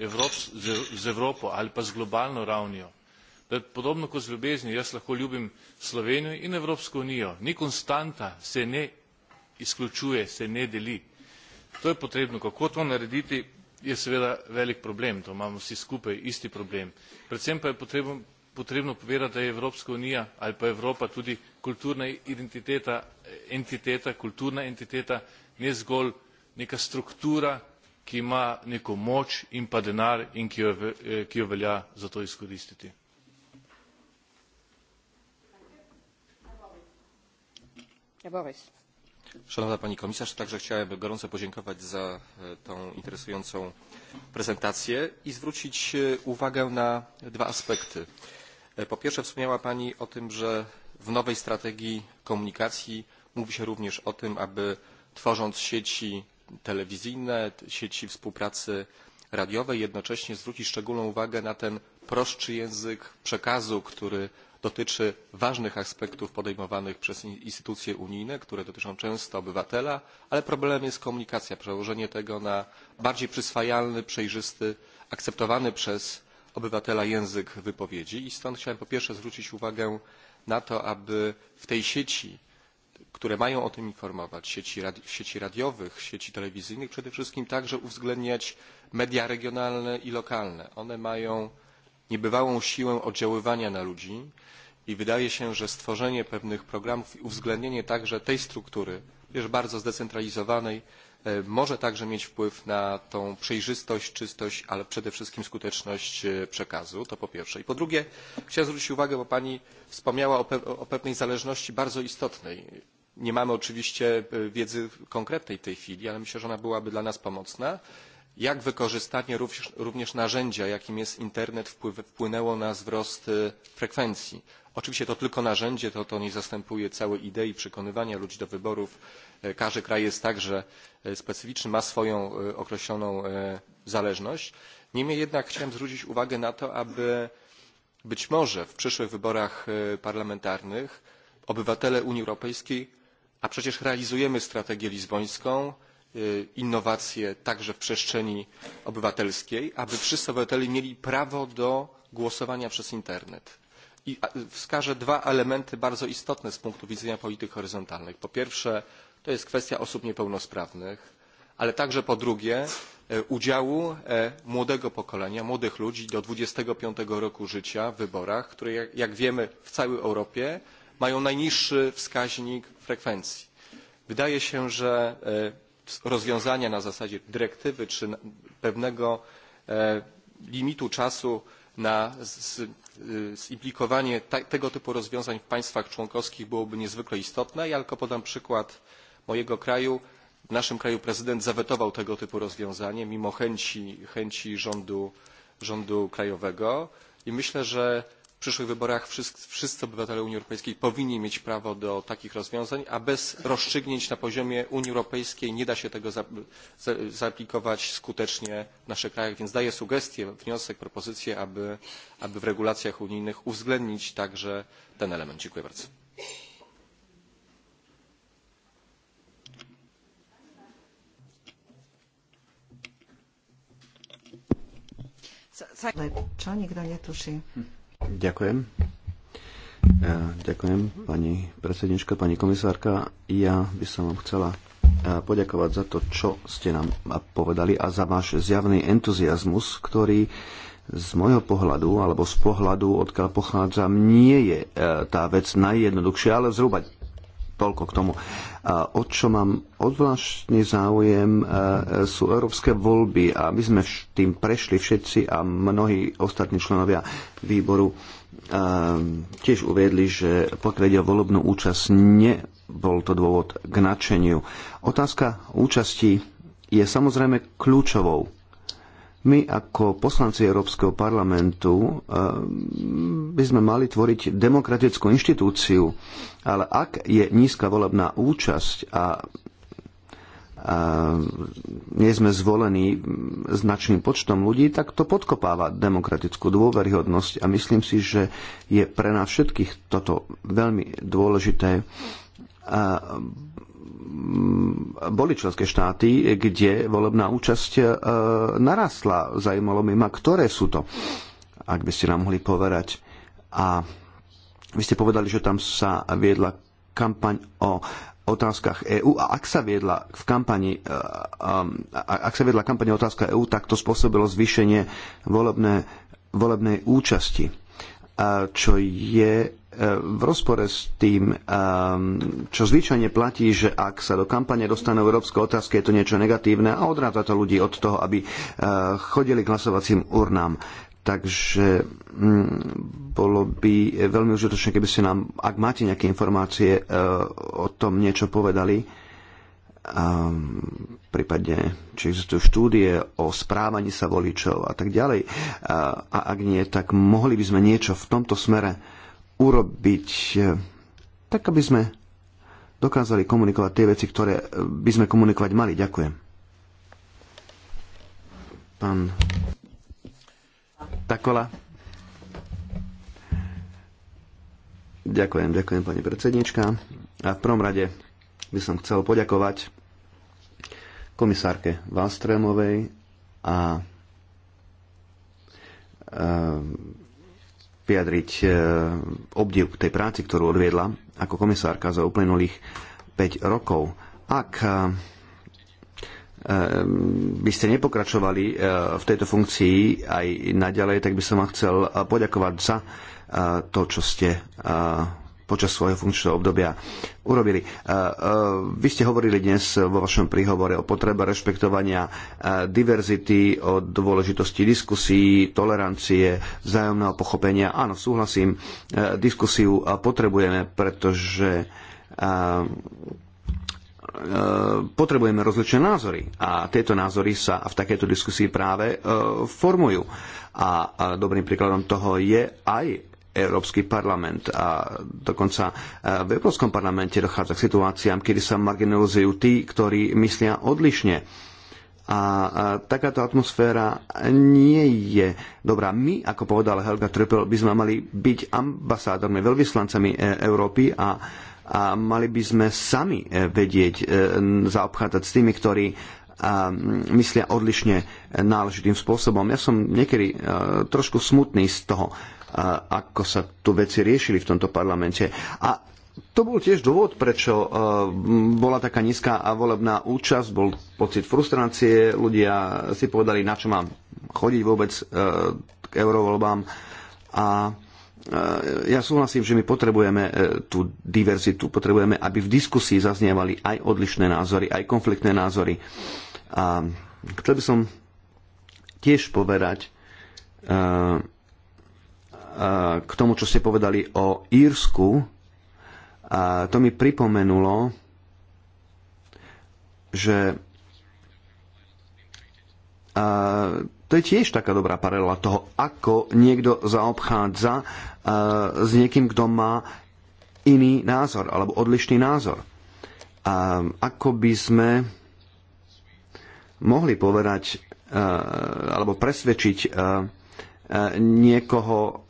z Evropo ali pa z globalno ravnijo da podobno kot z ljubeznijo jaz lahko ljubim slovenijo in evropsko unijo ni konstanta se ne izključuje, se ne deli. To je potrebno. Kako to narediti, je seveda velik problem. To imamo vsi skupaj, isti problem. Predvsem pa je potrebno, povedati, da je Evropska unija ali pa Evropa tudi kulturna identiteta, entiteta, kulturna entiteta, ne zgolj neka struktura, ki ima neko moč in pa denar in ki jo, eh, ki jo velja za to izkoristiti. Szanowna Pani Komisarz, także chciałem gorąco podziękować za e, tą interesującą prezentację i zwrócić e, uwagę na dwa aspekty. E, po pierwsze wspomniała Pani o tym, że w nowej strategii komunikacji mówi się również o tym, aby tworząc sieci telewizyjne, sieci współpracy radiowej, jednocześnie zwrócić szczególną uwagę na ten prostszy język przekazu, który dotyczy ważnych aspektów podejmowanych przez instytucje unijne, które dotyczą często obywatela, ale problemem jest komunikacja, przełożenie tego na bardziej przyswajalny, przejrzysty, akceptowany przez obywatela język wypowiedzi. I stąd chciałem po pierwsze zwrócić uwagę na to, aby w tej sieci, które mają o tym informować, sieci, radi sieci radiowych, sieci telewizyjnych, przede wszystkim także uwzględniać media regionalne i lokalne. One mają niebywałą siłę oddziaływania na ludzi i wydaje się, że stworzenie pewnych programów i uwzględnienie także tej struktury, wiesz, bardzo zdecentralizowanej, e, może także mieć wpływ na tą przejrzystość, czystość, ale przede wszystkim skuteczność e, przekazu. To po pierwsze. I po drugie, chciałem zwrócić uwagę, bo Pani wspomniała o, pe o pewnej zależności bardzo istotnej. Nie mamy oczywiście e, wiedzy konkretnej w tej chwili, ale myślę, że ona byłaby dla nas pomocna jak wykorzystanie również, narzędzia, jakim jest internet, wpłynęło na wzrost frekwencji. Oczywiście to tylko narzędzie, to, to nie zastępuje całej idei przekonywania ludzi do wyborów. E, każdy kraj jest także e, specyficzny, ma swoją e, określoną zależność. Niemniej jednak chciałem zwrócić uwagę na to, aby być może w przyszłych wyborach parlamentarnych obywatele Unii Europejskiej, a przecież realizujemy strategię lizbońską, E, innowacje także w przestrzeni obywatelskiej, aby wszyscy obywatele mieli prawo do głosowania przez internet. I wskażę dwa elementy bardzo istotne z punktu widzenia polityk horyzontalnych. Po pierwsze, to jest kwestia osób niepełnosprawnych, ale także po drugie e, udziału e, młodego pokolenia, młodych ludzi do pięć roku życia w wyborach, które jak wiemy w całej Europie mają najniższy wskaźnik frekwencji. Wydaje się, że rozwiązania na zasadzie dyrektywy czy pewnego e, limitu czasu na e, zimplikowanie tego typu rozwiązań w państwach członkowskich byłoby niezwykle istotne. Ja tylko podam przykład mojego kraju. W naszym kraju prezydent zawetował tego typu rozwiązanie mimo chęci, chęci rządu, rządu krajowego i myślę, że w przyszłych wyborach wszyscy, wszyscy obywatele Unii Europejskiej powinni mieć prawo do takich rozwiązań, a bez rozstrzygnięć na poziomie Unii Europejskiej nie da się tego za, za, zaaplikować skutecznie w naszych krajach, więc daję sugestię, wniosek, propozycję, aby, aby w regulacjach unijnych uwzględnić także ten element. Dziękuję bardzo. Ďakujem. Ďakujem, pani predsednička, pani komisárka. Ja by som vám chcela e, poďakovať za to, čo ste nám povedali a za váš zjavný entuziasmus, ktorý z môjho pohľadu, alebo z pohľadu, odkiaľ pochádzam, nie je e, tá vec najjednoduchšia, ale zhruba Toľko k tomu. A o čo mám odvláštny záujem e, sú európske voľby a my sme tým prešli všetci a mnohí ostatní členovia výboru e, tiež uviedli, že pokiaľ ide o volebnú účasť, nebol to dôvod k nadšeniu. Otázka účasti je samozrejme kľúčovou my ako poslanci Európskeho parlamentu eh, by sme mali tvoriť demokratickú inštitúciu, ale ak je nízka volebná účasť a a nie sme zvolení značným počtom ľudí, tak to podkopáva demokratickú dôveryhodnosť a myslím si, že je pre nás všetkých toto veľmi dôležité Mm, boli členské štáty, kde volebná účasť e, narastla. Zajímalo mi ma, ktoré sú to, ak by ste nám mohli poverať. A vy ste povedali, že tam sa viedla kampaň o otázkach EÚ a ak sa viedla v kampani, e, e, ak sa viedla kampaň o otázkach EÚ, tak to spôsobilo zvýšenie volebné, volebnej účasti, čo je v rozpore s tým, um, čo zvyčajne platí, že ak sa do kampane dostanú európske otázky, je to niečo negatívne a odráta to ľudí od toho, aby uh, chodili k hlasovacím urnám. Takže mm, bolo by veľmi užitočné, keby ste nám, ak máte nejaké informácie, uh, o tom niečo povedali. A um, prípadne, či existujú štúdie o správaní sa voličov a tak ďalej. Uh, a ak nie, tak mohli by sme niečo v tomto smere urobiť e, tak, aby sme dokázali komunikovať tie veci, ktoré e, by sme komunikovať mali. Ďakujem. Pán Takola. Ďakujem, ďakujem pani predsednička. A v prvom rade by som chcel poďakovať komisárke Valstrémovej a e, vyjadriť e, obdiv k tej práci, ktorú odviedla ako komisárka za uplynulých 5 rokov. Ak e, e, by ste nepokračovali v tejto funkcii aj naďalej, tak by som vám chcel poďakovať za to, čo ste počas svojho funkčného obdobia urobili. E, e, vy ste hovorili dnes vo vašom príhovore o potrebe rešpektovania e, diverzity, o dôležitosti diskusí, tolerancie, vzájomného pochopenia. Áno, súhlasím, diskusiu potrebujeme, pretože potrebujeme rozličné názory a tieto názory sa v takejto diskusii práve formujú. A dobrým príkladom toho je aj Európsky parlament a dokonca e, v Európskom parlamente dochádza k situáciám, kedy sa marginalizujú tí, ktorí myslia odlišne. A takáto atmosféra nie je dobrá. My, ako povedala Helga Trüppel, by sme mali byť ambasádormi, veľvyslancami e, Európy a a mali by sme sami e, vedieť zaobchádzať s tými, ktorí a myslia odlišne náležitým spôsobom. Ja som niekedy trošku smutný z toho, ako sa tu veci riešili v tomto parlamente. A to bol tiež dôvod, prečo e, bola taká nízka a volebná účasť, bol pocit frustrácie, ľudia si povedali, na čo mám chodiť vôbec e, k eurovoľbám. A e, ja súhlasím, že my potrebujeme tú diverzitu, potrebujeme, aby v diskusii zaznievali aj odlišné názory, aj konfliktné názory. A chcel by som tiež povedať, k tomu, čo ste povedali o Írsku. A to mi pripomenulo, že a to je tiež taká dobrá paralela toho, ako niekto zaobchádza s niekým, kto má iný názor alebo odlišný názor. A ako by sme mohli povedať alebo presvedčiť niekoho,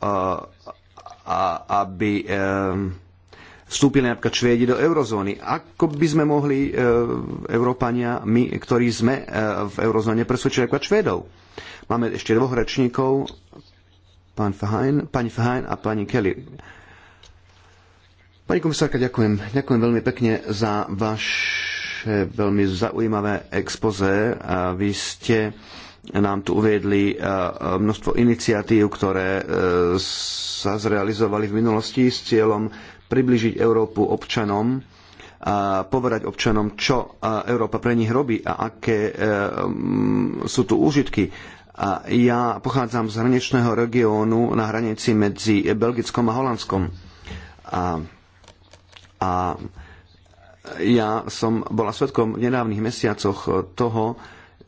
aby vstúpili napríklad Švédi do eurozóny. Ako by sme mohli e, Európania, my, ktorí sme e, v eurozóne, presvedčiť napríklad Švédov? Máme ešte dvoch rečníkov, pán Fahajn, pani Fahajn a pani Kelly. Pani komisárka, ďakujem. Ďakujem veľmi pekne za vaše veľmi zaujímavé expoze. Vy ste nám tu uviedli eh, eh, množstvo iniciatív, ktoré eh, sa zrealizovali v minulosti s cieľom približiť Európu občanom a povedať občanom, čo Európa pre nich robí a aké mm, sú tu úžitky. ja pochádzam z hraničného regiónu na hranici medzi Belgickom a Holandskom. A, a ja som bola svetkom v nedávnych mesiacoch toho,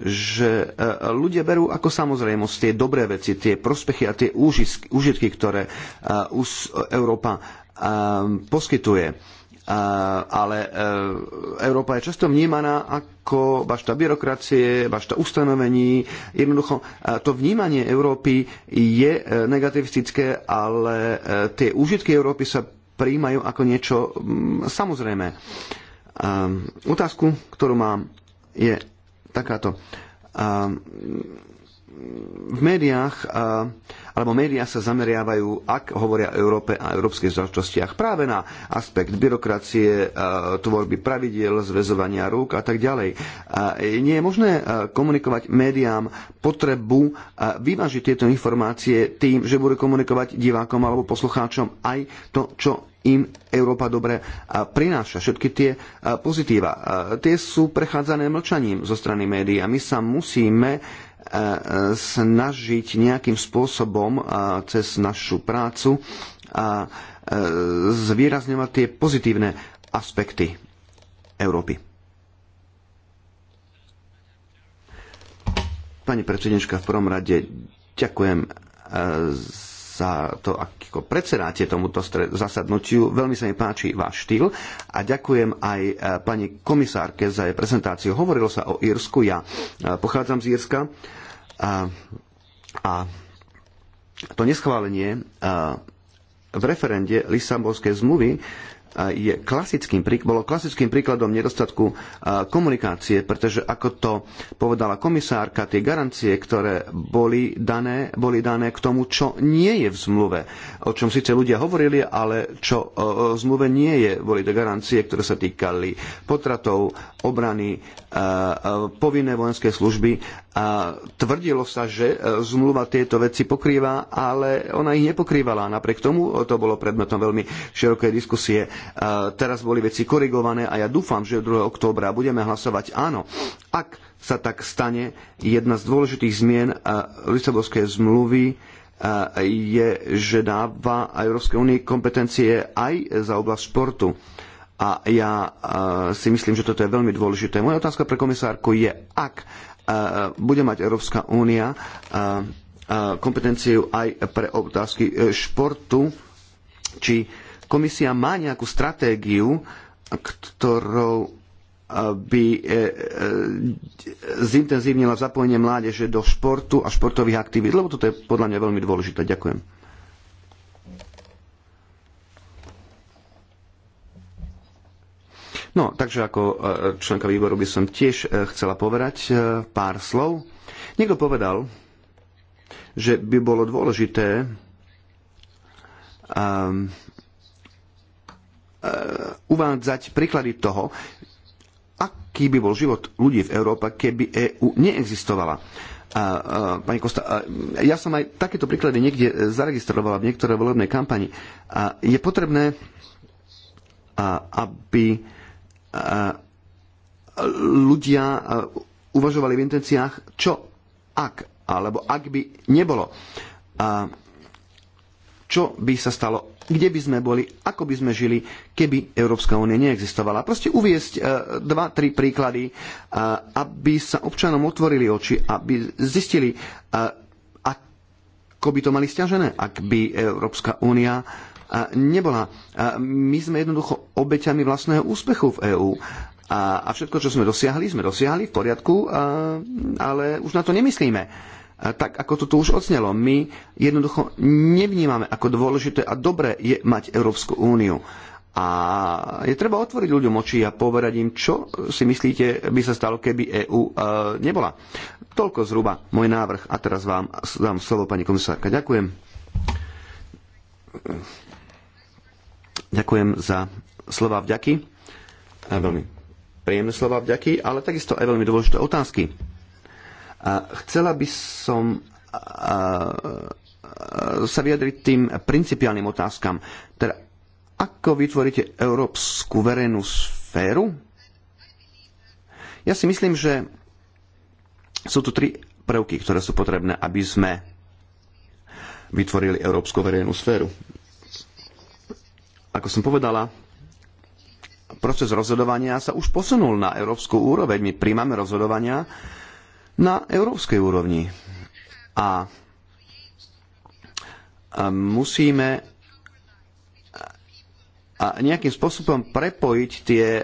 že e, ľudia berú ako samozrejmosť tie dobré veci, tie prospechy a tie úžitky, ktoré e, Európa e, poskytuje ale Európa je často vnímaná ako bašta byrokracie, bašta ustanovení. Jednoducho to vnímanie Európy je negativistické, ale tie úžitky Európy sa príjmajú ako niečo samozrejme. Otázku, ktorú mám, je takáto. A, v médiách, a, alebo médiá sa zameriavajú, ak hovoria o Európe a európskych záležitostiach, práve na aspekt byrokracie, a, tvorby pravidiel, zväzovania rúk a tak ďalej. A, nie je možné a, komunikovať médiám potrebu a, vyvážiť tieto informácie tým, že bude komunikovať divákom alebo poslucháčom aj to, čo im Európa dobre prináša, všetky tie pozitíva. Tie sú prechádzané mlčaním zo strany médií a my sa musíme e, e, snažiť nejakým spôsobom cez našu prácu a e, zvýrazňovať tie pozitívne aspekty Európy. Pani predsednička, v prvom rade ďakujem za to, ako predsedáte tomuto zasadnutiu. Veľmi sa mi páči váš štýl a ďakujem aj e, pani komisárke za jej prezentáciu. Hovorilo sa o Írsku, ja e, pochádzam z Írska a, a to neschválenie e, v referende Lisabonskej zmluvy je klasickým, bolo klasickým príkladom nedostatku komunikácie, pretože ako to povedala komisárka, tie garancie, ktoré boli dané, boli dané k tomu, čo nie je v zmluve. O čom síce ľudia hovorili, ale čo v zmluve nie je, boli to garancie, ktoré sa týkali potratov, obrany, povinné vojenské služby. A tvrdilo sa, že e, zmluva tieto veci pokrýva, ale ona ich nepokrývala. Napriek tomu e, to bolo predmetom veľmi širokej diskusie. Teraz boli veci korigované a ja dúfam, že 2. októbra budeme hlasovať áno. Ak sa tak stane, jedna z dôležitých zmien Lisabonskej zmluvy je, že dáva Európskej únii kompetencie aj za oblasť športu. A ja si myslím, že toto je veľmi dôležité. Moja otázka pre komisárku je, ak bude mať Európska únia kompetenciu aj pre otázky e, športu, či Komisia má nejakú stratégiu, ktorou eh, by eh, eh, zintenzívnila zapojenie mládeže do športu a športových aktivít, lebo toto je podľa mňa veľmi dôležité. Ďakujem. No, takže ako členka výboru by som tiež chcela povedať pár slov. Niekto povedal, že by bolo dôležité ehm, Eh, uvádzať príklady toho, aký by bol život ľudí v Európe, keby EÚ neexistovala. A, a, pani Kosta, a, ja som aj takéto príklady niekde zaregistrovala v niektorej volebnej kampani. A je potrebné, a, aby a, ľudia a, uvažovali v intenciách, čo ak, alebo ak by nebolo. A, čo by sa stalo kde by sme boli, ako by sme žili, keby Európska únia neexistovala. Proste uviesť e, dva, tri príklady, e, aby sa občanom otvorili oči, aby zistili, e, ako by to mali stiažené, ak by Európska únia nebola. My sme jednoducho obeťami vlastného úspechu v EÚ. A všetko, čo sme dosiahli, sme dosiahli v poriadku, ale už na to nemyslíme tak ako to tu už odznelo, my jednoducho nevnímame, ako dôležité a dobré je mať Európsku úniu. A je treba otvoriť ľuďom oči a povedať im, čo si myslíte, by sa stalo, keby EÚ e, nebola. Toľko zhruba môj návrh. A teraz vám dám slovo, pani komisárka. Ďakujem. Ďakujem za slova vďaky. A veľmi príjemné slova vďaky, ale takisto aj veľmi dôležité otázky a chcela by som sa vyjadriť tým principiálnym otázkam. Teda, ako vytvoríte európsku verejnú sféru? Ja si myslím, že sú tu tri prvky, ktoré sú potrebné, aby sme vytvorili európsku verejnú sféru. Ako som povedala, proces rozhodovania sa už posunul na európsku úroveň. My príjmame rozhodovania, na európskej úrovni. A musíme a nejakým spôsobom prepojiť tie e,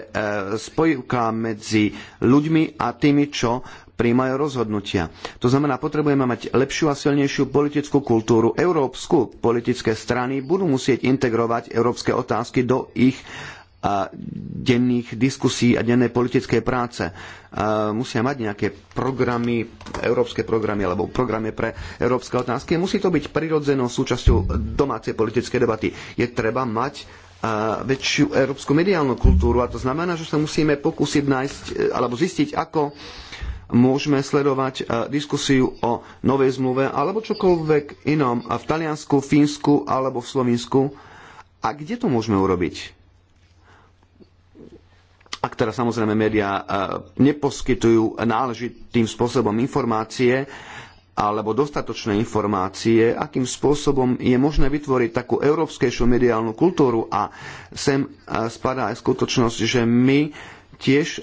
spojivká medzi ľuďmi a tými, čo príjmajú rozhodnutia. To znamená, potrebujeme mať lepšiu a silnejšiu politickú kultúru európsku. Politické strany budú musieť integrovať európske otázky do ich a denných diskusí a dennej politickej práce. Musia mať nejaké programy, európske programy alebo programy pre európske otázky. Musí to byť prirodzenou súčasťou domácej politickej debaty. Je treba mať väčšiu európsku mediálnu kultúru a to znamená, že sa musíme pokúsiť nájsť e, alebo zistiť, ako môžeme sledovať e, diskusiu o novej zmluve alebo čokoľvek inom v Taliansku, Fínsku alebo v Slovinsku. A kde to môžeme urobiť? a ktorá samozrejme médiá e, neposkytujú náležitým spôsobom informácie alebo dostatočné informácie, akým spôsobom je možné vytvoriť takú európskejšiu mediálnu kultúru a sem e, spadá aj skutočnosť, že my tiež e,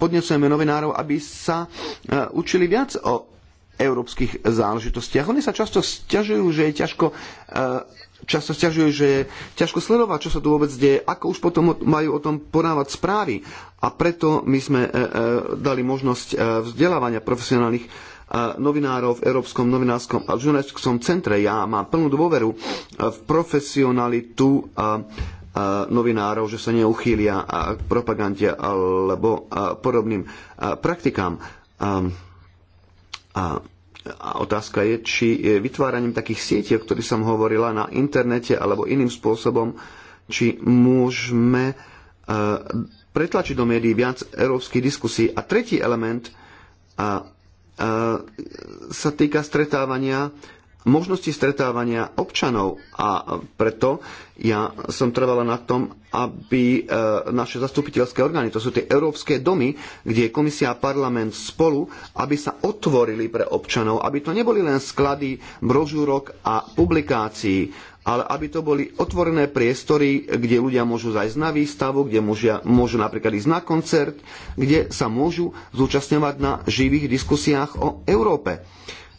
podnecujeme novinárov, aby sa učili viac o európskych záležitostiach. Oni sa často stiažujú, že je ťažko často stiažujú, že je ťažko sledovať, čo sa tu vôbec deje, ako už potom majú o tom podávať správy. A preto my sme e, e, dali možnosť e, vzdelávania profesionálnych novinárov v Európskom novinárskom a žurnalistickom centre. Ja mám plnú dôveru v profesionalitu novinárov, že sa neuchýlia k propagande alebo podobným praktikám. Ehm, a a otázka je, či vytváraním takých sietí, o ktorých som hovorila na internete alebo iným spôsobom, či môžeme e, pretlačiť do médií viac európskych diskusí. A tretí element a, a, e, sa týka stretávania možnosti stretávania občanov a preto ja som trvala na tom, aby e, naše zastupiteľské orgány, to sú tie európske domy, kde je komisia a parlament spolu, aby sa otvorili pre občanov, aby to neboli len sklady brožúrok a publikácií, ale aby to boli otvorené priestory, kde ľudia môžu zajsť na výstavu, kde môžu, môžu napríklad ísť na koncert, kde sa môžu zúčastňovať na živých diskusiách o Európe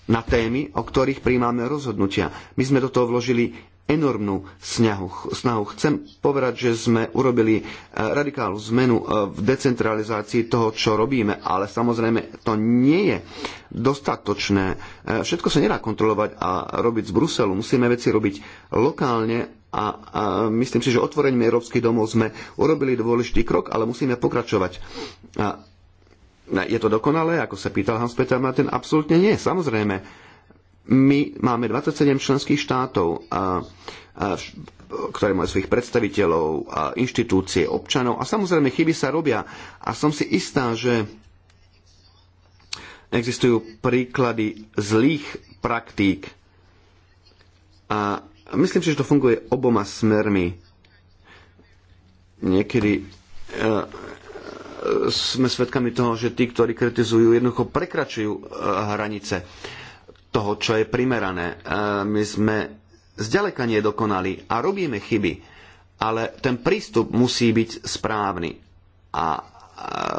na témy, o ktorých príjmame rozhodnutia. My sme do toho vložili enormnú snahu. snahu. Chcem povedať, že sme urobili e, radikálnu zmenu e, v decentralizácii toho, čo robíme, ale samozrejme to nie je dostatočné. E, všetko sa nedá kontrolovať a robiť z Bruselu. Musíme veci robiť lokálne a, a myslím si, že otvorením Európskych domov sme urobili dôležitý krok, ale musíme pokračovať. Je to dokonalé, ako sa pýtal Hans-Peter Martin? Absolútne nie, samozrejme. My máme 27 členských štátov, a, a, ktoré majú svojich predstaviteľov, a inštitúcie, občanov a samozrejme chyby sa robia. A som si istá, že existujú príklady zlých praktík. A myslím si, že to funguje oboma smermi. Niekedy e, sme svedkami toho, že tí, ktorí kritizujú, jednoducho prekračujú e, hranice toho, čo je primerané. E, my sme zďaleka nedokonali a robíme chyby, ale ten prístup musí byť správny a e,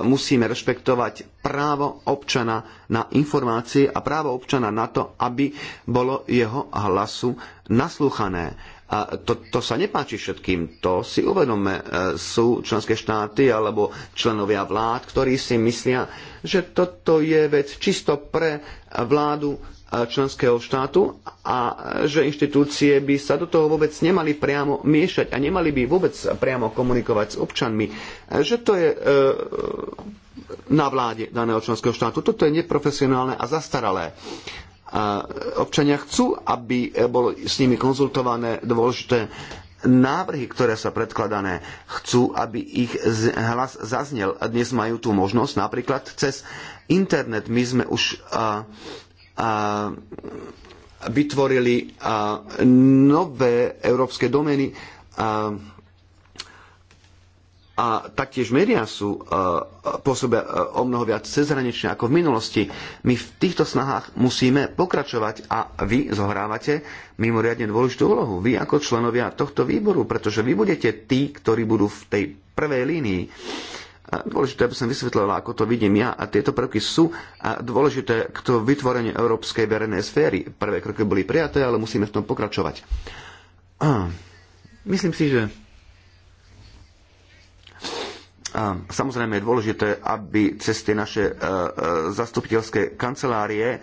musíme rešpektovať právo občana na informácie a právo občana na to, aby bolo jeho hlasu naslúchané a to, to sa nepáči všetkým, to si uvedome. E, sú členské štáty alebo členovia vlád, ktorí si myslia, že toto je vec čisto pre vládu e, členského štátu a e, že inštitúcie by sa do toho vôbec nemali priamo miešať a nemali by vôbec priamo komunikovať s občanmi. Že to je na vláde daného členského štátu. Toto je neprofesionálne a zastaralé. A občania chcú, aby boli s nimi konzultované dôležité návrhy, ktoré sa predkladané, chcú, aby ich hlas zaznel. A dnes majú tú možnosť napríklad cez internet. My sme už a, a, vytvorili a, nové európske domény. A, a taktiež médiá sú e, e, pôsobia e, o mnoho viac cezhranične ako v minulosti. My v týchto snahách musíme pokračovať a vy zohrávate mimoriadne dôležitú úlohu. Vy ako členovia tohto výboru, pretože vy budete tí, ktorí budú v tej prvej línii. Dôležité, aby som vysvetlila, ako to vidím ja. A tieto prvky sú dôležité k to vytvoreniu európskej verejnej sféry. Prvé kroky boli prijaté, ale musíme v tom pokračovať. Myslím si, že Samozrejme je dôležité, aby cez tie naše e, e, zastupiteľské kancelárie e,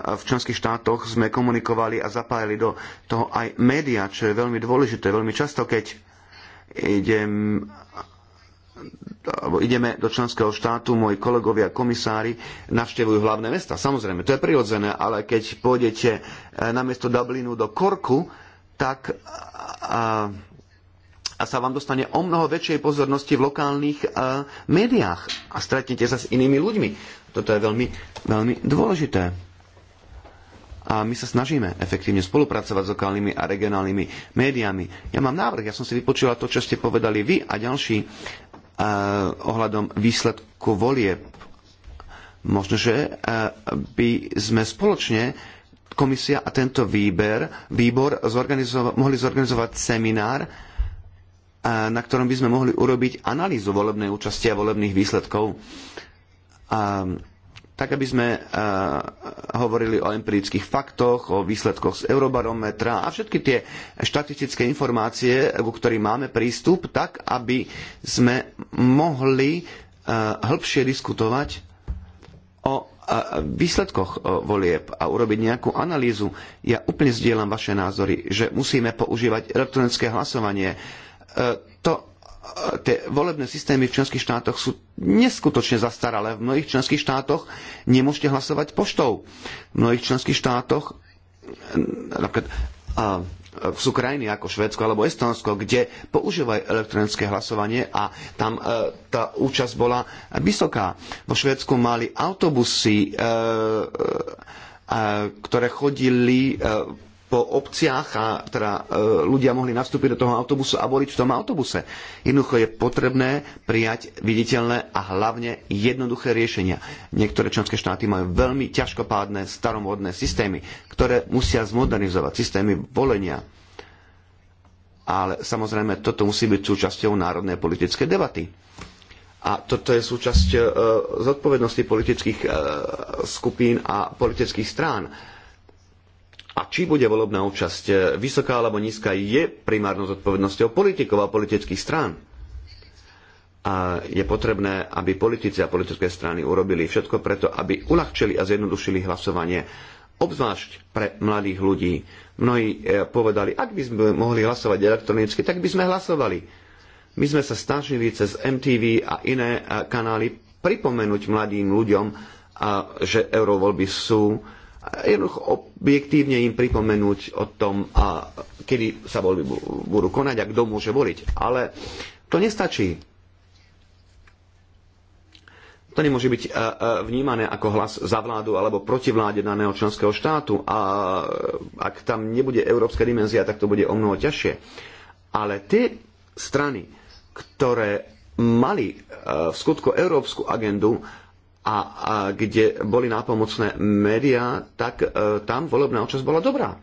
v členských štátoch sme komunikovali a zapájali do toho aj médiá, čo je veľmi dôležité. Veľmi často, keď idem, ideme do členského štátu, moji kolegovia komisári navštevujú hlavné mesta. Samozrejme, to je prirodzené, ale keď pôjdete na miesto Dublinu do Korku, tak a sa vám dostane o mnoho väčšej pozornosti v lokálnych e, médiách a stretnete sa s inými ľuďmi. Toto je veľmi, veľmi dôležité. A my sa snažíme efektívne spolupracovať s lokálnymi a regionálnymi médiami. Ja mám návrh, ja som si vypočula to, čo ste povedali vy a ďalší e, ohľadom výsledku volieb. Možno, že e, by sme spoločne komisia a tento výber, výbor zorganizo- mohli zorganizovať seminár na ktorom by sme mohli urobiť analýzu volebnej účasti a volebných výsledkov. tak aby sme hovorili o empirických faktoch, o výsledkoch z Eurobarometra a všetky tie štatistické informácie, ku ktorým máme prístup, tak aby sme mohli hĺbšie diskutovať o výsledkoch volieb a urobiť nejakú analýzu. Ja úplne zdieľam vaše názory, že musíme používať elektronické hlasovanie to tie volebné systémy v členských štátoch sú neskutočne zastaralé. V mnohých členských štátoch nemôžete hlasovať poštou. V mnohých členských štátoch napríklad a, sú krajiny ako Švédsko alebo Estonsko, kde používajú elektronické hlasovanie a tam e, tá účasť bola vysoká. Vo Švédsku mali autobusy, e, e, ktoré chodili e, po obciach a teda e, ľudia mohli nastúpiť do toho autobusu a boliť v tom autobuse. Jednoducho je potrebné prijať viditeľné a hlavne jednoduché riešenia. Niektoré členské štáty majú veľmi ťažkopádne staromodné systémy, ktoré musia zmodernizovať systémy volenia. Ale samozrejme, toto musí byť súčasťou národnej politickej debaty. A toto je súčasť e, zodpovednosti politických e, skupín a politických strán a či bude volebná účasť e, vysoká alebo nízka, je primárnou zodpovednosťou politikov a politických strán. A je potrebné, aby politici a politické strany urobili všetko preto, aby uľahčili a zjednodušili hlasovanie, obzvlášť pre mladých ľudí. Mnohí e, povedali, ak by sme mohli hlasovať elektronicky, tak by sme hlasovali. My sme sa snažili cez MTV a iné e, kanály pripomenúť mladým ľuďom, že eurovoľby sú jednoducho objektívne im pripomenúť o tom, a kedy sa voľby budú konať a kto môže voliť. Ale to nestačí. To nemôže byť e, e, vnímané ako hlas za vládu alebo proti vláde daného členského štátu a ak tam nebude európska dimenzia, tak to bude o mnoho ťažšie. Ale tie strany, ktoré mali e, v skutku európsku agendu, a, a kde boli nápomocné médiá, tak e, tam volebná účasť bola dobrá.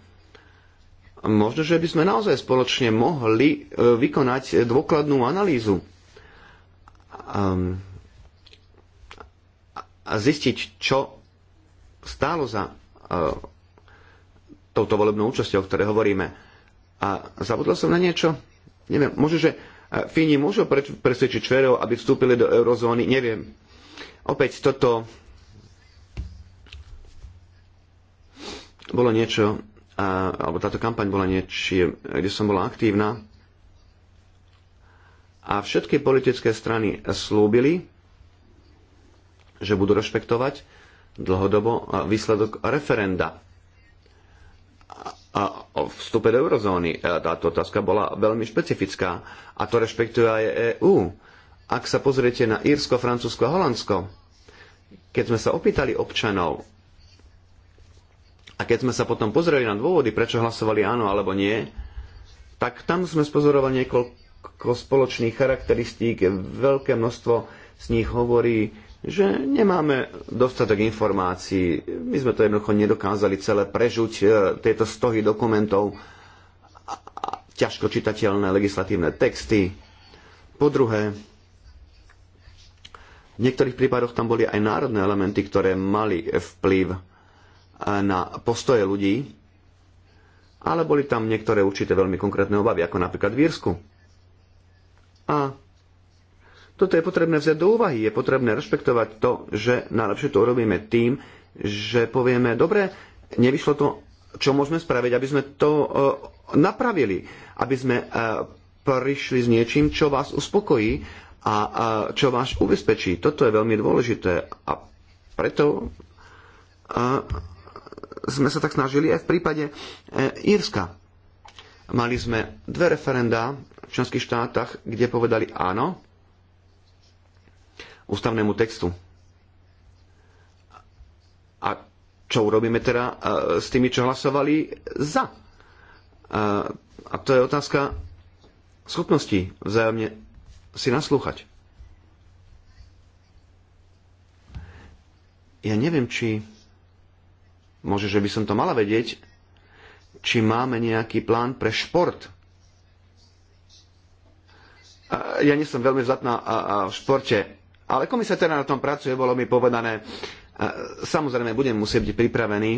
Možno, že by sme naozaj spoločne mohli e, vykonať dôkladnú analýzu a, ehm, a zistiť, čo stálo za e, touto volebnou účasťou, o ktorej hovoríme. A zabudol som na niečo? Neviem, možno, že e, Fíni môžu presvedčiť Čverov, aby vstúpili do eurozóny, neviem Opäť toto bolo niečo, alebo táto kampaň bola niečo, kde som bola aktívna a všetky politické strany slúbili, že budú rešpektovať dlhodobo výsledok referenda a o vstupe do eurozóny. Táto otázka bola veľmi špecifická a to rešpektuje aj EÚ ak sa pozriete na Írsko, Francúzsko a Holandsko, keď sme sa opýtali občanov a keď sme sa potom pozreli na dôvody, prečo hlasovali áno alebo nie, tak tam sme spozorovali niekoľko spoločných charakteristík. Veľké množstvo z nich hovorí, že nemáme dostatok informácií. My sme to jednoducho nedokázali celé prežuť, e, tieto stohy dokumentov a ťažko čitateľné legislatívne texty. Po druhé, v niektorých prípadoch tam boli aj národné elementy, ktoré mali vplyv e, na postoje ľudí, ale boli tam niektoré určité veľmi konkrétne obavy, ako napríklad v Írsku. A toto je potrebné vziať do úvahy, je potrebné rešpektovať to, že najlepšie to urobíme tým, že povieme, dobre, nevyšlo to, čo môžeme spraviť, aby sme to e, napravili, aby sme e, prišli s niečím, čo vás uspokojí a, a čo máš ubezpečí. Toto je veľmi dôležité a preto a, sme sa tak snažili aj v prípade e, Írska. Mali sme dve referendá v členských štátach, kde povedali áno ústavnému textu. A čo urobíme teda e, s tými, čo hlasovali za? E, a to je otázka schopnosti vzájomne si naslúchať. Ja neviem, či... Môže, že by som to mala vedieť, či máme nejaký plán pre šport. Ja nie som veľmi vzdatná v športe, ale komisia teda na tom pracuje, bolo mi povedané. Samozrejme, budem musieť byť pripravený.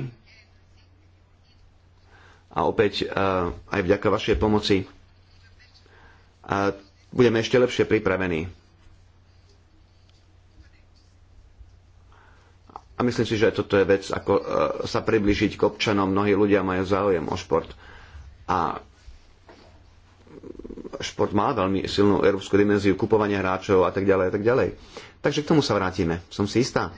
A opäť aj vďaka vašej pomoci budeme ešte lepšie pripravení. A myslím si, že toto je vec, ako e, sa približiť k občanom. Mnohí ľudia majú záujem o šport. A šport má veľmi silnú európsku dimenziu kupovania hráčov a tak ďalej a tak ďalej. Takže k tomu sa vrátime. Som si istá.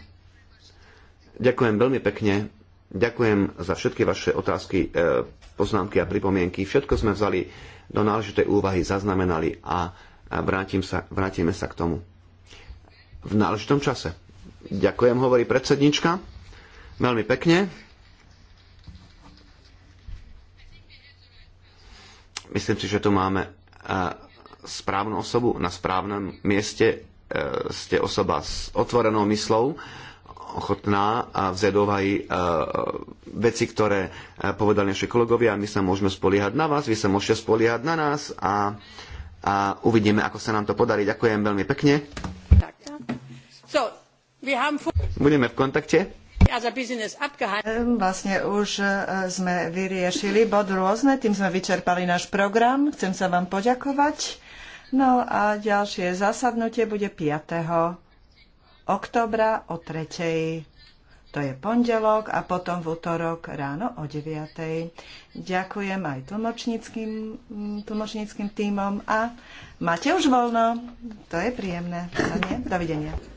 Ďakujem veľmi pekne. Ďakujem za všetky vaše otázky, e, poznámky a pripomienky. Všetko sme vzali do náležitej úvahy, zaznamenali a a vrátim sa, vrátime sa k tomu v náležitom čase. Ďakujem, hovorí predsednička. Veľmi pekne. Myslím si, že tu máme e, správnu osobu na správnom mieste. E, ste osoba s otvorenou myslou, ochotná a vzedovať e, veci, ktoré povedali naši kolegovia. My sa môžeme spoliehať na vás, vy sa môžete spoliehať na nás a a uvidíme, ako sa nám to podarí. Ďakujem veľmi pekne. Budeme v kontakte. Vlastne už e, sme vyriešili bod rôzne, tým sme vyčerpali náš program. Chcem sa vám poďakovať. No a ďalšie zasadnutie bude 5. oktobra o 3 to je pondelok a potom v útorok ráno o 9. Ďakujem aj tlmočníckým, tlmočníckým týmom a máte už voľno. To je príjemné. Dovidenia.